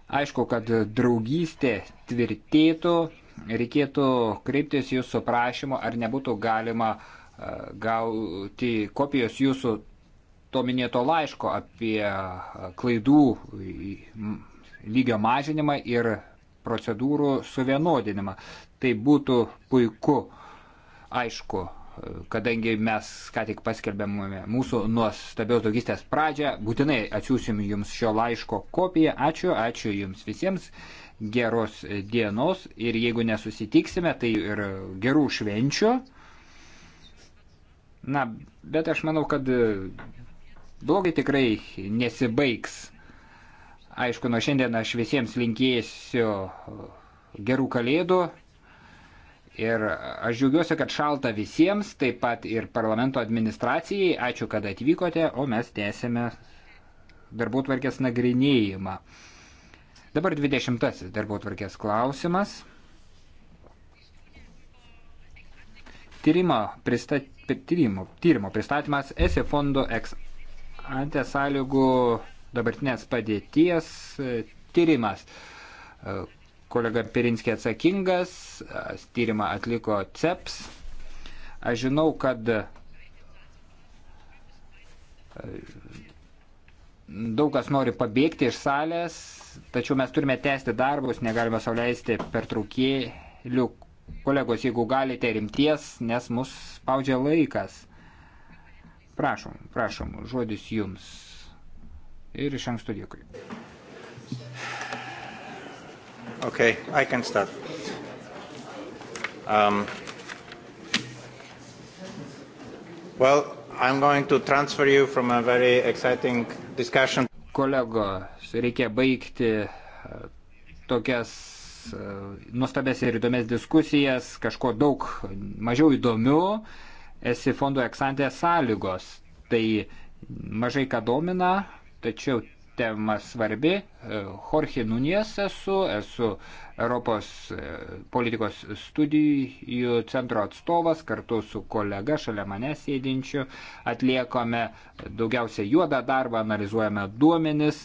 Aišku, kad draugystė tvirtėtų, reikėtų kreiptis jūsų prašymu, ar nebūtų galima uh, gauti kopijos jūsų to minėto laiško apie e, klaidų lygio mažinimą ir procedūrų suvienodinimą. Tai būtų puiku, aišku, kadangi mes ką tik paskelbėme mūsų nuostabios draugystės pradžią, būtinai atsiųsim jums šio laiško kopiją. Ačiū, ačiū jums visiems, geros dienos ir jeigu nesusitiksime, tai ir gerų švenčių. Na, bet aš manau, kad e, blogai tikrai nesibaigs. Aišku, nuo šiandien aš visiems linkėsiu e, gerų kalėdų. Ir aš džiaugiuosi, kad šalta visiems, taip pat ir parlamento administracijai. Ačiū, kad atvykote, o mes tęsime darbų tvarkės nagrinėjimą. Dabar 20 darbų tvarkės klausimas. Tyrimo, pristat, tyrimo, tyrimo pristatymas ESI fondo ex ante sąlygų dabartinės padėties e, tyrimas. E, kolega Pirinskė atsakingas, e, tyrimą atliko CEPS. Aš žinau, kad daug kas nori pabėgti iš salės, tačiau mes turime tęsti darbus, negalime sauliaisti pertraukėlių, Kolegos, jeigu galite rimties, nes mus spaudžia laikas. Prašom, prašom, žodis jums. Ir iš anksto dėkui. Okay, I can start. Um, well, I'm going to transfer you from a very exciting discussion. Kolegos, reikia baigti uh, tokias E, nustabės ir įdomias diskusijas, kažko daug mažiau įdomių, esi fondo eksantė sąlygos. Tai mažai ką domina, tačiau tema svarbi. E, Jorge Nunės esu, esu Europos e, politikos studijų centro atstovas, kartu su kolega šalia manęs sėdinčiu atliekame daugiausia juodą darbą, analizuojame duomenis.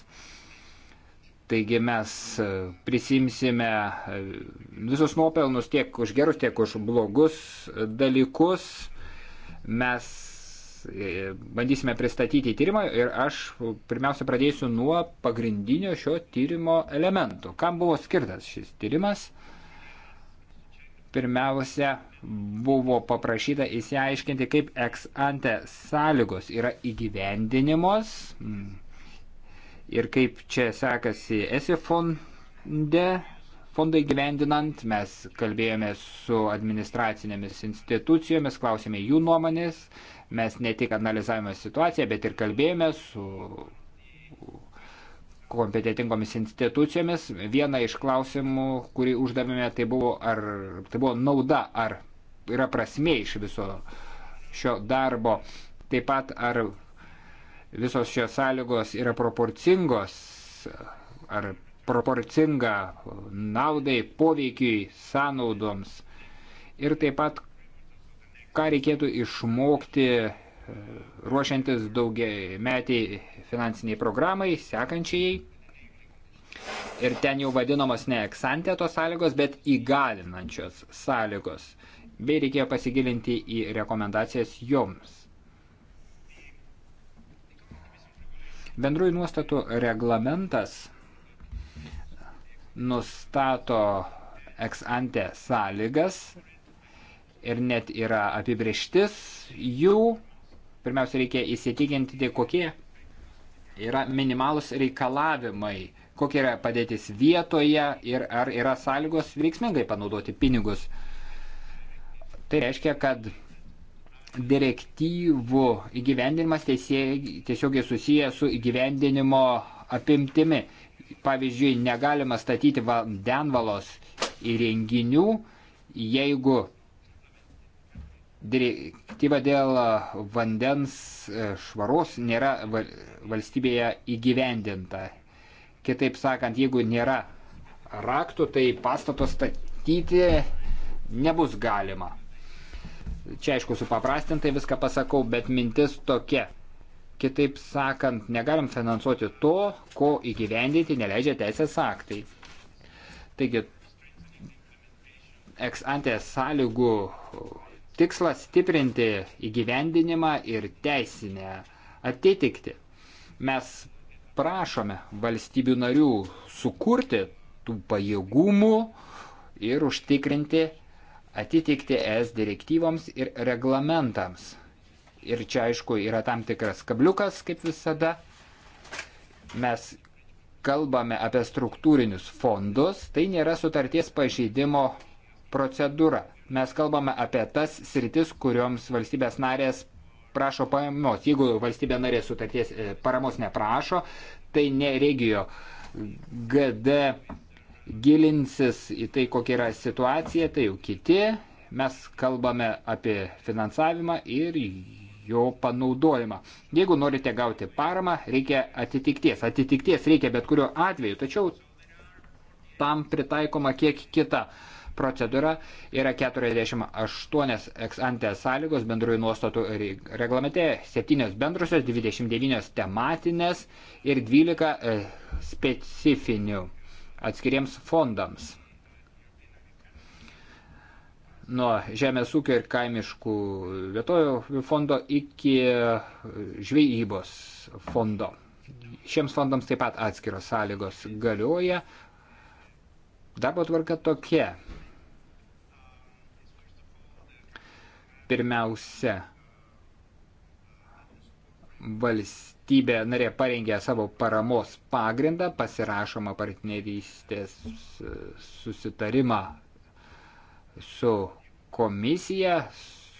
Taigi mes e, prisimsime e, visus nuopelnus tiek už gerus, tiek už blogus dalykus. Mes e, bandysime pristatyti tyrimą ir aš pirmiausia pradėsiu nuo pagrindinio šio tyrimo elementų. Kam buvo skirtas šis tyrimas? Pirmiausia, buvo paprašyta įsiaiškinti, kaip ex ante sąlygos yra įgyvendinimos. Hmm ir kaip čia sekasi ESI fonde, fondai gyvendinant. Mes kalbėjome su administracinėmis institucijomis, klausėme jų nuomonės, mes ne tik analizavome situaciją, bet ir kalbėjome su kompetitingomis institucijomis. Viena iš klausimų, kurį uždavėme, tai buvo, ar, tai buvo nauda, ar yra prasmė iš viso šio darbo. Taip pat, ar visos šios sąlygos yra proporcingos ar proporcinga naudai, poveikiai, sąnaudoms. Ir taip pat, ką reikėtų išmokti e, ruošiantis daugiai metiai finansiniai programai, sekančiai. Ir ten jau vadinamos ne eksantėtos sąlygos, bet įgalinančios sąlygos. Bei reikėjo pasigilinti į rekomendacijas joms. Bendrųjų nuostatų reglamentas nustato ex ante sąlygas ir net yra apibrieštis jų. Pirmiausia, reikia įsitikinti, tai kokie yra minimalus reikalavimai, kokia yra padėtis vietoje ir ar yra sąlygos veiksmingai panaudoti pinigus. Tai reiškia, kad direktyvų įgyvendinimas tiesiogiai susijęs su įgyvendinimo apimtimi. Pavyzdžiui, negalima statyti vandenvalos įrenginių, jeigu direktyva dėl vandens e, švaros nėra valstybėje įgyvendinta. Kitaip sakant, jeigu nėra raktų, tai pastato statyti nebus galima. Čia aišku supaprastintai viską pasakau, bet mintis tokia. Kitaip sakant, negalim finansuoti to, ko įgyvendinti neleidžia teisės aktai. Taigi, eksantės sąlygų tikslas stiprinti įgyvendinimą ir teisinę atitikti. Mes prašome valstybių narių sukurti tų pajėgumų ir užtikrinti atitikti ES direktyvoms ir reglamentams. Ir čia aišku yra tam tikras kabliukas, kaip visada. Mes kalbame apie struktūrinius fondus, tai nėra sutarties pažeidimo procedūra. Mes kalbame apie tas sritis, kurioms valstybės narės prašo paramos. Jeigu valstybė narė sutarties e, paramos neprašo, tai ne regijo GD gilinsis į tai, kokia yra situacija, tai jau kiti. Mes kalbame apie finansavimą ir jo panaudojimą. Jeigu norite gauti paramą, reikia atitikties. Atitikties reikia bet kuriuo atveju, tačiau tam pritaikoma kiek kita procedūra yra 48 ex-ante sąlygos bendrųjų nuostatų reglamente, 7 bendrusios, 29 tematinės ir 12 e, specifinių atskiriems fondams. Nuo žemės ūkio ir kaimiškų vietovių fondo iki žvejybos fondo. Šiems fondams taip pat atskiros sąlygos galioja. Darbo tvarka tokia. Pirmiausia, valstybė valstybė narė parengė savo paramos pagrindą, pasirašoma partnerystės e, susitarimą su komisija,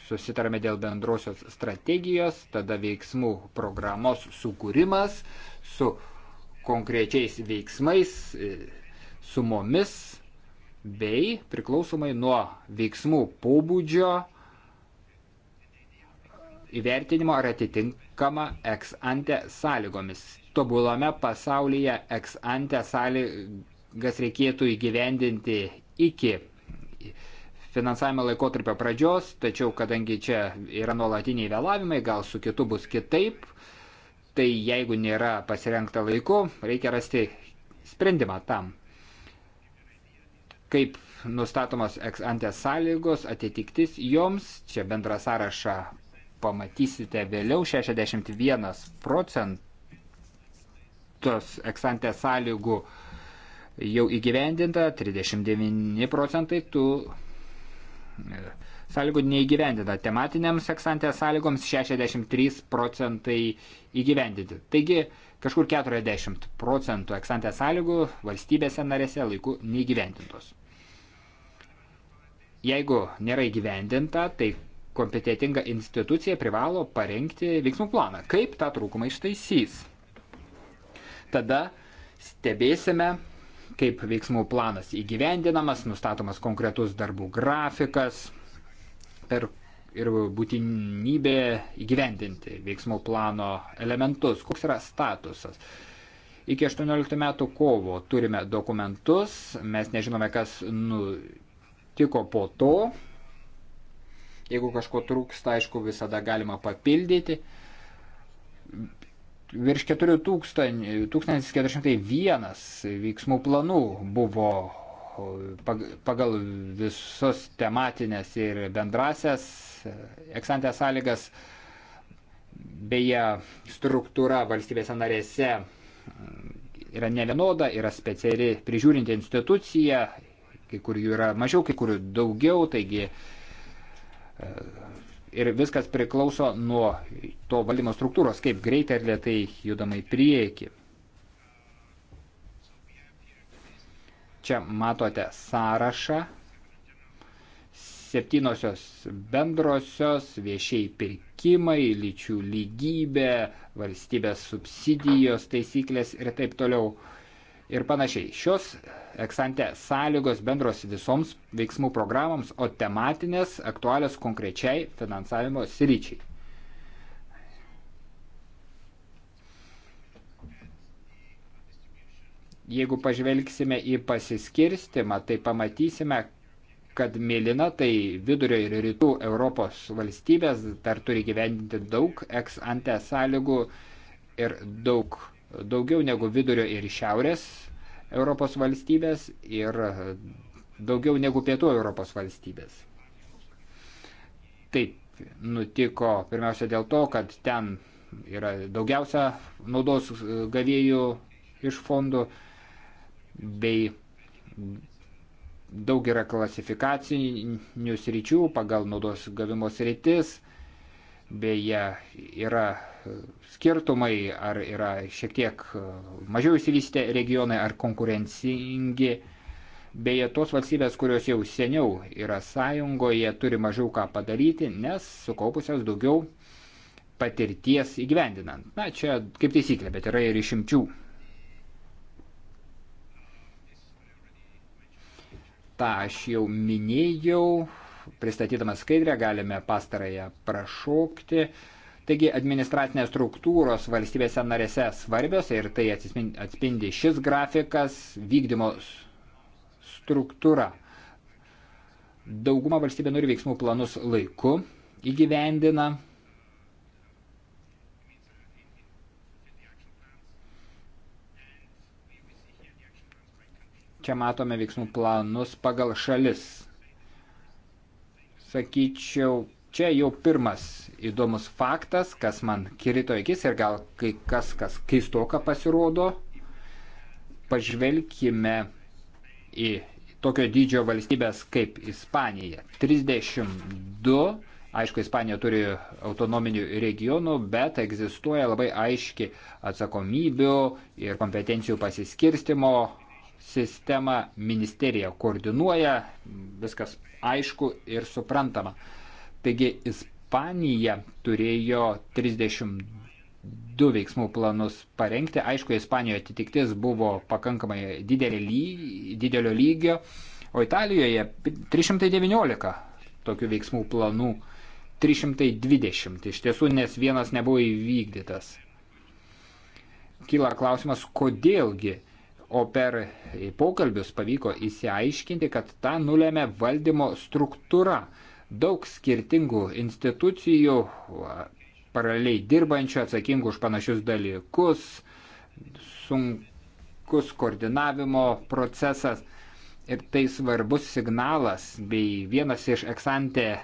susitarame dėl bendrosios strategijos, tada veiksmų programos sukūrimas su konkrečiais veiksmais, e, sumomis bei priklausomai nuo veiksmų pobūdžio įvertinimo ar atitinkama ex ante sąlygomis. Tobulame pasaulyje ex ante sąlygas reikėtų įgyvendinti iki finansavimo laikotarpio pradžios, tačiau kadangi čia yra nuolatiniai vėlavimai, gal su kitu bus kitaip, tai jeigu nėra pasirengta laiku, reikia rasti sprendimą tam. Kaip nustatomos ex ante sąlygos, atitiktis joms, čia bendrą sąrašą pamatysite vėliau 61 procentas eksantė sąlygų jau įgyvendinta, 39 procentai tų e, sąlygų neįgyvendinta. Tematiniams eksantės sąlygoms 63 procentai įgyvendinti. Taigi kažkur 40 procentų eksantės sąlygų valstybėse narėse laiku neįgyvendintos. Jeigu nėra įgyvendinta, tai kompetitinga institucija privalo parengti veiksmų planą, kaip tą trūkumą ištaisys. Tada stebėsime, kaip veiksmų planas įgyvendinamas, nustatomas konkretus darbų grafikas per, ir būtinybė įgyvendinti veiksmų plano elementus, koks yra statusas. Iki 18 metų kovo turime dokumentus, mes nežinome, kas nutiko po to, Jeigu kažko trūksta, aišku, visada galima papildyti. Virš 4401 veiksmų planų buvo pagal visus tematinės ir bendrasias e, eksantės sąlygas. Beje, struktūra valstybėse narėse mm, yra nevienoda, yra speciali prižiūrinti institucija, kai kur jų yra mažiau, kai kur daugiau, taigi uh, Ir viskas priklauso nuo to valdymo struktūros, kaip greitai ir lietai judama į priekį. Čia matote sąrašą. Septynosios bendrosios, viešiai pirkimai, lyčių lygybė, valstybės subsidijos, taisyklės ir taip toliau ir panašiai. Šios eksante sąlygos bendros visoms veiksmų programoms, o tematinės aktualios konkrečiai finansavimo sričiai. Jeigu pažvelgsime į pasiskirstimą, tai pamatysime, kad mėlyna tai vidurio ir rytų Europos valstybės dar turi gyvendinti daug ex ante sąlygų ir daug daugiau negu vidurio ir šiaurės Europos valstybės ir daugiau negu pietų Europos valstybės. Taip nutiko pirmiausia dėl to, kad ten yra daugiausia naudos gavėjų iš fondų bei daug yra klasifikacinių sričių pagal naudos gavimo sritis, beje yra skirtumai, ar yra šiek tiek e, mažiau įsivystę regionai, ar konkurencingi. Beje, tos valstybės, kurios jau seniau yra sąjungoje, turi mažiau ką padaryti, nes sukaupusios daugiau patirties įgyvendinant. Na, čia kaip taisyklė, bet yra ir išimčių. Ta aš jau minėjau, pristatydamas skaidrę galime pastarąją prašaukti. Uh, Taigi administracinės struktūros valstybėse narėse svarbios ir tai atspindi šis grafikas vykdymo struktūra. Dauguma valstybė nori veiksmų planus laiku įgyvendina. Čia matome veiksmų planus pagal šalis. Sakyčiau, Čia jau pirmas įdomus faktas, kas man kirito akis ir gal kai kas, kas keistoka pasirodo. Pažvelkime į tokio dydžio valstybės kaip Ispanija. 32, aišku, Ispanija turi autonominių regionų, bet egzistuoja labai aiški atsakomybių ir kompetencijų pasiskirstimo sistema, ministerija koordinuoja, viskas aišku ir suprantama. Taigi Ispanija turėjo 32 veiksmų planus parengti. Aišku, Ispanijoje atitiktis buvo pakankamai didelį, didelio lygio, o Italijoje 319 tokių veiksmų planų. 320 iš tiesų, nes vienas nebuvo įvykdytas. Kyla klausimas, kodėlgi, o per pokalbius pavyko įsiaiškinti, kad tą nulėmė valdymo struktūra daug skirtingų institucijų, paraliai dirbančių, atsakingų už panašius dalykus, sunkus koordinavimo procesas. Ir tai svarbus signalas bei vienas iš eksante e,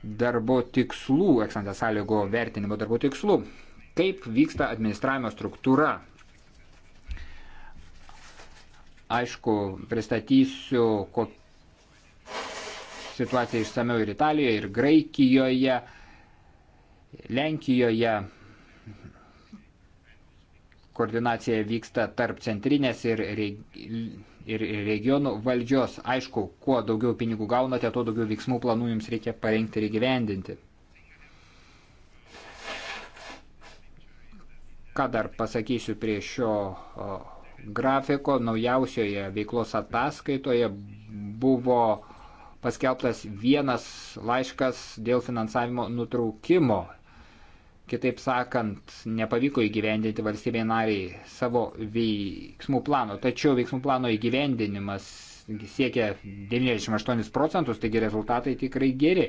darbo tikslų, eksante sąlygo vertinimo darbo tikslų, kaip vyksta administravimo struktūra. Aišku, pristatysiu, kokie situacija išsameu ir Italijoje, ir Graikijoje, Lenkijoje. Koordinacija vyksta tarp centrinės ir, ir regionų valdžios. Aišku, kuo daugiau pinigų gaunate, tuo daugiau veiksmų planų jums reikia parengti ir įgyvendinti. Ką dar pasakysiu prie šio grafiko, naujausioje veiklos ataskaitoje buvo paskelbtas vienas laiškas dėl finansavimo nutraukimo. Kitaip sakant, nepavyko įgyvendinti valstybė nariai savo veiksmų plano, tačiau veiksmų plano įgyvendinimas siekia 98 procentus, taigi rezultatai tikrai geri.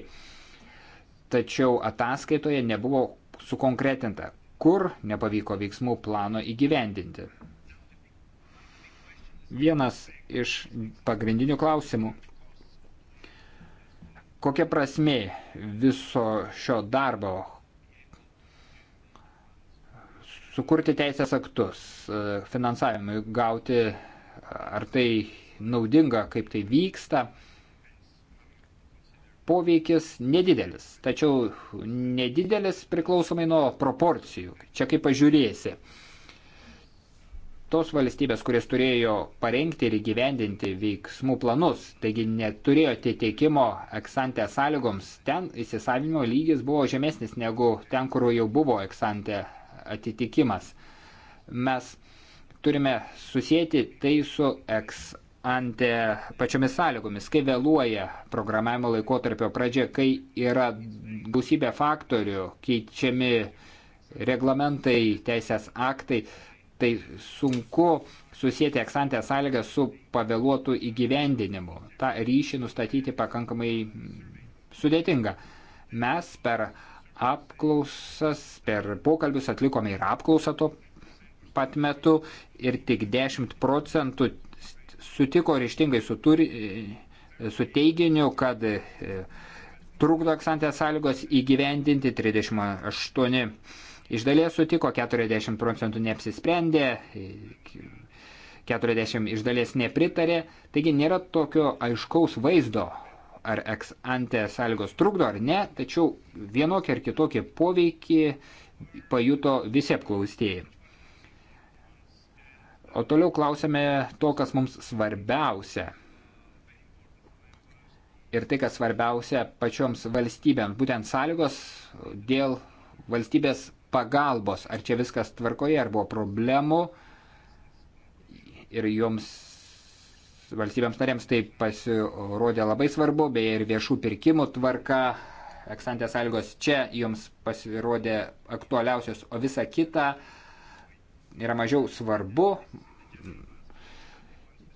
Tačiau ataskaitoje nebuvo sukonkretinta, kur nepavyko veiksmų plano įgyvendinti. Vienas iš pagrindinių klausimų Kokia prasmė viso šio darbo? Sukurti teisės aktus, e, finansavimui gauti, ar tai naudinga, kaip tai vyksta. Poveikis nedidelis, tačiau nedidelis priklausomai nuo proporcijų. Čia kaip pažiūrėsi tos valstybės, kuris turėjo parengti ir gyvendinti veiksmų planus, taigi neturėjo atitikimo eksantę sąlygoms, ten įsisavinimo lygis buvo žemesnis negu ten, kur jau buvo eksantė atitikimas. Mes turime susijęti tai su eksantė pačiomis sąlygomis, kai vėluoja programavimo laikotarpio pradžia, kai yra gausybė faktorių, keičiami reglamentai, teisės aktai, tai sunku susijęti eksantę sąlygą su pavėluotų įgyvendinimu. Ta ryšį nustatyti pakankamai mm, sudėtinga. Mes per apklausas, per pokalbius atlikome ir apklausą tuo pat metu ir tik 10 procentų sutiko ryštingai su, turi, su teiginiu, kad e, trukdo eksantės sąlygos įgyvendinti 38 Iš dalies sutiko 40 procentų neapsisprendė, 40 iš dalies nepritarė, taigi nėra tokio aiškaus vaizdo, ar ex ante sąlygos trukdo ar ne, tačiau vienokį ar kitokį poveikį pajuto visi apklaustieji. O toliau klausėme to, kas mums svarbiausia. Ir tai, kas svarbiausia pačioms valstybėms, būtent sąlygos dėl valstybės pagalbos, ar čia viskas tvarkoje, ar buvo problemų ir joms valstybėms narėms tai pasirodė labai svarbu, beje ir viešų pirkimų tvarka, eksantės sąlygos čia jums pasirodė aktualiausios, o visa kita yra mažiau svarbu,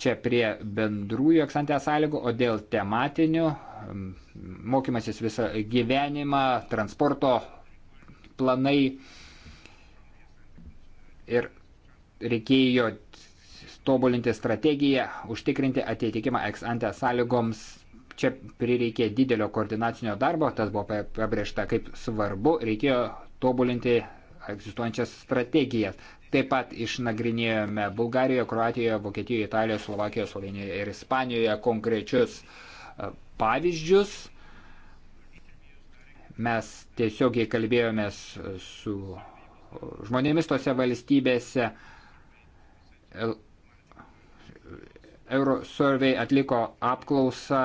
čia prie bendrųjų eksantės sąlygų, o dėl tematinių, mokymasis visą gyvenimą, transporto planai ir reikėjo tobulinti strategiją, užtikrinti ateitikimą ex-ante sąlygoms. Čia prireikė didelio koordinacinio darbo, tas buvo pabrėžta kaip svarbu, reikėjo tobulinti egzistuojančias strategijas. Taip pat išnagrinėjome Bulgarijoje, Kroatijoje, Vokietijoje, Italijoje, Slovakijoje, Slovenijoje ir Ispanijoje konkrečius pavyzdžius Mes tiesiogiai kalbėjomės su žmonėmis tose valstybėse. Eurosurvey atliko apklausą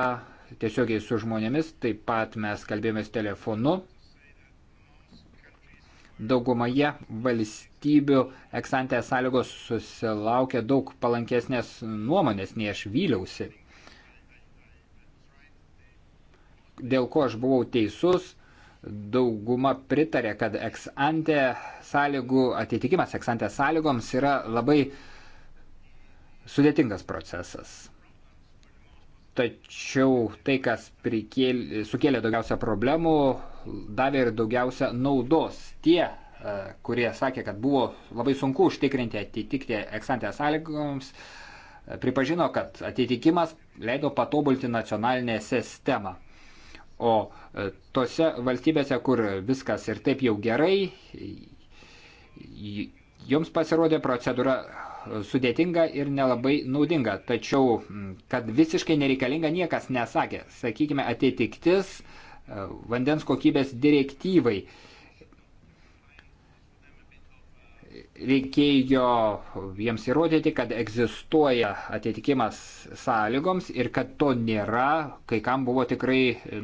tiesiogiai su žmonėmis, taip pat mes kalbėjomės telefonu. Daugumoje valstybių eksantė sąlygos susilaukia daug palankesnės nuomonės, nei aš vyliausi. Dėl ko aš buvau teisus – dauguma pritarė, kad eksante sąlygų, atitikimas eksante sąlygoms yra labai sudėtingas procesas. Tačiau tai, kas prikėlė, sukėlė daugiausia problemų, davė ir daugiausia naudos. Tie, e, kurie sakė, kad buvo labai sunku užtikrinti atitikti eksantę sąlygoms, e, pripažino, kad atitikimas leido patobulti nacionalinę sistemą. O e, tose valstybėse, kur viskas ir taip jau gerai, jums pasirodė procedūra e, sudėtinga ir nelabai naudinga. Tačiau, kad visiškai nereikalinga, niekas nesakė. Sakykime, atitiktis e, vandens kokybės direktyvai reikėjo jiems įrodyti, kad egzistuoja atitikimas sąlygoms ir kad to nėra, kai kam buvo tikrai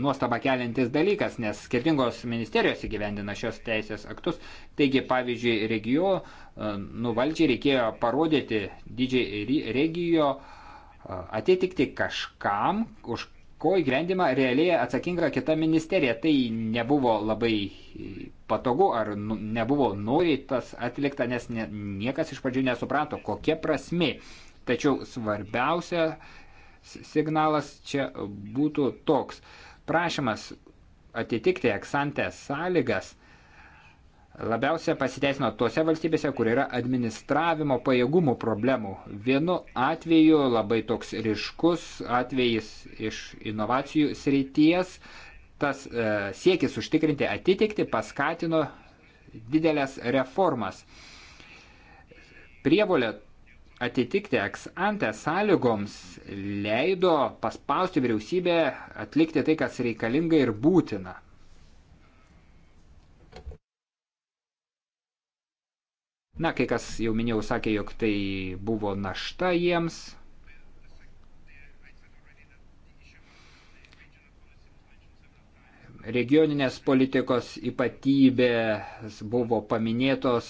nuostaba keliantis dalykas, nes skirtingos ministerijos įgyvendina šios teisės aktus. Taigi, pavyzdžiui, regionų e, nu, valdžiai reikėjo parodyti didžiai regijo e, atitikti kažkam, už ko įgyvendimą realiai atsakinga kita ministerija. Tai nebuvo labai patogu ar nu, nebuvo noriai tas atlikta, nes ne, niekas iš pradžių nesuprato, kokia prasme. Tačiau svarbiausia signalas čia būtų toks. Prašymas atitikti eksantės sąlygas labiausia pasiteisino tose valstybėse, kur yra administravimo pajėgumų problemų. Vienu atveju labai toks ryškus atvejis iš inovacijų srities, tas e, siekis užtikrinti atitikti paskatino didelės reformas. Prievolė atitikti eks ante sąlygoms leido paspausti vyriausybę atlikti tai, kas reikalinga ir būtina. Na, kai kas jau minėjau, sakė, jog tai buvo našta jiems. Regioninės politikos ypatybės buvo paminėtos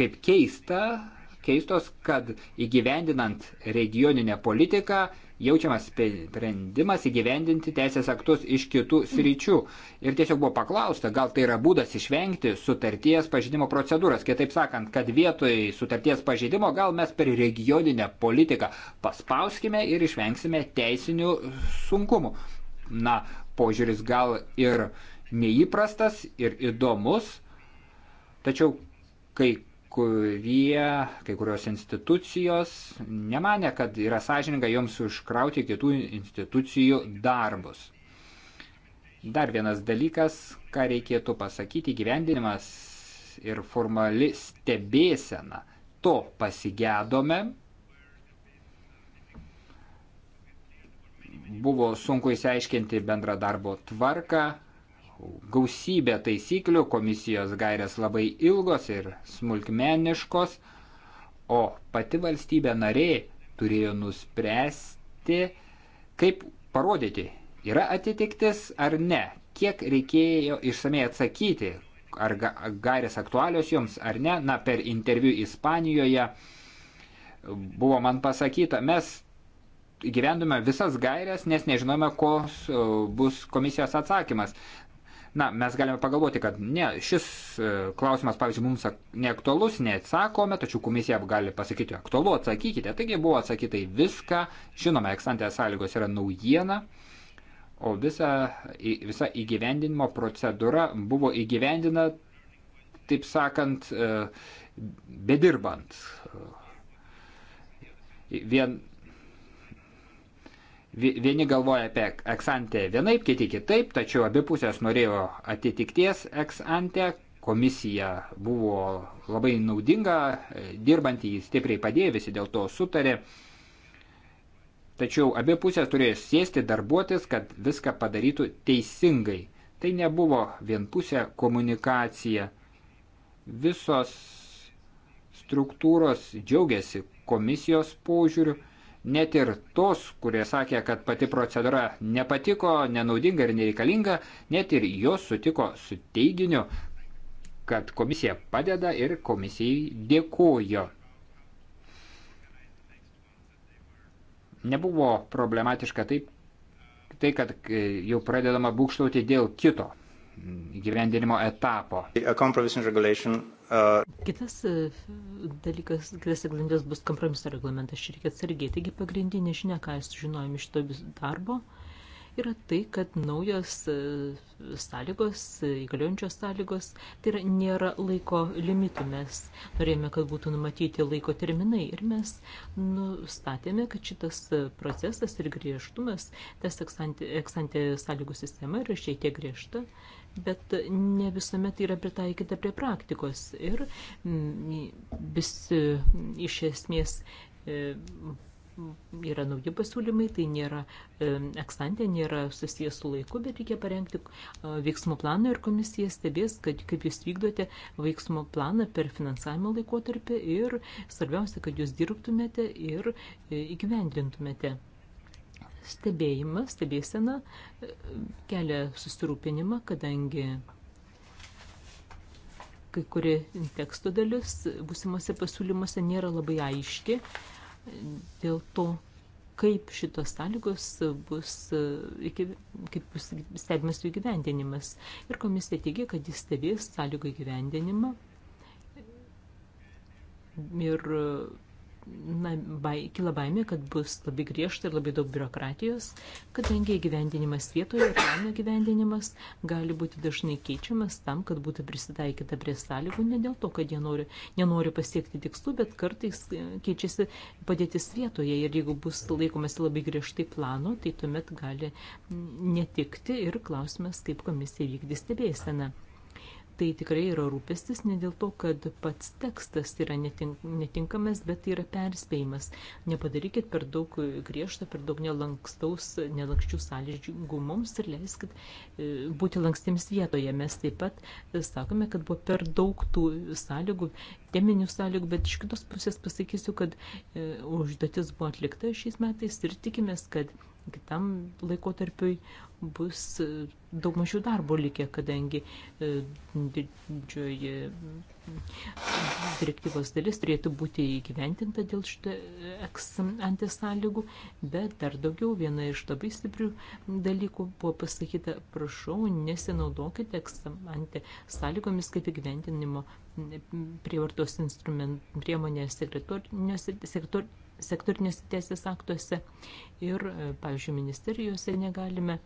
kaip keista, keistos, kad įgyvendinant regioninę politiką jaučiamas sprendimas įgyvendinti teisės aktus iš kitų sričių. Ir tiesiog buvo paklausta, gal tai yra būdas išvengti sutarties pažydimo procedūros. Kitaip sakant, kad vietoj sutarties pažydimo gal mes per regioninę politiką paspauskime ir išvengsime teisinių sunkumų. Na, požiūris gal ir neįprastas ir įdomus, tačiau kai kurie, kai kurios institucijos nemanė, kad yra sąžininga joms užkrauti kitų institucijų darbus. Dar vienas dalykas, ką reikėtų pasakyti, gyvendinimas ir formali stebėsena. To pasigėdome. Buvo sunku įsiaiškinti bendrą darbo tvarką, gausybė taisyklių, komisijos gairės labai ilgos ir smulkmeniškos, o pati valstybė narė turėjo nuspręsti, kaip parodyti, yra atitiktis ar ne, kiek reikėjo išsamei atsakyti, ar gairės aktualios joms ar ne. Na, per interviu Ispanijoje buvo man pasakyta, mes gyvendume visas gairias, nes nežinome, koks e, bus komisijos atsakymas. Na, mes galime pagalvoti, kad ne, šis e, klausimas, pavyzdžiui, mums neaktualus, neatsakome, tačiau komisija gali pasakyti, aktualu, atsakykite. Taigi buvo atsakyta į viską, žinome, eksantė sąlygos yra naujiena, o visa, visa įgyvendinimo procedūra buvo įgyvendina, taip sakant, e, bedirbant. E, vien Vieni galvoja apie eksantę vienaip, kiti kitaip, tačiau abi pusės norėjo atitikties eksantę. Komisija buvo labai naudinga, dirbant jį stipriai padėjo, visi dėl to sutarė. Tačiau abi pusės turėjo sėsti, darbuotis, kad viską padarytų teisingai. Tai nebuvo vienpusė komunikacija. Visos struktūros džiaugiasi komisijos požiūriu net ir tos, kurie sakė, kad pati procedūra nepatiko, nenaudinga ir nereikalinga, net ir jos sutiko su teiginiu, kad komisija padeda ir komisijai dėkojo. Nebuvo problematiška taip, tai, kad e, jau pradedama būkštauti dėl kito gyvendinimo etapo. Uh, kitas e, dalykas, kitas reglamentas bus kompromiso reglamentas, čia reikia atsargiai. Taigi pagrindinė žinia, ką sužinojom iš to darbo, yra tai, kad naujos e, sąlygos, e, įgaliojančios sąlygos, tai yra, nėra laiko limitų. Mes norėjome, kad būtų numatyti laiko terminai ir mes nustatėme, kad šitas procesas ir griežtumas, tas eksantė, eksantė sąlygų sistema yra šiek tiek griežta bet ne visuomet yra pritaikyta prie praktikos. Ir mm, visi mm, iš esmės e, mm, yra nauji pasiūlymai, tai nėra e, ekstantė, nėra susijęs su laiku, bet reikia parengti e, veiksmų planą ir komisija stebės, kad kaip jūs vykdote veiksmų planą per finansavimo laikotarpį ir svarbiausia, kad jūs dirbtumėte ir įgyvendintumėte stebėjimas, stebėsena kelia susirūpinimą, kadangi kai kuri teksto dalis būsimose pasiūlymuose nėra labai aiški dėl to, kaip šitos sąlygos bus, kaip bus stebimas jų gyvendinimas. Ir komisija teigia, kad jis stebės sąlygų gyvendinimą ir na, bai, kila baimė, kad bus labai griežta ir labai daug biurokratijos, kadangi gyvendinimas vietoje ir plano gyvendinimas gali būti dažnai keičiamas tam, kad būtų prisitaikyta prie sąlygų, ne dėl to, kad jie nori, nenori pasiekti tikslų, bet kartais e, keičiasi padėtis vietoje ir jeigu bus laikomasi labai griežtai plano, tai tuomet gali netikti ir klausimas, kaip komisija vykdys stebėseną tai tikrai yra rūpestis, ne dėl to, kad pats tekstas yra netinkamas, bet tai yra perspėjimas. Nepadarykit per daug griežto, per daug nelankstaus, nelankščių sąlygų mums ir leiskit e, būti lankstiems vietoje. Mes taip pat e, sakome, kad buvo per daug tų sąlygų, teminių sąlygų, bet iš kitos pusės pasakysiu, kad e, užduotis buvo atlikta šiais metais ir tikimės, kad kitam laikotarpiui bus e, daug mažiau darbo likę, kadangi e, didžioji direktyvos dalis turėtų būti įgyventinta dėl šito e, antisąlygų, bet dar daugiau viena iš labai stiprių dalykų buvo pasakyta, prašau, nesinaudokite antisąlygomis kaip įgyventinimo prievartos instrument priemonės sektorinėse teisės aktuose ir, pavyzdžiui, ministerijose negalime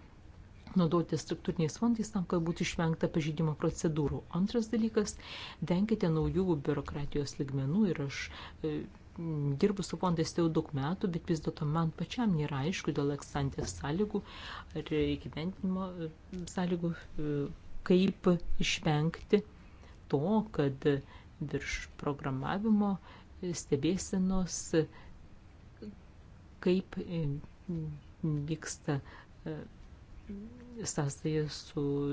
naudoti struktūriniais fondais tam, kad būtų išvengta pažydimo procedūrų. Antras dalykas - denkite naujų biurokratijos ligmenų ir aš e, dirbu su fondais jau daug metų, bet vis dėlto man pačiam nėra aišku dėl eksantės sąlygų ar įgyventinimo e, sąlygų, e, kaip išvengti to, kad virš programavimo e, stebėsenos, kaip vyksta sąsąją su,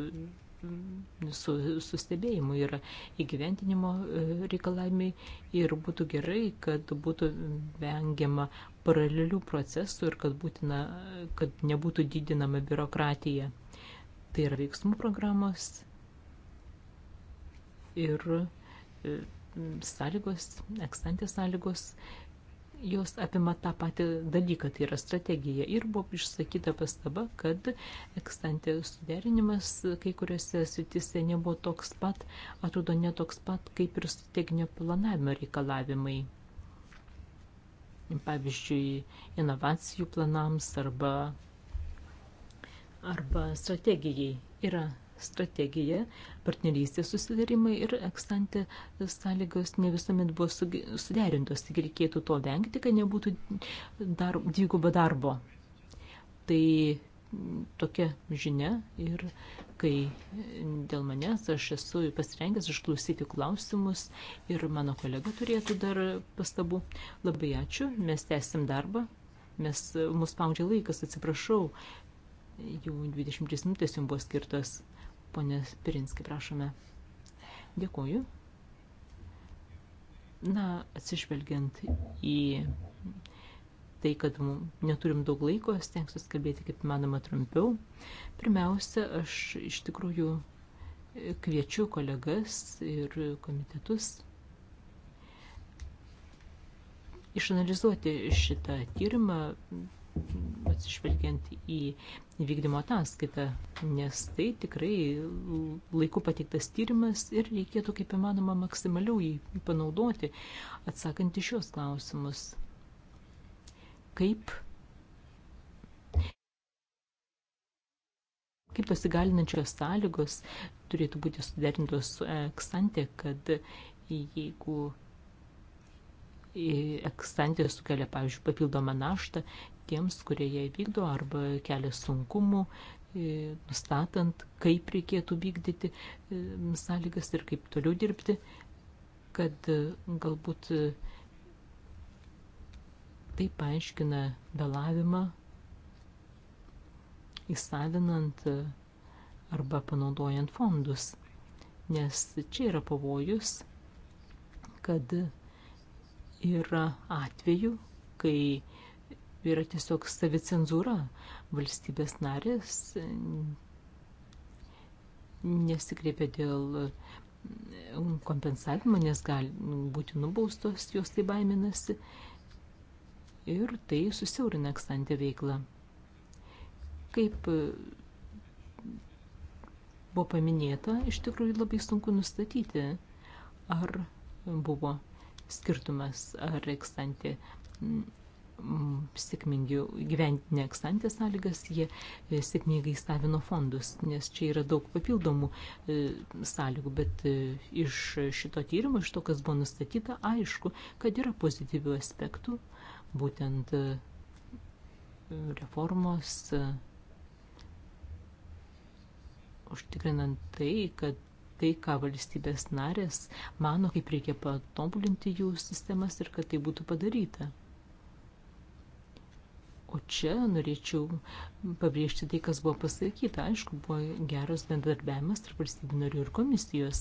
su, su stebėjimu yra įgyventinimo e, reikalavimai ir būtų gerai, kad būtų vengiama paralelių procesų ir kad, būtina, kad nebūtų didinama biurokratija. Tai yra veiksmų programos ir e, sąlygos, ekstantės sąlygos jos apima tą patį dalyką, tai yra strategija. Ir buvo išsakyta pastaba, kad ekstantė suderinimas kai kuriuose sritise nebuvo toks pat, atrodo netoks pat, kaip ir strateginio planavimo reikalavimai. Pavyzdžiui, inovacijų planams arba, arba strategijai yra strategija, partnerystės susidarimai ir ekstantė sąlygos ne visuomet buvo suderintos, tik reikėtų to vengti, kad nebūtų dar, dvigubo darbo. Tai tokia žinia ir kai dėl manęs aš esu pasirengęs išklausyti klausimus ir mano kolega turėtų dar pastabų. Labai ačiū, mes tęsim darbą, mes mus spaudžia laikas, atsiprašau, jau 20 minutės jums buvo skirtas. Ponės Pirinskai, prašome. Dėkuoju. Na, atsižvelgiant į tai, kad neturim daug laiko, stengsiu kalbėti kaip manoma trumpiau. Pirmiausia, aš iš tikrųjų kviečiu kolegas ir komitetus išanalizuoti šitą tyrimą, atsižvelgiant į vykdymo ataskaitą, nes tai tikrai laiku pateiktas tyrimas ir reikėtų kaip įmanoma maksimaliau jį panaudoti, atsakant į šios klausimus. Kaip kaip tos įgalinančios sąlygos turėtų būti suderintos su eksantė, kad jeigu eksantė sukelia, pavyzdžiui, papildomą naštą, tiems, kurie ją vykdo arba kelia sunkumų, e, nustatant, kaip reikėtų vykdyti e, sąlygas ir kaip toliau dirbti, kad e, galbūt tai paaiškina vėlavimą įsavinant arba panaudojant fondus. Nes čia yra pavojus, kad yra atveju, kai yra tiesiog savicenzūra. Valstybės narės mm, nesikreipia dėl mm, kompensavimo, nes gali nu, būti nubaustos, jos tai baiminasi. Ir tai susiaurina ekstantę veiklą. Kaip mm, buvo paminėta, iš tikrųjų labai sunku nustatyti, ar buvo skirtumas, ar ekstantė sėkmingiau gyventi neksantės sąlygas, jie e, sėkmingai savino fondus, nes čia yra daug papildomų e, sąlygų, bet e, iš šito tyrimo, iš to, kas buvo nustatyta, aišku, kad yra pozityvių aspektų, būtent reformos, užtikrinant tai, kad tai, ką valstybės narės mano, kaip reikia patobulinti jų sistemas ir kad tai būtų padaryta. O čia norėčiau pabrėžti tai, kas buvo pasakyta. Aišku, buvo geras bendradarbiavimas tarp valstybių narių ir komisijos.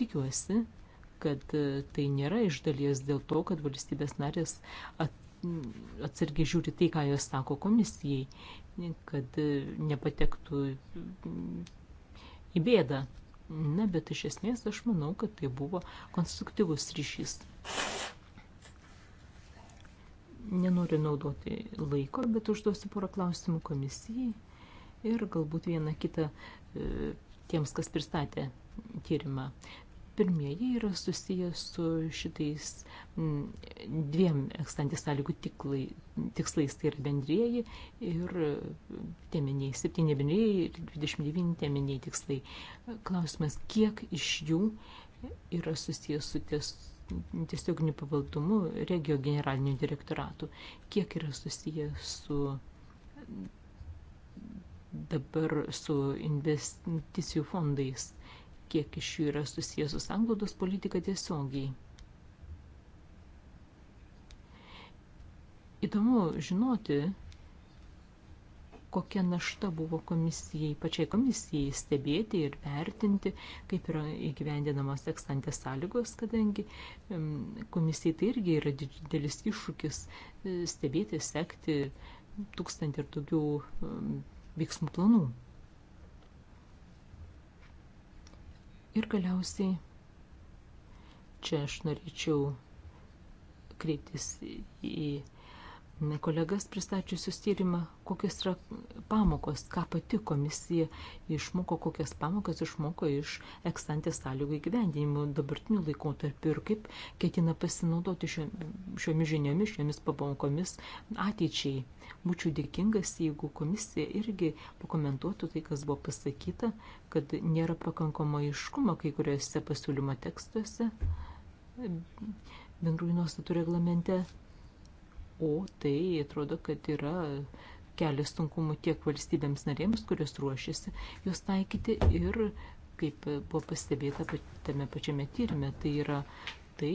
Tikiuosi, kad e, tai nėra iš dalies dėl to, kad valstybės narės atsargiai žiūri tai, ką jos sako komisijai, kad e, nepatektų į bėdą. Na, bet iš esmės aš manau, kad tai buvo konstruktyvus ryšys nenoriu naudoti laiko, bet užduosiu porą klausimų komisijai ir galbūt vieną kitą e, tiems, kas pristatė tyrimą. Pirmieji yra susiję su šitais dviem ekstantys sąlygų tiklai, tikslais, tai yra bendrieji ir e, teminiai, septyni bendrieji ir 29 teminiai tikslai. Klausimas, kiek iš jų yra susijęs su ties tiesioginiu pavaldumu regio generaliniu direktoratu, kiek yra susiję su dabar su investicijų fondais, kiek iš jų yra susiję su sanglaudos politika tiesiogiai. Įdomu žinoti, kokia našta buvo komisijai, pačiai komisijai stebėti ir vertinti, kaip yra įgyvendinamos ekstantės sąlygos, kadangi komisijai tai irgi yra didelis iššūkis e, stebėti, sekti tūkstantį ir daugiau veiksmų planų. Ir galiausiai čia aš norėčiau kreiptis į kolegas pristačiusius tyrimą, kokios yra pamokos, ką pati komisija išmoko, kokias pamokas išmoko iš ekstantės sąlygų įgyvendinimų dabartinių laikotarpių ir kaip ketina pasinaudoti šio, šiomis žiniomis, šiomis pamokomis ateičiai. Būčiau dėkingas, jeigu komisija irgi pakomentuotų tai, kas buvo pasakyta, kad nėra pakankamo aiškumo kai kuriuose pasiūlymo tekstuose bendrųjų nuostatų reglamente o tai atrodo, kad yra kelias sunkumų tiek valstybėms narėms, kurios ruošiasi juos taikyti ir, kaip buvo pastebėta tame pačiame tyrime, tai yra tai,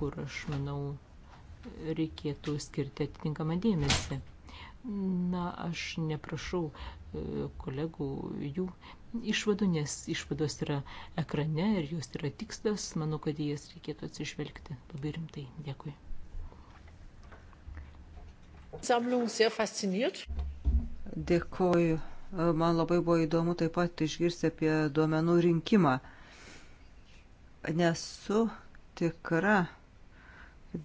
kur aš manau reikėtų skirti atitinkamą dėmesį. Na, aš neprašau e, kolegų jų išvadų, nes išvados yra ekrane ir jos yra tikslas. Manau, kad į jas reikėtų atsižvelgti labai rimtai. Dėkui. Dėkoju. Man labai buvo įdomu taip pat išgirsti apie duomenų rinkimą. Nesu tikra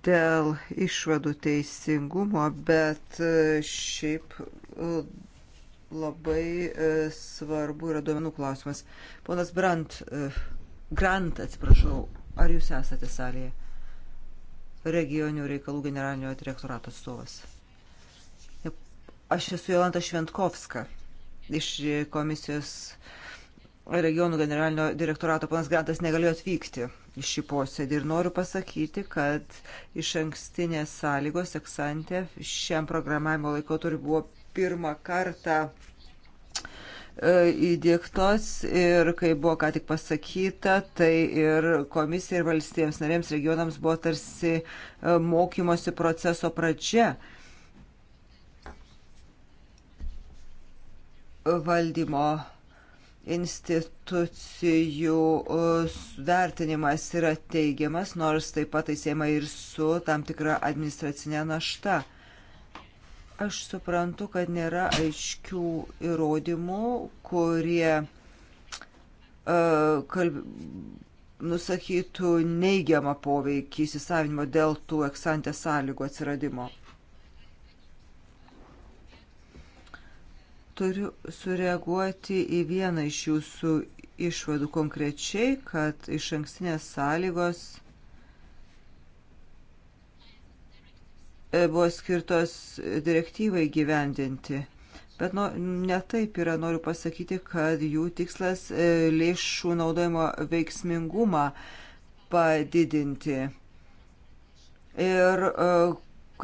dėl išvadų teisingumo, bet e, šiaip e, labai e, svarbu yra duomenų klausimas. Ponas Brandt, Grant, atsiprašau, ar jūs esate salėje? Regionių reikalų generalinio direktorato atstovas. Aš esu Jolanta Šventkovska iš komisijos regionų generalinio direktorato panas Grantas negalėjo atvykti į šį posėdį ir noriu pasakyti, kad iš ankstinės sąlygos eksantė šiam programavimo laikotarpiu buvo pirmą kartą e, įdėktos ir, kaip buvo ką tik pasakyta, tai ir komisija ir valstybėms narėms regionams buvo tarsi e, mokymosi proceso pradžia. valdymo institucijų e, vertinimas yra teigiamas, nors taip pat įsiema tai ir su tam tikra administracinė našta. Aš suprantu, kad nėra aiškių įrodymų, kurie uh, kalb... nusakytų neigiamą poveikį įsisavinimo dėl tų eksantės sąlygų atsiradimo. Turiu sureaguoti į vieną iš jūsų išvadų konkrečiai, kad iš ankstinės sąlygos e, buvo skirtos direktyvai gyvendinti. Bet nu, netaip yra, noriu pasakyti, kad jų tikslas e, lėšų naudojimo veiksmingumą padidinti. Ir e,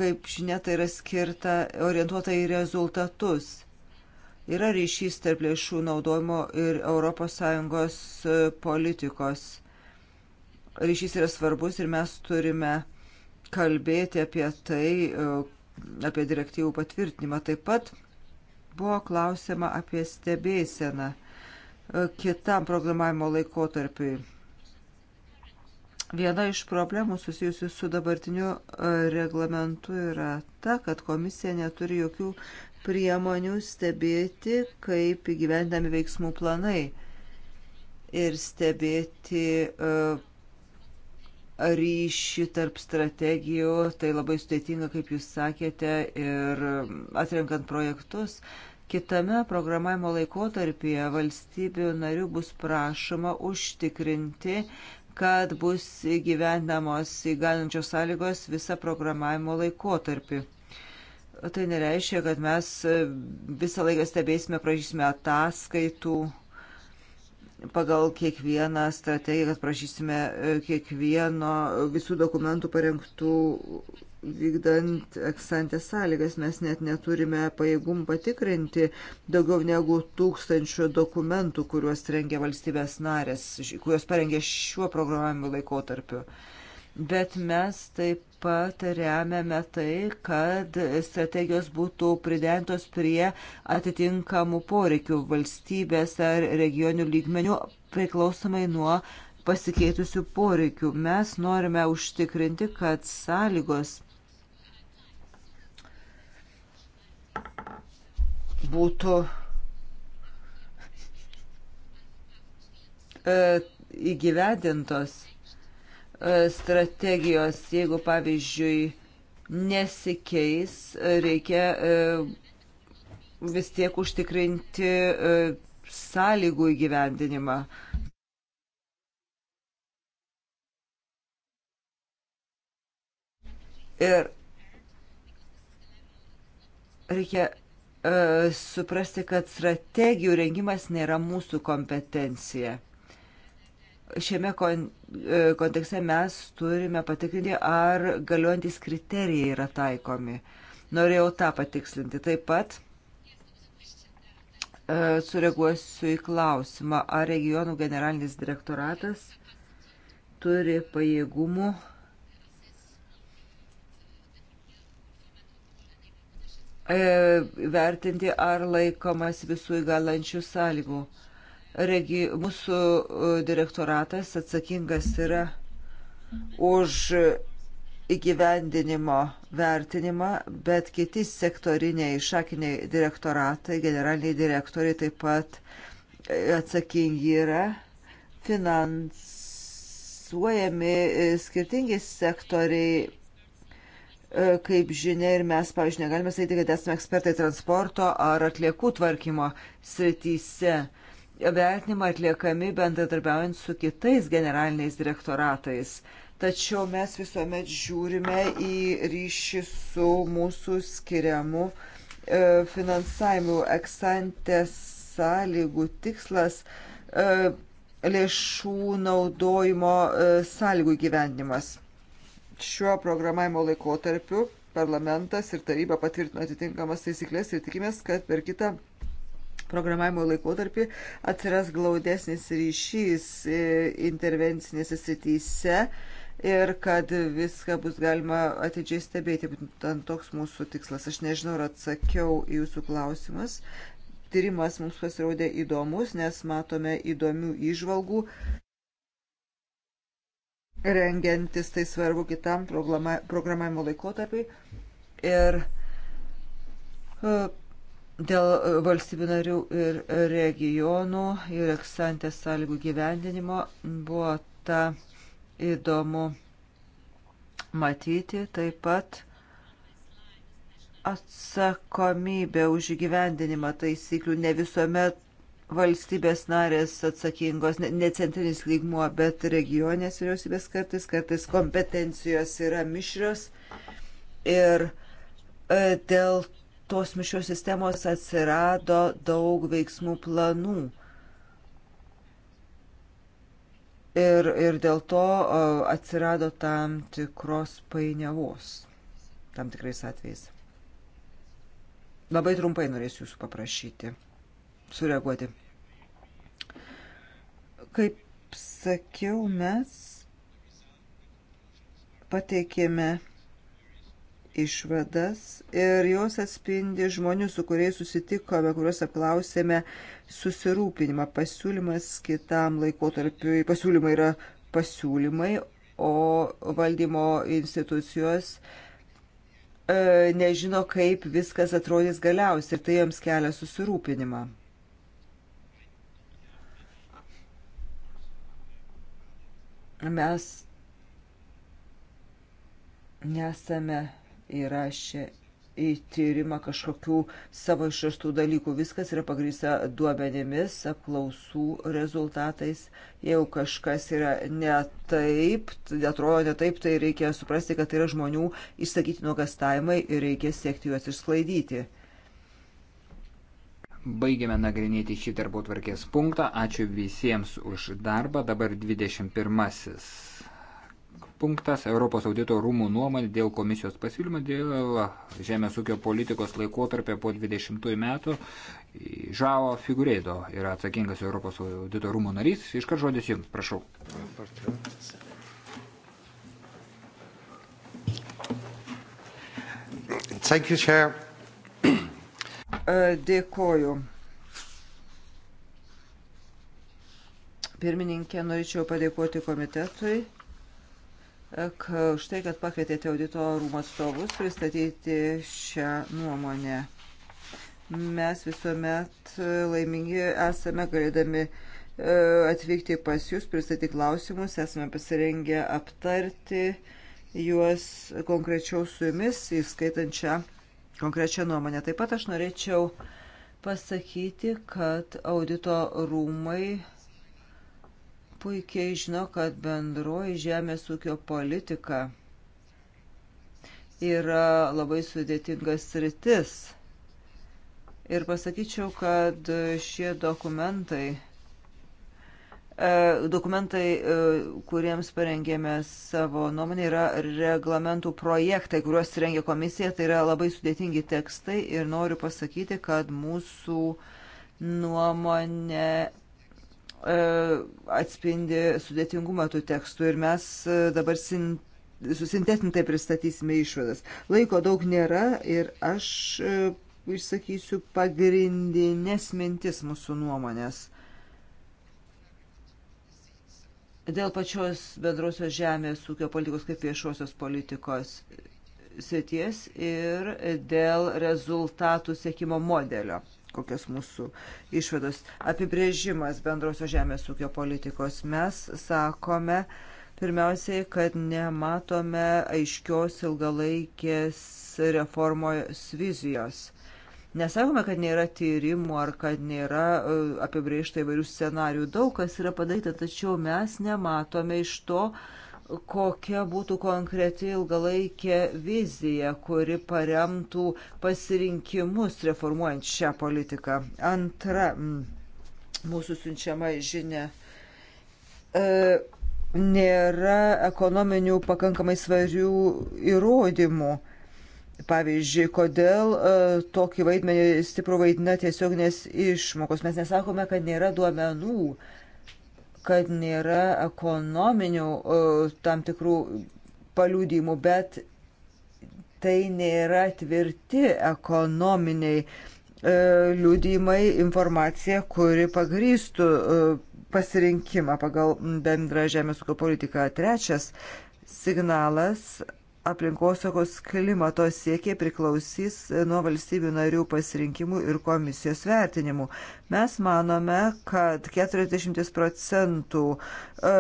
kaip žinia, tai yra skirta orientuota į rezultatus. Yra ryšys tarp lėšų naudojimo ir ES e, politikos. Ryšys yra svarbus ir mes turime kalbėti apie tai, e, apie direktyvų patvirtinimą. Taip pat buvo klausima apie stebėseną e, kitam programavimo laikotarpiui. Viena iš problemų susijusių su dabartiniu reglamentu yra ta, kad komisija neturi jokių priemonių stebėti, kaip įgyvendami veiksmų planai ir stebėti uh, ryšį tarp strategijų, tai labai sudėtinga, kaip jūs sakėte, ir atrenkant projektus. Kitame programavimo laikotarpyje valstybių narių bus prašoma užtikrinti, kad bus gyvenamos įgalinčios sąlygos visą programavimo laikotarpį. Tai nereiškia, kad mes e, visą laiką stebėsime, prašysime ataskaitų pagal kiekvieną strategiją, kad prašysime e, kiekvieno visų dokumentų parengtų vykdant eksantės sąlygas. Mes net neturime pajėgum patikrinti daugiau negu tūkstančių dokumentų, kuriuos rengia valstybės narės, kuriuos parengė šiuo programavimo laikotarpiu. Uh, bet mes taip pat remiame tai, kad strategijos būtų pridentos prie atitinkamų poreikių valstybės ar regionių lygmenių priklausomai nuo pasikeitusių poreikių. Mes norime užtikrinti, kad sąlygos būtų e, įgyvedintos E, strategijos, jeigu pavyzdžiui nesikeis, e, reikia e, vis tiek užtikrinti sąlygų įgyvendinimą. Ir reikia suprasti, kad strategijų rengimas nėra mūsų kompetencija šiame kon, e, kontekste mes turime patikrinti, ar galiojantis kriterijai yra taikomi. Norėjau tą patikslinti. Taip pat e, sureaguosiu į klausimą, ar regionų generalinis direktoratas turi pajėgumų e, vertinti, ar laikomas visų įgalančių sąlygų. Regi, mūsų e, direktoratas atsakingas yra už įgyvendinimo vertinimą, bet kiti sektoriniai šakiniai direktoratai, generaliniai direktoriai taip pat e, atsakingi yra finansuojami e, skirtingi sektoriai kaip žinia, ir mes, pavyzdžiui, negalime sakyti, kad esame ekspertai transporto ar atliekų tvarkymo srityse vertinimą atliekami bendradarbiaujant su kitais generaliniais direktoratais. Tačiau mes visuomet žiūrime į ryšį su mūsų skiriamu e, finansavimu. Eksantės sąlygų tikslas e, lėšų naudojimo e, sąlygų gyvendimas. Šiuo programavimo laikotarpiu parlamentas ir taryba patvirtino atitinkamas taisyklės ir tikimės, kad per kitą programavimo laikotarpį atsiras glaudesnis ryšys e, intervencinėse srityse ir kad viską bus galima atidžiai stebėti. Būtent toks mūsų tikslas. Aš nežinau, ar atsakiau į jūsų klausimas. Tyrimas mums pasirodė įdomus, nes matome įdomių įžvalgų. Rengiantis tai svarbu kitam programa, programavimo laikotarpiai. Ir uh, dėl e, valstybių narių ir regionų ir eksantės sąlygų gyvendinimo buvo ta įdomu matyti taip pat atsakomybė už įgyvendinimą taisyklių ne visuomet valstybės narės atsakingos, ne, ne centrinis lygmuo, bet regionės vyriausybės kartais, kartais kompetencijos yra mišrios ir e, dėl tos mišios sistemos atsirado daug veiksmų planų. Ir, ir dėl to atsirado tam tikros painiavos, tam tikrais atvejais. Labai trumpai norėsiu jūsų paprašyti, sureaguoti. Kaip sakiau, mes pateikėme išvadas ir jos atspindi žmonių, su kuriais susitikome, kuriuos apklausėme susirūpinimą. Pasiūlymas kitam laikotarpiui, pasiūlymai yra pasiūlymai, o valdymo institucijos e, nežino, kaip viskas atrodys galiausiai ir tai jiems kelia susirūpinimą. Mes nesame įrašė į tyrimą kažkokių savo išrastų dalykų. Viskas yra pagrįsta duomenimis, apklausų rezultatais. Jeigu kažkas yra ne taip, tai atrodo ne taip, tai reikia suprasti, kad tai yra žmonių išsakyti nuogastavimai ir reikia siekti juos išsklaidyti. Baigėme nagrinėti šį darbo tvarkės punktą. Ačiū visiems už darbą. Dabar 21 punktas Europos audito rūmų nuomonė dėl komisijos pasiūlymo dėl žemės ūkio politikos laikotarpio po 20 metų. Žavo Figureido yra atsakingas Europos audito rūmų narys. Iškart žodis jums, prašau. Thank you, Chair. Uh, dėkoju. Pirmininkė, norėčiau padėkoti komitetui už tai, kad pakvietėte audito rūmų atstovus pristatyti šią nuomonę. Mes visuomet laimingi esame galėdami e, atvykti pas Jūs, pristatyti klausimus, esame pasirengę aptarti juos konkrečiau su Jumis, įskaitant šią konkrečią nuomonę. Taip pat aš norėčiau pasakyti, kad audito rūmai puikiai žino, kad bendroji žemės ūkio politika yra labai sudėtingas sritis. Ir pasakyčiau, kad šie dokumentai, e, dokumentai, e, kuriems parengėme savo nuomonę, yra reglamentų projektai, kuriuos rengia komisija. Tai yra labai sudėtingi tekstai ir noriu pasakyti, kad mūsų nuomonė E, atspindi sudėtingumą tų tekstų ir mes e, dabar susintetintai pristatysime išvadas. Laiko daug nėra ir aš e, išsakysiu pagrindinės mintis mūsų nuomonės. Dėl pačios bendrosios žemės ūkio politikos kaip viešosios politikos sėties ir dėl rezultatų sėkimo modelio kokios mūsų išvados. Apibrėžimas bendrosios žemės ūkio politikos. Mes sakome, pirmiausiai, kad nematome aiškios ilgalaikės reformos vizijos. Nesakome, kad nėra tyrimų ar kad nėra e, apibriežta įvairių scenarių. Daug kas yra padaryta, tačiau mes nematome iš to kokia būtų konkreti ilgalaikė vizija, kuri paremtų pasirinkimus reformuojant šią politiką. Antra mm, mūsų siunčiama žinia. E, nėra ekonominių pakankamai svarių įrodymų. Pavyzdžiui, kodėl e, tokį vaidmenį stiprų vaidina tiesioginės išmokos. Mes nesakome, kad nėra duomenų. E, kad nėra ekonominių e, tam tikrų paliūdimų, bet tai nėra tvirti ekonominiai e, liūdimai informacija, kuri pagrįstų e, pasirinkimą pagal bendrą žemės ūkio politiką. Trečias signalas aplinkosaugos klimato siekiai priklausys nuo valstybių narių pasirinkimų ir komisijos vertinimų. Mes manome, kad 40 procentų e,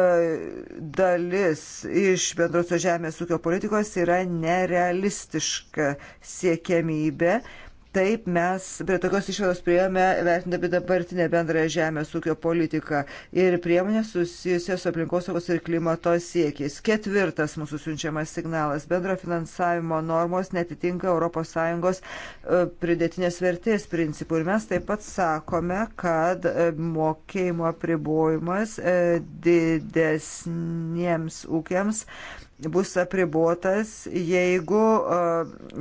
dalis iš bendrosios žemės ūkio politikos yra nerealistiška siekiamybė. Taip mes prie tokios išvados priejome vertindami dabartinę bendrąją žemės ūkio politiką ir priemonės susijusios su aplinkosaugos ir klimato siekiais. Ketvirtas mūsų siunčiamas signalas - bendro finansavimo normos netitinka ES e, pridėtinės vertės principų. Ir mes taip pat sakome, kad e, mokėjimo apribojimas e, didesniems ūkiams bus apribuotas, jeigu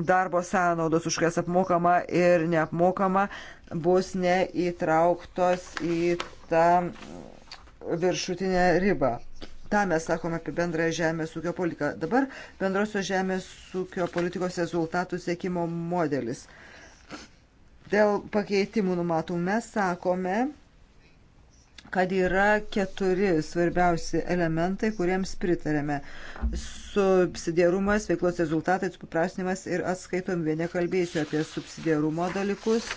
darbo sąnaudos, už kas apmokama ir neapmokama, bus neįtrauktos į tą viršutinę ribą. Ta mes sakome apie bendrąją žemės ūkio politiką. Dabar bendrosios žemės ūkio politikos rezultatų sėkimo modelis. Dėl pakeitimų numatomų mes sakome, kad yra keturi svarbiausi elementai, kuriems pritarėme. Subsidiarumas, veiklos rezultatai, supaprastinimas ir atskaitom. Nekalbėsiu apie subsidiarumo dalykus,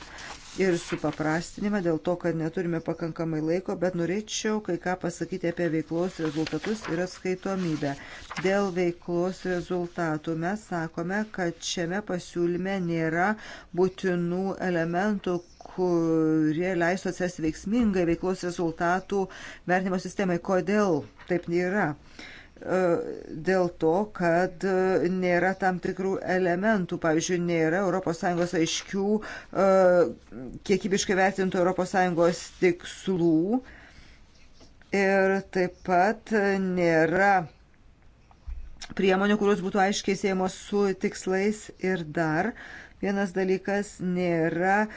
ir supaprastinimą dėl to, kad neturime pakankamai laiko, bet norėčiau kai ką pasakyti apie veiklos rezultatus ir atskaitomybę. Dėl veiklos rezultatų mes sakome, kad šiame pasiūlyme nėra būtinų elementų, kurie leistų atsirasti veiksmingai veiklos rezultatų vertinimo sistemai. Kodėl taip nėra? E, dėl to, kad e, nėra tam tikrų elementų, pavyzdžiui, nėra ES aiškių, e, kiekybiškai vertintų ES tikslų ir taip pat nėra priemonių, kurios būtų aiškiai siejamos su tikslais ir dar vienas dalykas nėra e,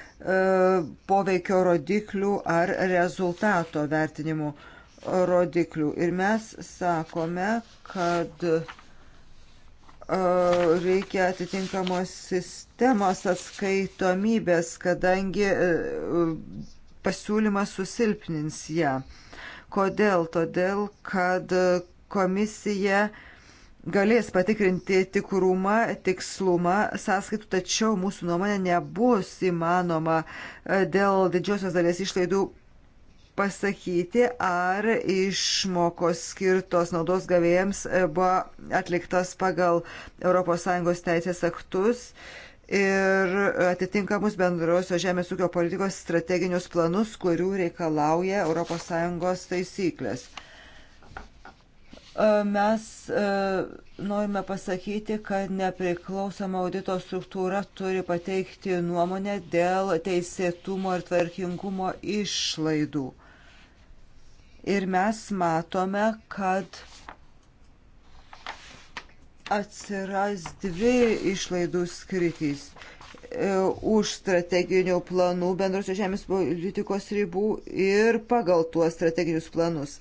poveikio rodiklių ar rezultato vertinimų. E, rodiklių. Ir mes sakome, kad reikia atitinkamos sistemos atskaitomybės, kadangi e, pasiūlymas susilpnins ją. Kodėl? Todėl, kad komisija galės patikrinti tikrumą, tikslumą sąskaitų, tačiau mūsų nuomonė nebus įmanoma e, dėl didžiosios dalies išlaidų pasakyti, ar išmokos skirtos naudos gavėjams e, buvo atliktas pagal ES teisės aktus ir atitinkamus bendrosios žemės ūkio politikos strateginius planus, kurių reikalauja ES taisyklės. E, mes e, norime pasakyti, kad nepriklausoma audito struktūra turi pateikti nuomonę dėl teisėtumo ir tvarkingumo išlaidų. Ir mes matome, kad atsiras dvi išlaidų skritys e, už strateginių planų bendrosios žemės politikos ribų ir pagal tuos strateginius planus.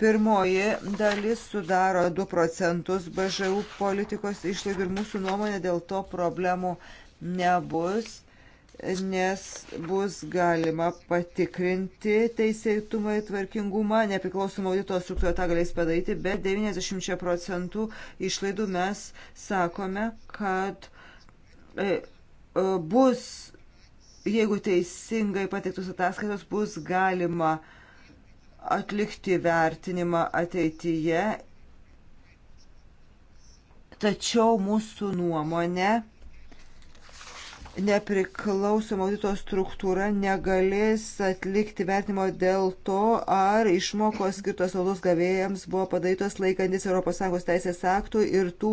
Pirmoji dalis sudaro 2 procentus BŽU politikos išlaidų ir mūsų nuomonė dėl to problemų nebus nes bus galima patikrinti teisėtumą ir tvarkingumą, nepriklausomą audito struktūrą tą galės padaryti, bet 90 procentų išlaidų mes sakome, kad e, e, bus, jeigu teisingai pateiktus ataskaitos, bus galima atlikti vertinimą ateityje. Tačiau mūsų nuomonė, nepriklausoma audito struktūra negalės atlikti vertimo dėl to, ar išmokos skirtos naudos gavėjams buvo padarytos laikantis ES teisės aktų ir tų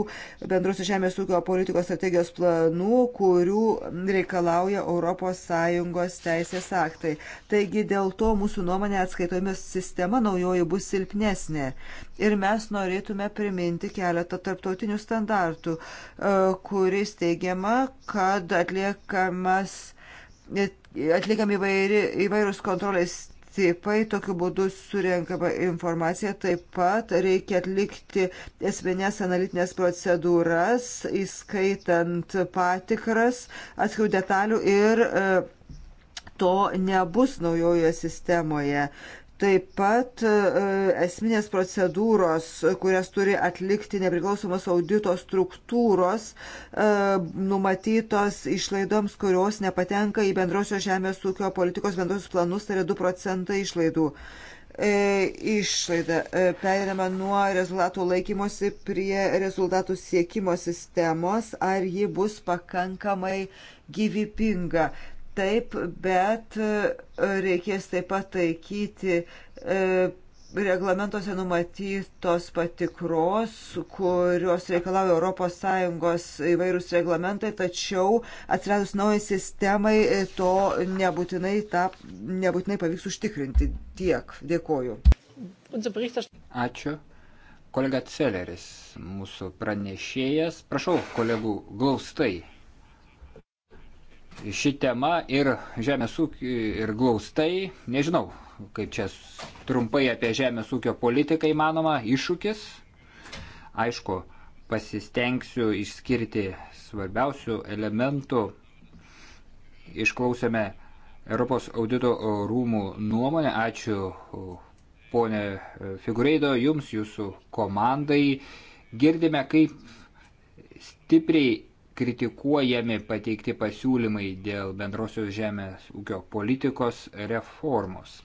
bendrosios žemės ūkio politikos strategijos planų, kurių reikalauja ES teisės aktai. Taigi dėl to mūsų nuomonė atskaitomis sistema naujoji bus silpnesnė. Ir mes norėtume priminti keletą tarptautinių standartų, e, kuriais teigiama, kad atlieka atliekamas, atliekami įvairi, įvairūs kontrolės tipai, tokiu būdu surenkama informacija. Taip pat reikia atlikti esminės analitinės procedūras, įskaitant patikras atskirų detalių ir e, to nebus naujoje sistemoje. Taip pat e, esminės procedūros, kurias turi atlikti nepriklausomos audito struktūros, e, numatytos išlaidoms, kurios nepatenka į bendrosios žemės ūkio politikos bendrosius planus, tai yra 2 procentai išlaidų. E, išlaida. Perėdama nuo rezultatų laikymosi prie rezultatų siekimo sistemos, ar ji bus pakankamai gyvybinga. Taip, bet e, reikės taip pat taikyti e, reglamentuose numatytos patikros, kurios reikalauja ES įvairūs reglamentai, tačiau atsiradus naujai sistemai e, to nebūtinai, ta, nebūtinai pavyks užtikrinti. Tiek, dėkoju. Ačiū. Kolega Celeris, mūsų pranešėjas. Prašau, kolegų, glaustai ši tema ir žemės ūkio ir glaustai, nežinau, kaip čia trumpai apie žemės ūkio politiką įmanoma, iššūkis. Aišku, pasistengsiu išskirti svarbiausių elementų. Išklausėme Europos audito rūmų nuomonę. Ačiū ponė e, Figureido, jums, jūsų komandai. Girdime, kaip stipriai kritikuojami pateikti pasiūlymai dėl bendrosios žemės ūkio politikos reformos.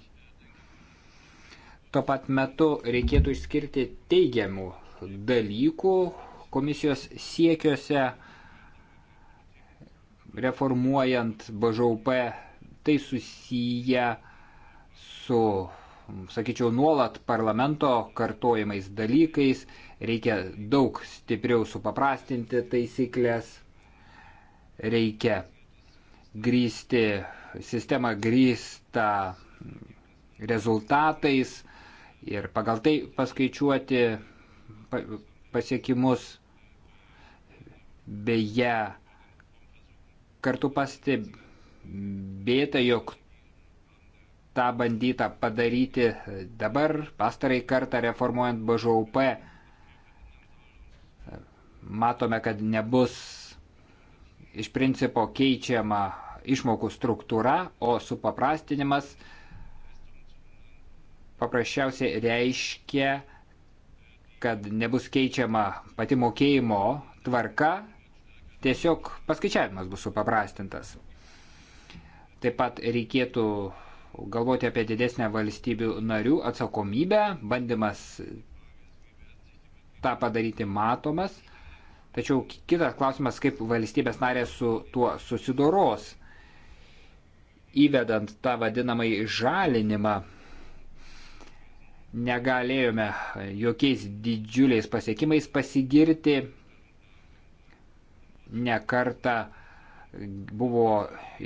Tuo pat metu reikėtų išskirti teigiamų dalykų komisijos siekiuose reformuojant BŽUP. Tai susiję su, sakyčiau, nuolat parlamento kartojimais dalykais reikia daug stipriau supaprastinti taisyklės reikia grįsti sistemą grįstą rezultatais ir pagal tai paskaičiuoti pasiekimus. Beje, kartu pastebėta, jog tą bandyta padaryti dabar, pastarai kartą reformuojant BŽUP, matome, kad nebus iš principo keičiama išmokų struktūra, o supaprastinimas paprasčiausiai reiškia, kad nebus keičiama pati mokėjimo tvarka, tiesiog paskaičiavimas bus supaprastintas. Taip pat reikėtų galvoti apie didesnę valstybių narių atsakomybę, bandymas tą padaryti matomas – Tačiau kitas klausimas, kaip valstybės narė su tuo susidoros, įvedant tą vadinamąjį žalinimą, negalėjome jokiais didžiuliais pasiekimais pasigirti. Nekarta buvo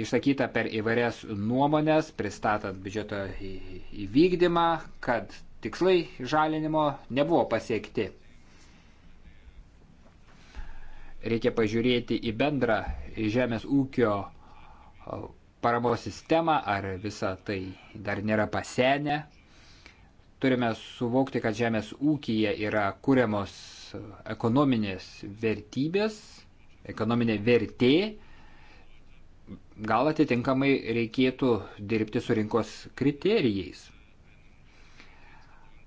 išsakyta per įvairias nuomonės, pristatant biudžeto įvykdymą, kad tikslai žalinimo nebuvo pasiekti reikia pažiūrėti į bendrą žemės ūkio paramos sistemą, ar visa tai dar nėra pasenę. Turime suvokti, kad žemės ūkija yra kuriamos ekonominės vertybės, ekonominė vertė. Gal atitinkamai reikėtų dirbti su rinkos kriterijais.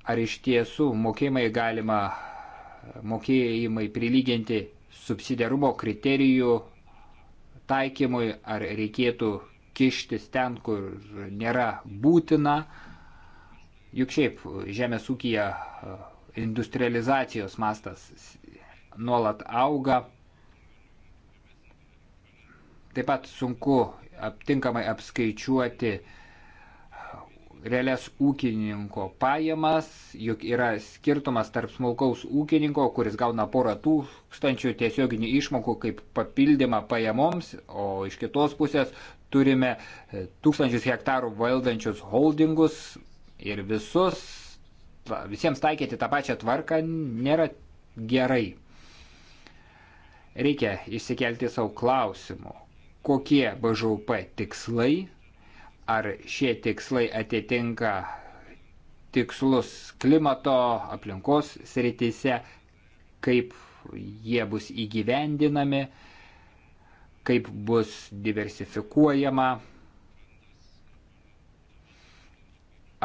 Ar iš tiesų mokėjimai galima mokėjimai prilyginti subsidiarumo kriterijų taikymui, ar reikėtų kištis ten, kur nėra būtina. Juk šiaip žemės ūkija e, industrializacijos mastas nuolat auga. Taip pat sunku aptinkamai apskaičiuoti uh, realias ūkininko pajamas, juk yra skirtumas tarp smulkaus ūkininko, kuris gauna porą tūkstančių tiesioginių išmokų kaip papildymą pajamoms, o iš kitos pusės turime e, tūkstančius hektarų valdančius holdingus ir visus, visiems taikyti tą pačią tvarką nėra gerai. Reikia išsikelti savo klausimų, kokie BŽUP tikslai ar šie tikslai atitinka tikslus klimato aplinkos srityse, kaip jie bus įgyvendinami, kaip bus diversifikuojama,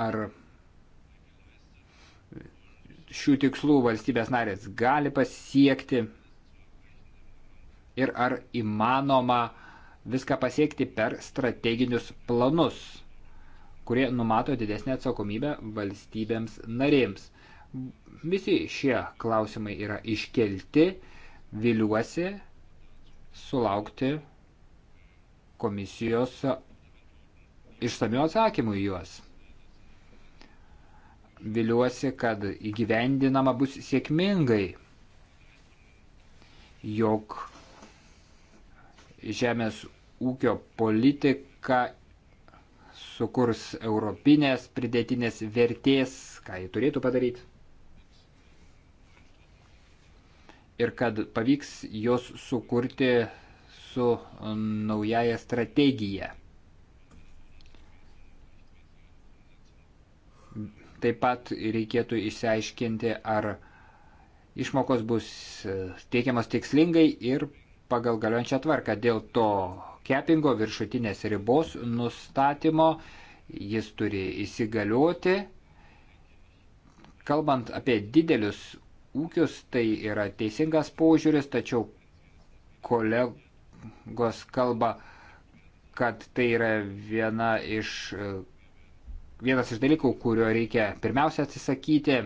ar šių tikslų valstybės narės gali pasiekti ir ar įmanoma uh, viską pasiekti per strateginius planus, kurie numato didesnę atsakomybę valstybėms narėms. Visi šie klausimai yra iškelti, viliuosi sulaukti komisijos išsamių atsakymų į juos. Viliuosi, kad įgyvendinama bus sėkmingai, jog žemės ūkio politika sukurs europinės pridėtinės vertės, ką jį turėtų padaryti. Ir kad pavyks jos sukurti su naujaja strategija. Taip pat reikėtų išsiaiškinti, ar išmokos bus teikiamas tikslingai ir pagal galiojančią tvarką. Dėl to kepingo viršutinės ribos nustatymo jis turi įsigalioti. Kalbant apie didelius ūkius, tai yra teisingas požiūris, tačiau kolegos kalba, kad tai yra viena iš, vienas iš dalykų, kurio reikia pirmiausia atsisakyti.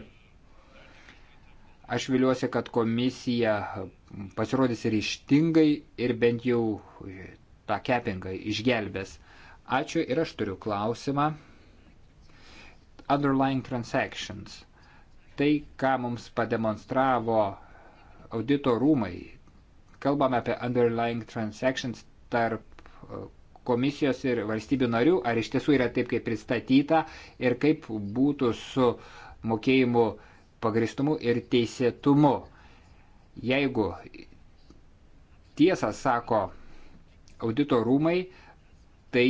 Aš viliuosi, kad komisija pasirodys ryštingai ir bent jau tą kepingą išgelbės. Ačiū ir aš turiu klausimą. Underlying transactions. Tai, ką mums pademonstravo audito rūmai, kalbame apie underlying transactions tarp e, komisijos ir valstybių narių, ar iš tiesų yra taip, kaip pristatyta ir kaip būtų su mokėjimu uh, pagristumu ir teisėtumu. Jeigu tiesą sako audito rūmai, tai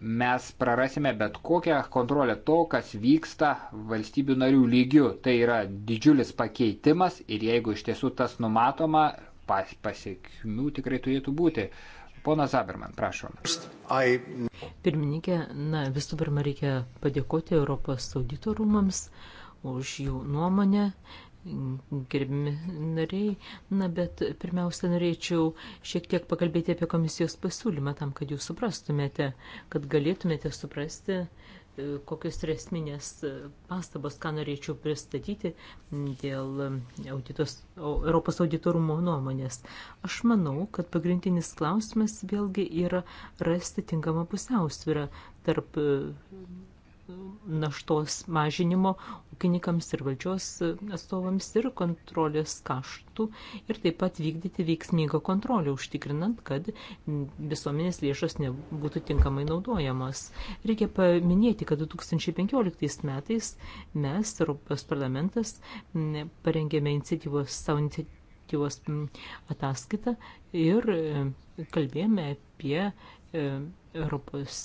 mes prarasime bet kokią kontrolę to, kas vyksta valstybių narių lygių. Tai yra didžiulis pakeitimas ir jeigu iš tiesų tas numatoma, pas, pasiekmių tikrai turėtų būti. Pona Zaberman, prašom. Pirmininkė, na, visų pirma reikia padėkoti Europos auditorumams. rūmams už jų nuomonę, gerbimi nariai. Na, bet pirmiausia, norėčiau šiek tiek pakalbėti apie komisijos pasiūlymą, tam, kad jūs suprastumėte, kad galėtumėte suprasti, e, kokios yra esminės e, pastabos, ką norėčiau pristatyti dėl auditos, Europos auditorumo nuomonės. Aš manau, kad pagrindinis klausimas vėlgi yra rasti tinkamą pusiausvyrą tarp e, naštos mažinimo ūkininkams ir valdžios atstovams ir kontrolės kaštų ir taip pat vykdyti veiksmingą kontrolę, užtikrinant, kad visuomenės lėšos nebūtų tinkamai naudojamos. Reikia paminėti, kad 2015 metais mes, Europos parlamentas, parengėme iniciatyvos savo iniciatyvą perspektyvos ataskaitą ir e, kalbėjome apie e, Europos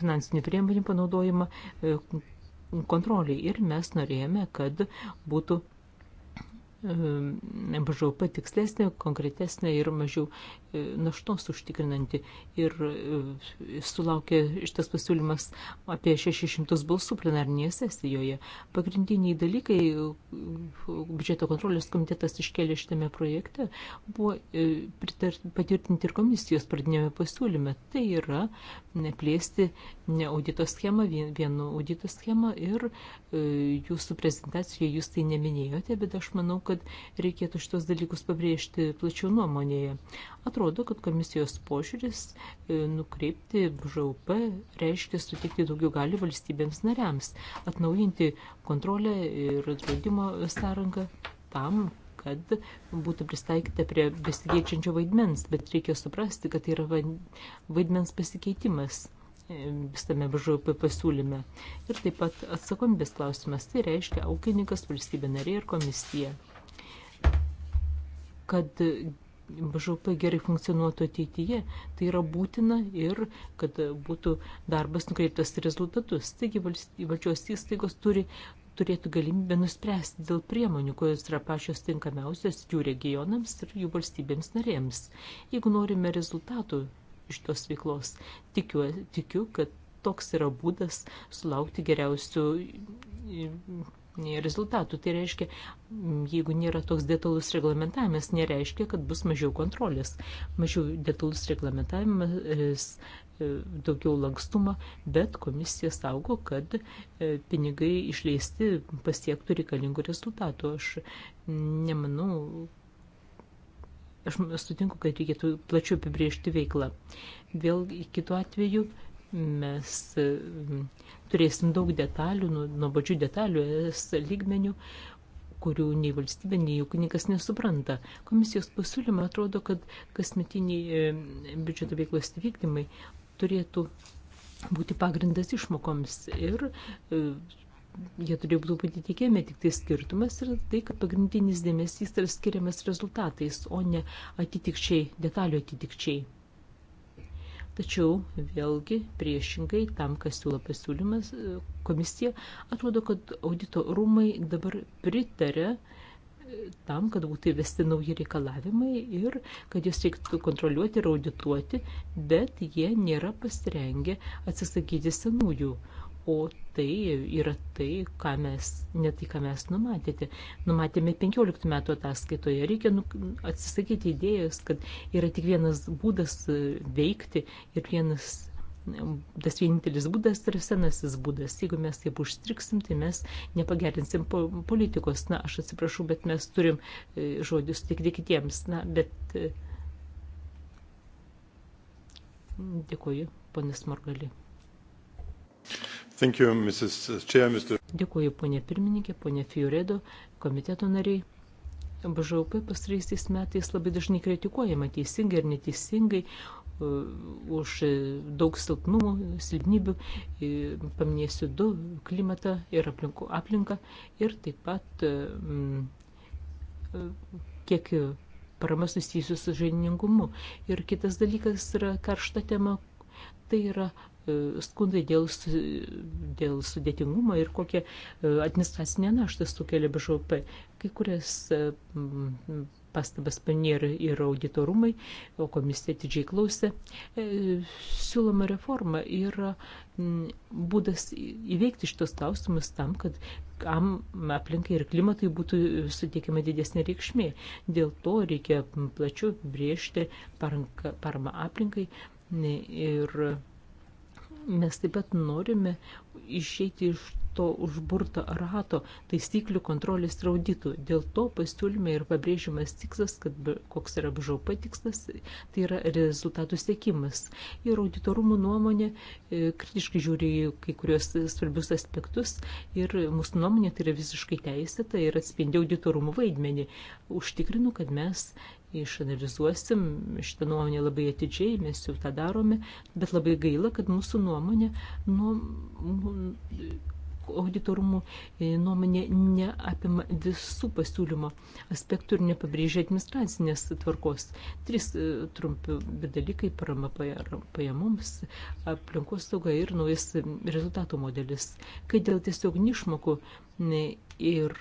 finansinių priemonių panaudojimą e, kontroliai. Ir mes norėjome, kad būtų BŽP e, tikslesnė, konkretesnė ir mažiau naštos užtikrinanti. Ir e, sulaukė šitas pasiūlymas apie 600 balsų plenarnėje sesijoje. Pagrindiniai dalykai e, biudžeto kontrolės komitetas iškėlė šitame projekte buvo e, patvirtinti ir komisijos pradinėme pasiūlyme. Tai yra neplėsti ne audito schemą, vienu audito schemą ir jūsų prezentacijoje jūs tai neminėjote, bet aš manau, kad reikėtų šitos dalykus pabrėžti plačiau nuomonėje. Atrodo, atrodo, kad komisijos požiūris e, nukreipti BŽUP reiškia suteikti daugiau galių valstybėms nariams, atnaujinti kontrolę ir draudimo sąrangą tam, kad būtų pristaikyta prie besikeičiančio vaidmens, bet reikia suprasti, kad tai yra vaidmens pasikeitimas e, visame BŽUP pasiūlyme. Ir taip pat atsakomybės klausimas, tai reiškia aukininkas, valstybė narė ir komisija. Kad BŽP gerai funkcionuotų ateityje, tai yra būtina ir kad būtų darbas nukreiptas rezultatus. Taigi valdžios įstaigos turi turėtų galimybę nuspręsti dėl priemonių, kurios yra pačios tinkamiausios jų regionams ir jų valstybėms narėms. Jeigu norime rezultatų iš tos veiklos, tikiu, tikiu kad toks yra būdas sulaukti geriausių rezultatų. Tai reiškia, jeigu nėra toks detalus reglamentavimas, nereiškia, kad bus mažiau kontrolės. Mažiau detalus reglamentavimas, e, daugiau lankstumo, bet komisija saugo, kad e, pinigai išleisti pasiektų reikalingų rezultatų. Aš nemanau, aš sutinku, kad reikėtų plačiau apibriežti veiklą. Vėl kitų atveju mes turėsim daug detalių, nu, nuobodžių detalių es lygmenių, kurių nei valstybė, nei ūkininkas nesupranta. Komisijos pasiūlymą atrodo, kad kasmetiniai e, biudžeto veiklos vykdymai turėtų būti pagrindas išmokoms ir e, jie turėjo būti patikėjami, tik tai skirtumas yra tai, kad pagrindinis dėmesys yra skiriamas rezultatais, o ne atitikčiai, detalių atitikčiai. Tačiau vėlgi priešingai tam, kas siūlo pasiūlymas e, komisija, atrodo, kad audito rūmai dabar pritarė e, tam, kad būtų įvesti nauji reikalavimai ir kad juos reiktų kontroliuoti ir audituoti, bet jie nėra pasirengę atsisakyti senųjų o tai yra tai, ką mes, ne tai, ką mes numatėte. Numatėme 15 metų ataskaitoje. Reikia nu, atsisakyti idėjos, kad yra tik vienas būdas e, veikti ir vienas e, tas vienintelis būdas yra senasis būdas. Jeigu mes taip užstriksim, tai mes nepagerinsim politikos. Na, aš atsiprašau, bet mes turim e, žodžius tik kitiems. Na, bet dėkuoju, ponas Margali. You, uh, Chair, Mr... Dėkuoju, ponė pirmininkė, ponė Fioredo, komiteto nariai. BŽUP pastaraisiais metais labai dažnai kritikuojama teisingai ir neteisingai už e, daug silpnumų, silpnybių. Paminėsiu du - klimatą ir aplinkų, aplinką. Ir taip pat e, e, kiek parama susijusiu su žainingumu. Ir kitas dalykas yra karšta tema. Tai yra skundai dėl, dėl sudėtingumo ir kokią e, administracinę naštą sukelia BŽP. Kai kurias e, pastabas panėra ir auditorumai, o komisija didžiai klausė. E, siūloma reforma yra būdas įveikti šitos klausimus tam, kad kam aplinkai ir klimatai būtų suteikiama didesnė reikšmė. Dėl to reikia plačiau briežti paramą aplinkai ir mes taip pat norime išeiti iš to užburto rato taisyklių kontrolės ir auditų. Dėl to pasiūlyme ir pabrėžimas tikslas, kad koks yra apžaupa tikslas, tai yra rezultatų siekimas. Ir auditorumų nuomonė e, kritiškai žiūri į kai kurios svarbius aspektus ir mūsų nuomonė tai yra visiškai teisėta ir atspindi auditorumų vaidmenį. Užtikrinu, kad mes išanalizuosim šitą nuomonę labai atidžiai, mes jau tą darome, bet labai gaila, kad mūsų nuomonė nu, auditorumų e, nuomonė neapima visų pasiūlymo aspektų ir nepabrėžia administracinės tvarkos. Tris e, trumpi dalykai - parama pajamoms, aplinkos sauga ir naujas rezultatų modelis. Kai dėl tiesiog nišmokų ir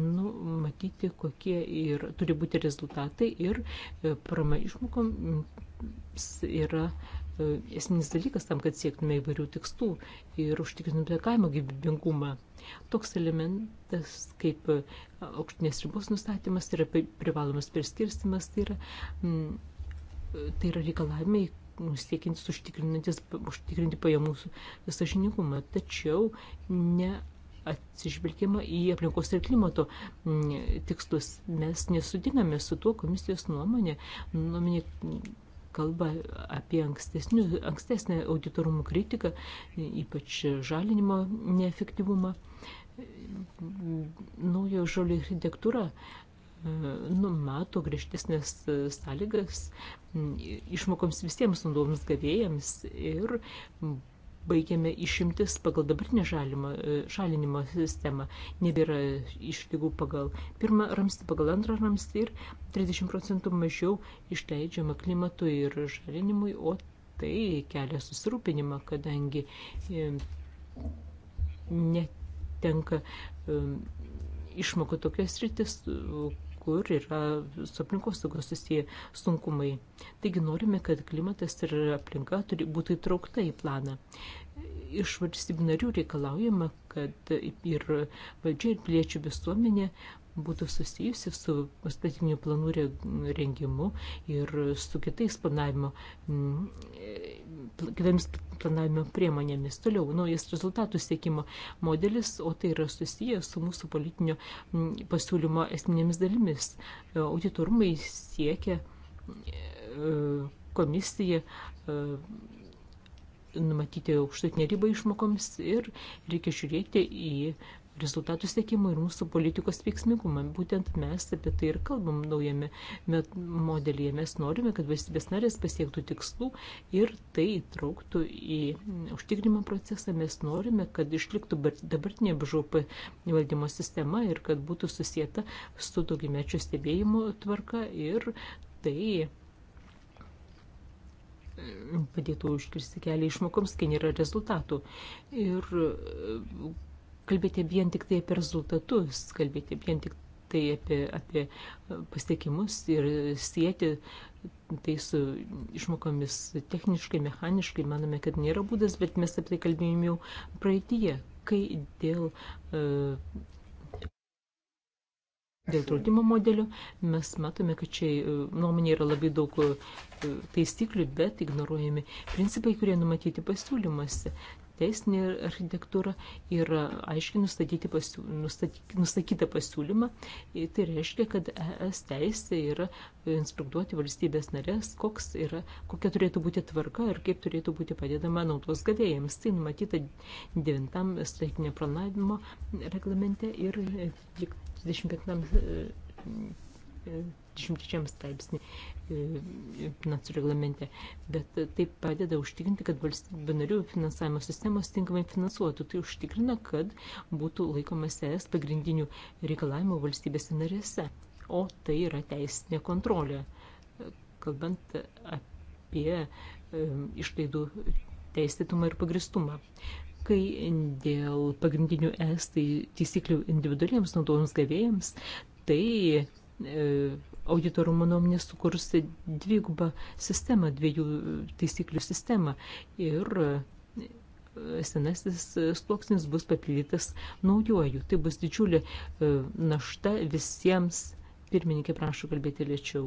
nu, matyti, kokie ir turi būti rezultatai ir e, parama išmokom yra E, esminis dalykas tam, kad siektume įvairių tikslų ir užtikrintume kaimo gyvybingumą. Toks elementas kaip e, aukštinės ribos nustatymas yra privalomas perskirstimas, tai yra, e, tai yra reikalavimai nu, siekintis užtikrinti pajamų sažiningumą, tačiau ne atsižvelgiama į aplinkos ir klimato tikslus. Mes nesudiname su tuo komisijos nuomonė, nuomonė kalba apie ankstesnę auditorumų kritiką, ypač žalinimo neefektyvumą. Naujo žalio architektūra e, numato griežtesnės e, sąlygas išmokoms visiems naudoms gavėjams ir baigėme išimtis pagal dabartinę žalimo, e, šalinimo sistemą. Nebėra išlygų pagal pirmą ramstį, pagal antrą ramstį ir 30 procentų mažiau išleidžiama klimatui ir žalinimui, o tai kelia susirūpinimą, kadangi e, netenka e, išmokų tokias rytis, kur yra su aplinkos saugos susiję sunkumai. Taigi norime, kad klimatas ir aplinka turi būti įtraukta į planą. Iš valstybių narių reikalaujama, kad ir valdžia ir piliečių visuomenė būtų susijusi su statinių planų rengimu ir su kitais planavimo, mm, kitomis planavimo priemonėmis. Toliau naujas rezultatų siekimo modelis, o tai yra susijęs su mūsų politinio mm, pasiūlymo esminėmis dalimis. Auditorumai siekia e, komisija e, numatyti aukštutinę ribą išmokoms ir reikia žiūrėti į rezultatų siekimą ir mūsų politikos veiksmingumą. Būtent mes apie tai ir kalbam naujame modelyje. Mes norime, kad valstybės narės pasiektų tikslų ir tai įtrauktų į užtikrinimo procesą. Mes norime, kad išliktų dabartinė BŽP valdymo sistema ir kad būtų susieta su daugiamečių stebėjimo tvarka ir tai padėtų užkirsti kelią išmokoms, kai nėra rezultatų. Ir kalbėti vien tik tai apie rezultatus, kalbėti vien tik tai apie, apie e, pasiekimus ir sieti tai su išmokomis techniškai, mechaniškai, manome, kad nėra būdas, bet mes apie tai kalbėjom jau praeitie, kai dėl, e, dėl draudimo modelio mes matome, kad čia e, nuomonė yra labai daug taisyklių, bet ignoruojami principai, kurie numatyti pasiūlymuose teisinė architektūra ir aiškiai nustatyti pasiū, nustaty, nustatyta pasiūlyma. Tai reiškia, kad ES teisė yra instruktuoti valstybės narės, koks yra, kokia turėtų būti tvarka ir kaip turėtų būti padedama naudos gavėjams. Tai numatyta 9 strateginio planavimo reglamente ir 25 23 straipsnį e, e, finansų reglamente, bet tai padeda užtikrinti, kad valstybių narių finansavimo sistemos tinkamai finansuotų. Tai užtikrina, kad būtų laikomas ES pagrindinių reikalavimų valstybėse narėse. O tai yra teisinė kontrolė, kalbant apie e, išlaidų teisėtumą ir pagristumą dalykai dėl pagrindinių es tai teisiklių individualiems naudojimus gavėjams, tai E, auditorumo nuomonė sukurs dvigubą sistemą, dviejų taisyklių sistemą. Ir e, senasis sluoksnis bus papildytas naujoju. Tai bus didžiulė e, našta visiems. Pirmininkė prašo kalbėti lėčiau.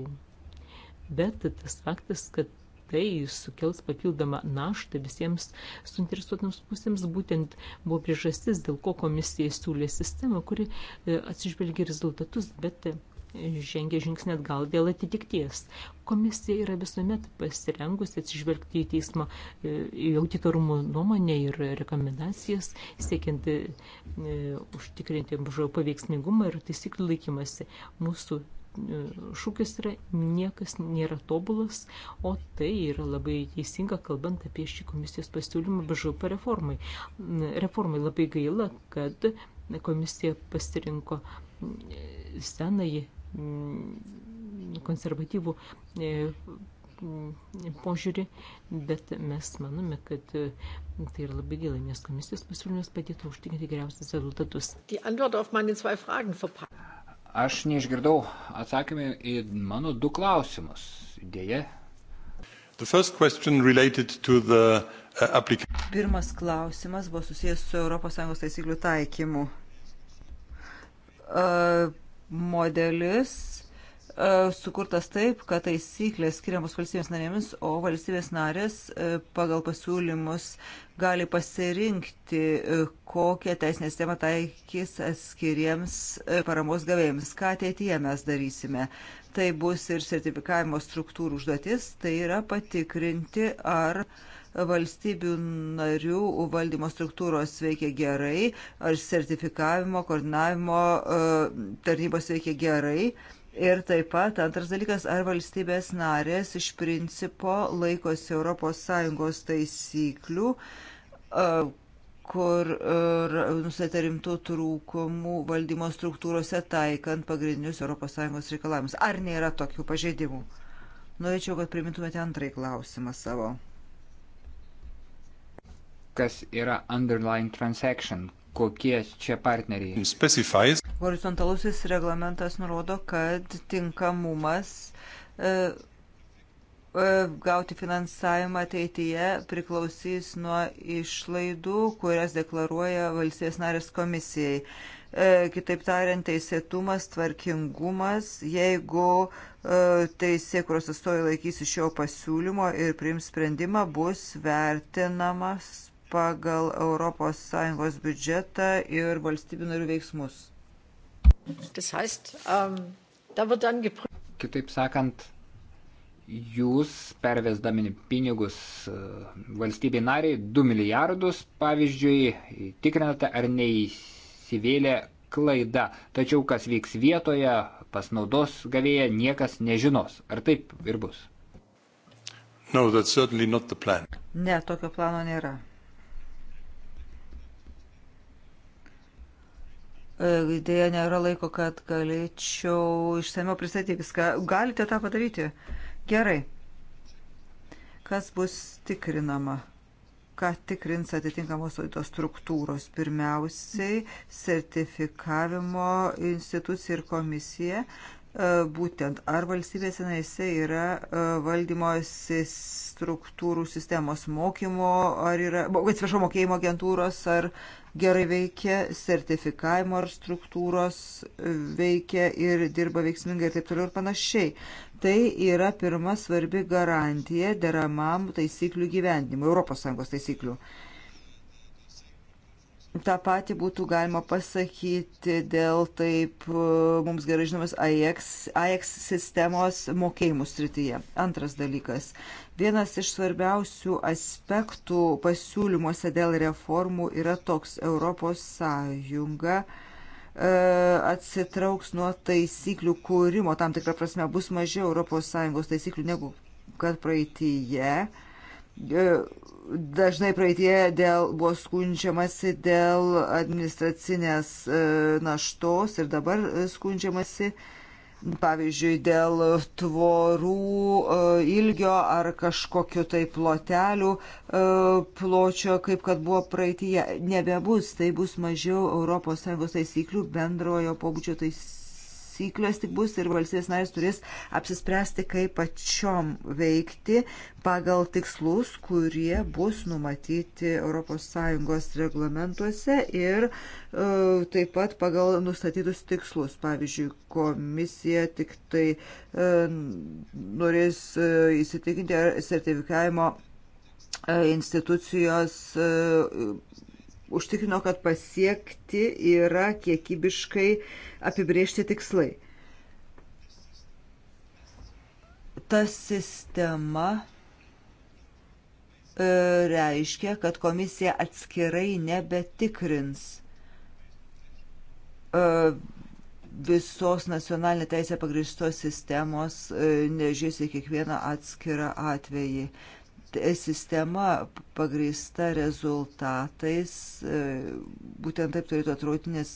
Bet tas faktas, kad tai sukels papildomą naštą visiems suinteresuotams pusėms, būtent buvo priežastis, dėl ko komisija siūlė sistemą, kuri atsižvelgia rezultatus, bet žengė žingsnį atgal dėl atitikties. Komisija yra visuomet pasirengusi atsižvelgti į teismo, e, į auditorumų nuomonę ir rekomendacijas, siekiant e, e užtikrinti paveiksmingumą ir taisyklių laikymasi. Mūsų e, šūkis yra niekas nėra tobulas, o tai yra labai teisinga, kalbant apie šį komisijos pasiūlymą BŽP reformai. Reformai labai gaila, kad komisija pasirinko senąjį Mm, konservatyvų e, mm, požiūrį, bet mes manome, kad e, tai yra labai gaila, nes komisijos pasiūlymas padėtų užtikrinti geriausius rezultatus. Aš neišgirdau atsakymį į mano du klausimus. Dėje. Uh, Pirmas klausimas buvo susijęs su ES taisyklių taikymu. Uh, modelis e, sukurtas taip, kad taisyklės skiriamos valstybės narėmis, o valstybės narės e, pagal pasiūlymus gali pasirinkti, e, kokią teisinę sistemą taikys atskiriems paramos gavėjams, ką ateityje mes darysime. Tai bus ir sertifikavimo struktūrų užduotis, tai yra patikrinti, ar uh, valstybių narių valdymo struktūros veikia gerai, ar sertifikavimo, koordinavimo e, tarnybos veikia gerai. Ir taip pat antras dalykas, ar valstybės narės iš principo laikosi ES taisyklių, e, kur e, nustatė rimtų trūkumų valdymo struktūrose taikant pagrindinius ES reikalavimus. Ar nėra tokių pažeidimų? Norėčiau, kad primintumėte antrąjį klausimą savo kas yra underlying transaction, kokie čia partneriai. Specifies. Horizontalusis reglamentas nurodo, kad tinkamumas e, e, gauti finansavimą ateityje priklausys nuo išlaidų, kurias deklaruoja valstybės narės komisijai. E, kitaip tariant, teisėtumas, tvarkingumas, jeigu e, teisėkuros atstovai laikysi šio pasiūlymo ir priims sprendimą, bus vertinamas pagal ES biudžetą ir valstybių narių veiksmus. Ähm, Kitaip sakant, jūs pervesdami pinigus e, valstybei nariai 2 milijardus, pavyzdžiui, tikrinate ar neįsivėlė klaida. Tačiau kas vyks vietoje, pasinaudos gavėja, niekas nežinos. Ar taip ir bus? No, ne, tokio plano nėra. E, Dėja nėra laiko, kad galėčiau išsameu pristatyti viską. Galite tą padaryti? Gerai. Kas bus tikrinama? Ką tikrins atitinkamos audito struktūros? Pirmiausiai sertifikavimo institucija ir komisija e, būtent ar valstybės senaise yra e, valdymo struktūrų sistemos mokymo, ar yra, atsiprašau, mokėjimo agentūros, ar gerai veikia, sertifikavimo ar struktūros veikia ir dirba veiksmingai ir taip toliau ir panašiai. Tai yra pirma svarbi garantija deramam taisyklių gyvendimui, ES taisyklių. Ta pati būtų galima pasakyti dėl taip e, mums gerai žinomas AX, AX sistemos mokėjimų srityje. Antras dalykas. Vienas iš svarbiausių aspektų pasiūlymuose dėl reformų yra toks Europos Sąjunga e, atsitrauks nuo taisyklių kūrimo, tam tikrą prasme bus mažiau ES taisyklių negu kad praeitįje. E, dažnai praeitie dėl, buvo skundžiamasi dėl administracinės e, naštos ir dabar e, skundžiamasi, pavyzdžiui, dėl tvorų ilgio ar kažkokio tai plotelių pločio, kaip kad buvo praeitie. Nebebus, tai bus mažiau ES taisyklių bendrojo pobūdžio taisyklių taisyklės tik bus ir valstybės narės turės apsispręsti, kaip pačiom veikti pagal tikslus, kurie bus numatyti ES reglamentuose ir e, taip pat pagal nustatytus tikslus. Pavyzdžiui, komisija tik tai e, norės e, įsitikinti, ar sertifikavimo e, institucijos e, užtikrino, kad pasiekti yra kiekybiškai apibriežti tikslai. Ta sistema e, reiškia, kad komisija atskirai nebetikrins e, visos nacionalinė teisė pagristos sistemos, e, nežiūrės į kiekvieną atskirą atvejį sistema pagrįsta rezultatais, e, būtent taip turėtų atrodyti, nes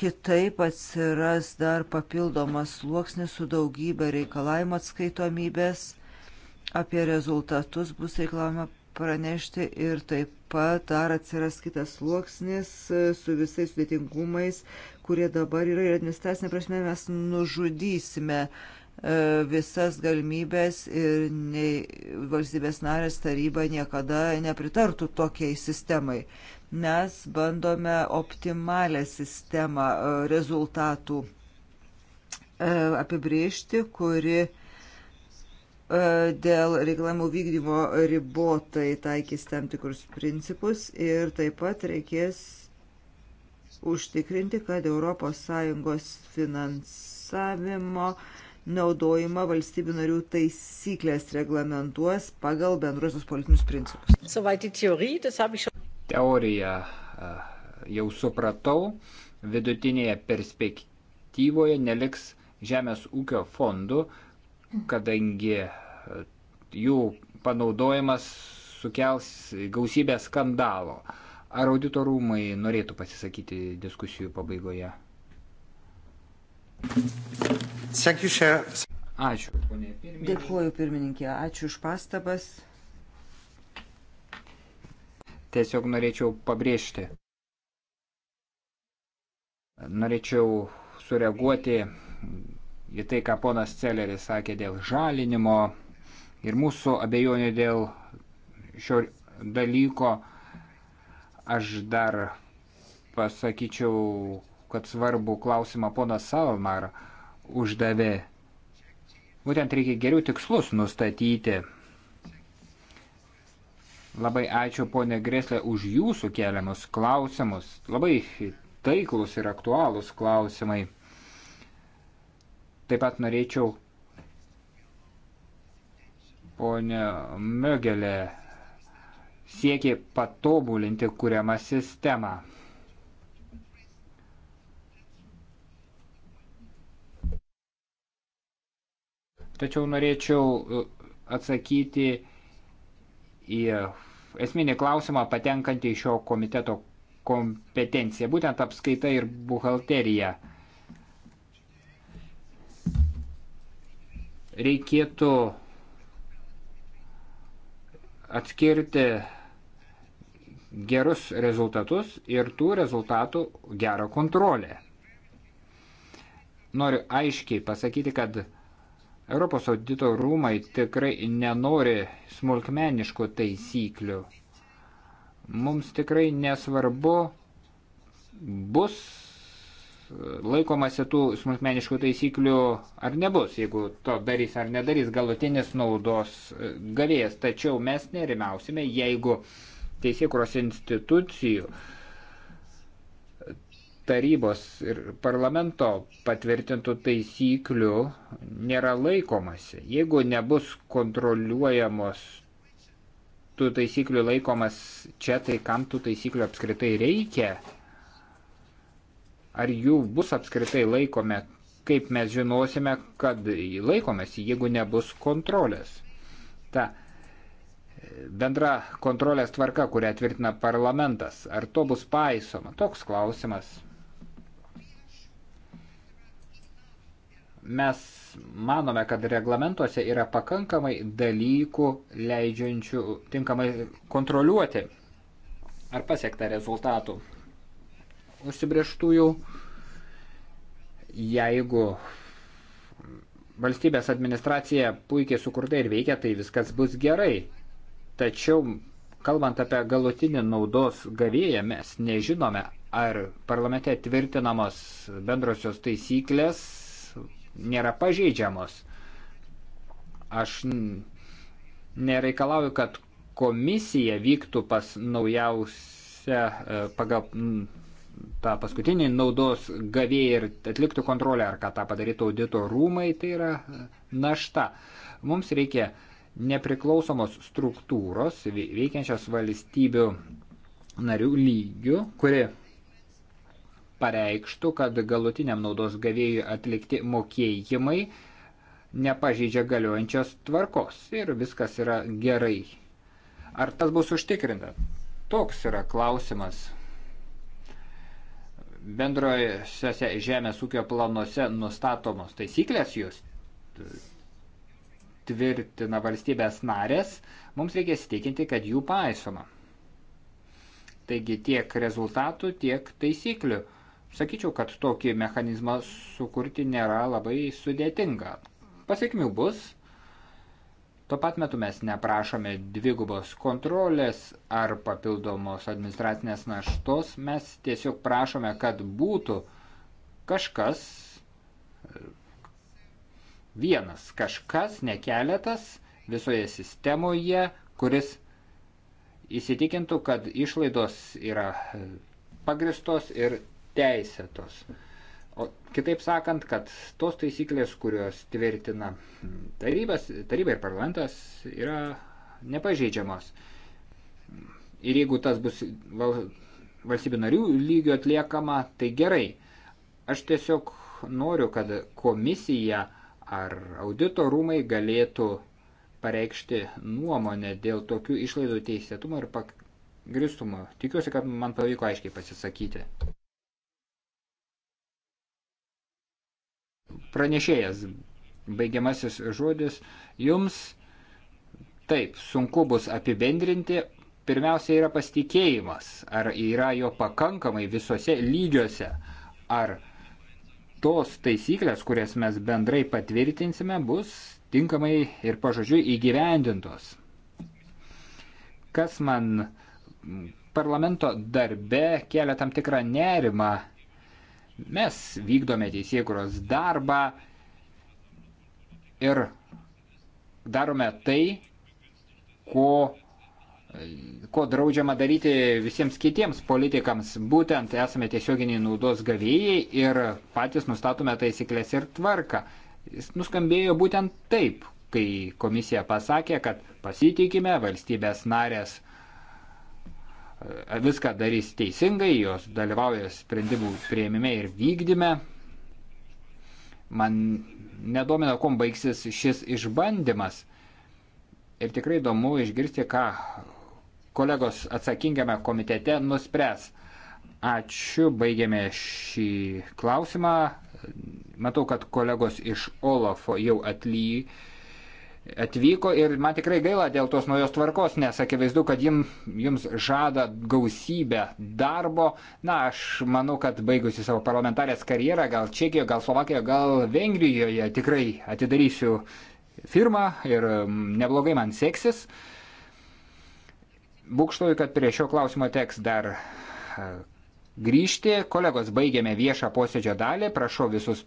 kitaip atsiras dar papildomas sluoksnis su daugybė reikalavimo atskaitomybės, apie rezultatus bus reikalavimo pranešti ir taip pat dar atsiras kitas sluoksnis e, su visais sudėtingumais, kurie dabar yra ir administracinė prasme mes nužudysime uh, E, visas galimybės ir nei valstybės narės taryba niekada nepritartų tokiai sistemai. Mes bandome optimalią sistemą e, rezultatų e, apibriežti, kuri dėl reikalavimų vykdymo ribotai taikys tam tikrus principus ir taip pat reikės užtikrinti, kad ES finansavimo uh, naudojimą valstybių narių taisyklės reglamentuos pagal bendruosius politinius principus. Teoriją jau supratau, vidutinėje perspektyvoje neliks žemės ūkio fondų, kadangi jų panaudojimas sukels gausybę skandalo. Ar auditorumai norėtų pasisakyti diskusijų pabaigoje? Ačiū. Dėkuoju pirmininkė, ačiū už pastabas. Tiesiog norėčiau pabrėžti. Norėčiau sureaguoti į tai, ką ponas Celeris sakė dėl žalinimo ir mūsų abejonių dėl šio dalyko. Aš dar pasakyčiau, kad svarbu klausimą ponas Salmar uždavė. Būtent reikia geriau tikslus nustatyti. Labai ačiū ponė Greslė už jūsų keliamus klausimus. Labai taiklus ir aktualūs klausimai. Taip pat norėčiau ponė Mögelė siekė patobulinti kuriamą sistemą. Tačiau norėčiau e, atsakyti į esminį klausimą patenkantį į šio komiteto kompetenciją, būtent apskaita ir buhalterija. Reikėtų atskirti gerus rezultatus ir tų rezultatų gerą kontrolę. Noriu aiškiai pasakyti, kad Europos audito rūmai tikrai nenori smulkmeniškų taisyklių. Mums tikrai nesvarbu bus laikomasi tų smulkmeniškų taisyklių ar nebus, jeigu to darys ar nedarys galutinis naudos e, gavėjas. Tačiau mes nerimiausime, jeigu teisėkuros institucijų uh, tarybos ir parlamento patvirtintų taisyklių nėra laikomasi. Jeigu nebus kontroliuojamos tų taisyklių laikomas čia, tai kam tų taisyklių apskritai reikia? Ar jų bus apskritai laikome? Kaip mes žinosime, kad laikomės, jeigu nebus kontrolės? Ta bendra kontrolės tvarka, kurią tvirtina parlamentas, ar to bus paisoma? Toks klausimas. Mes manome, kad reglamentuose yra pakankamai dalykų leidžiančių tinkamai kontroliuoti ar pasiektą rezultatų užsibrieštųjų. Jeigu valstybės administracija puikiai sukurta ir veikia, tai viskas bus gerai. Tačiau, kalbant apie galutinį naudos gavėją, mes nežinome, ar parlamente tvirtinamos bendrosios taisyklės nėra pažeidžiamos. Aš nereikalauju, kad komisija vyktų pas naujausią e, pagal tą paskutinį naudos gavėją ir atliktų kontrolę, ar ką tą padarytų audito rūmai, tai yra e, našta. Mums reikia nepriklausomos struktūros veikiančios valstybių narių lygių, kuri pareikštų, kad galutiniam naudos gavėjui atlikti mokėjimai nepažeidžia galiojančios tvarkos ir viskas yra gerai. Ar tas bus užtikrinta? Toks yra klausimas. Bendrojose žemės ūkio planuose nustatomos taisyklės jūs tvirtina valstybės narės, mums reikia įsitikinti, kad jų paisoma. Taigi tiek rezultatų, tiek taisyklių. Sakyčiau, kad tokį mechanizmą sukurti nėra labai sudėtinga. Pasiekmių bus. Tuo pat metu mes neprašome dvigubos kontrolės ar papildomos administracinės naštos, mes tiesiog prašome, kad būtų kažkas, vienas kažkas, ne keletas visoje sistemoje, kuris įsitikintų, kad išlaidos yra pagristos ir teisėtos. O kitaip sakant, kad tos taisyklės, kurios tvirtina tarybas, taryba ir parlamentas, yra nepažeidžiamos. Ir jeigu tas bus val, valstybių narių lygio atliekama, tai gerai. Aš tiesiog noriu, kad komisija ar audito rūmai galėtų pareikšti nuomonę dėl tokių išlaidų teisėtumo ir pagristumo. Tikiuosi, kad man pavyko aiškiai pasisakyti. Pranešėjas, baigiamasis žodis, jums taip sunku bus apibendrinti, pirmiausia yra pasitikėjimas, ar yra jo pakankamai visose lygiuose, ar tos taisyklės, kurias mes bendrai patvirtinsime, bus tinkamai ir pažodžiui įgyvendintos. Kas man parlamento darbe kelia tam tikrą nerimą, Mes vykdome teisėkuros darbą ir darome tai, ko, ko draudžiama daryti visiems kitiems politikams. Būtent esame tiesioginiai naudos gavėjai ir patys nustatome taisyklės ir tvarką. Jis nuskambėjo būtent taip, kai komisija pasakė, kad pasitikime valstybės narės viską darys teisingai, jos dalyvauja sprendimų prieimime ir vykdyme. Man nedomina, kom baigsis šis išbandymas. Ir tikrai įdomu išgirsti, ką kolegos atsakingiame komitete nuspręs. Ačiū, baigėme šį klausimą. Matau, kad kolegos iš Olafo jau atlyja atvyko ir man tikrai gaila dėl tos naujos tvarkos, nes akivaizdu, kad jim, jums žada gausybę darbo. Na, aš manau, kad baigusi savo parlamentarės karjerą, gal Čekijoje, gal Slovakijoje, gal Vengrijoje tikrai atidarysiu firmą ir mm, neblogai man seksis. Būkštoju, kad prie šio klausimo teks dar e, grįžti. Kolegos, baigėme viešą posėdžio dalį. Prašau visus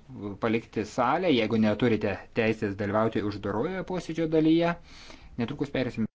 palikti salę, jeigu neturite teisės dalyvauti uždarojoje posėdžio dalyje. Netrukus perėsime.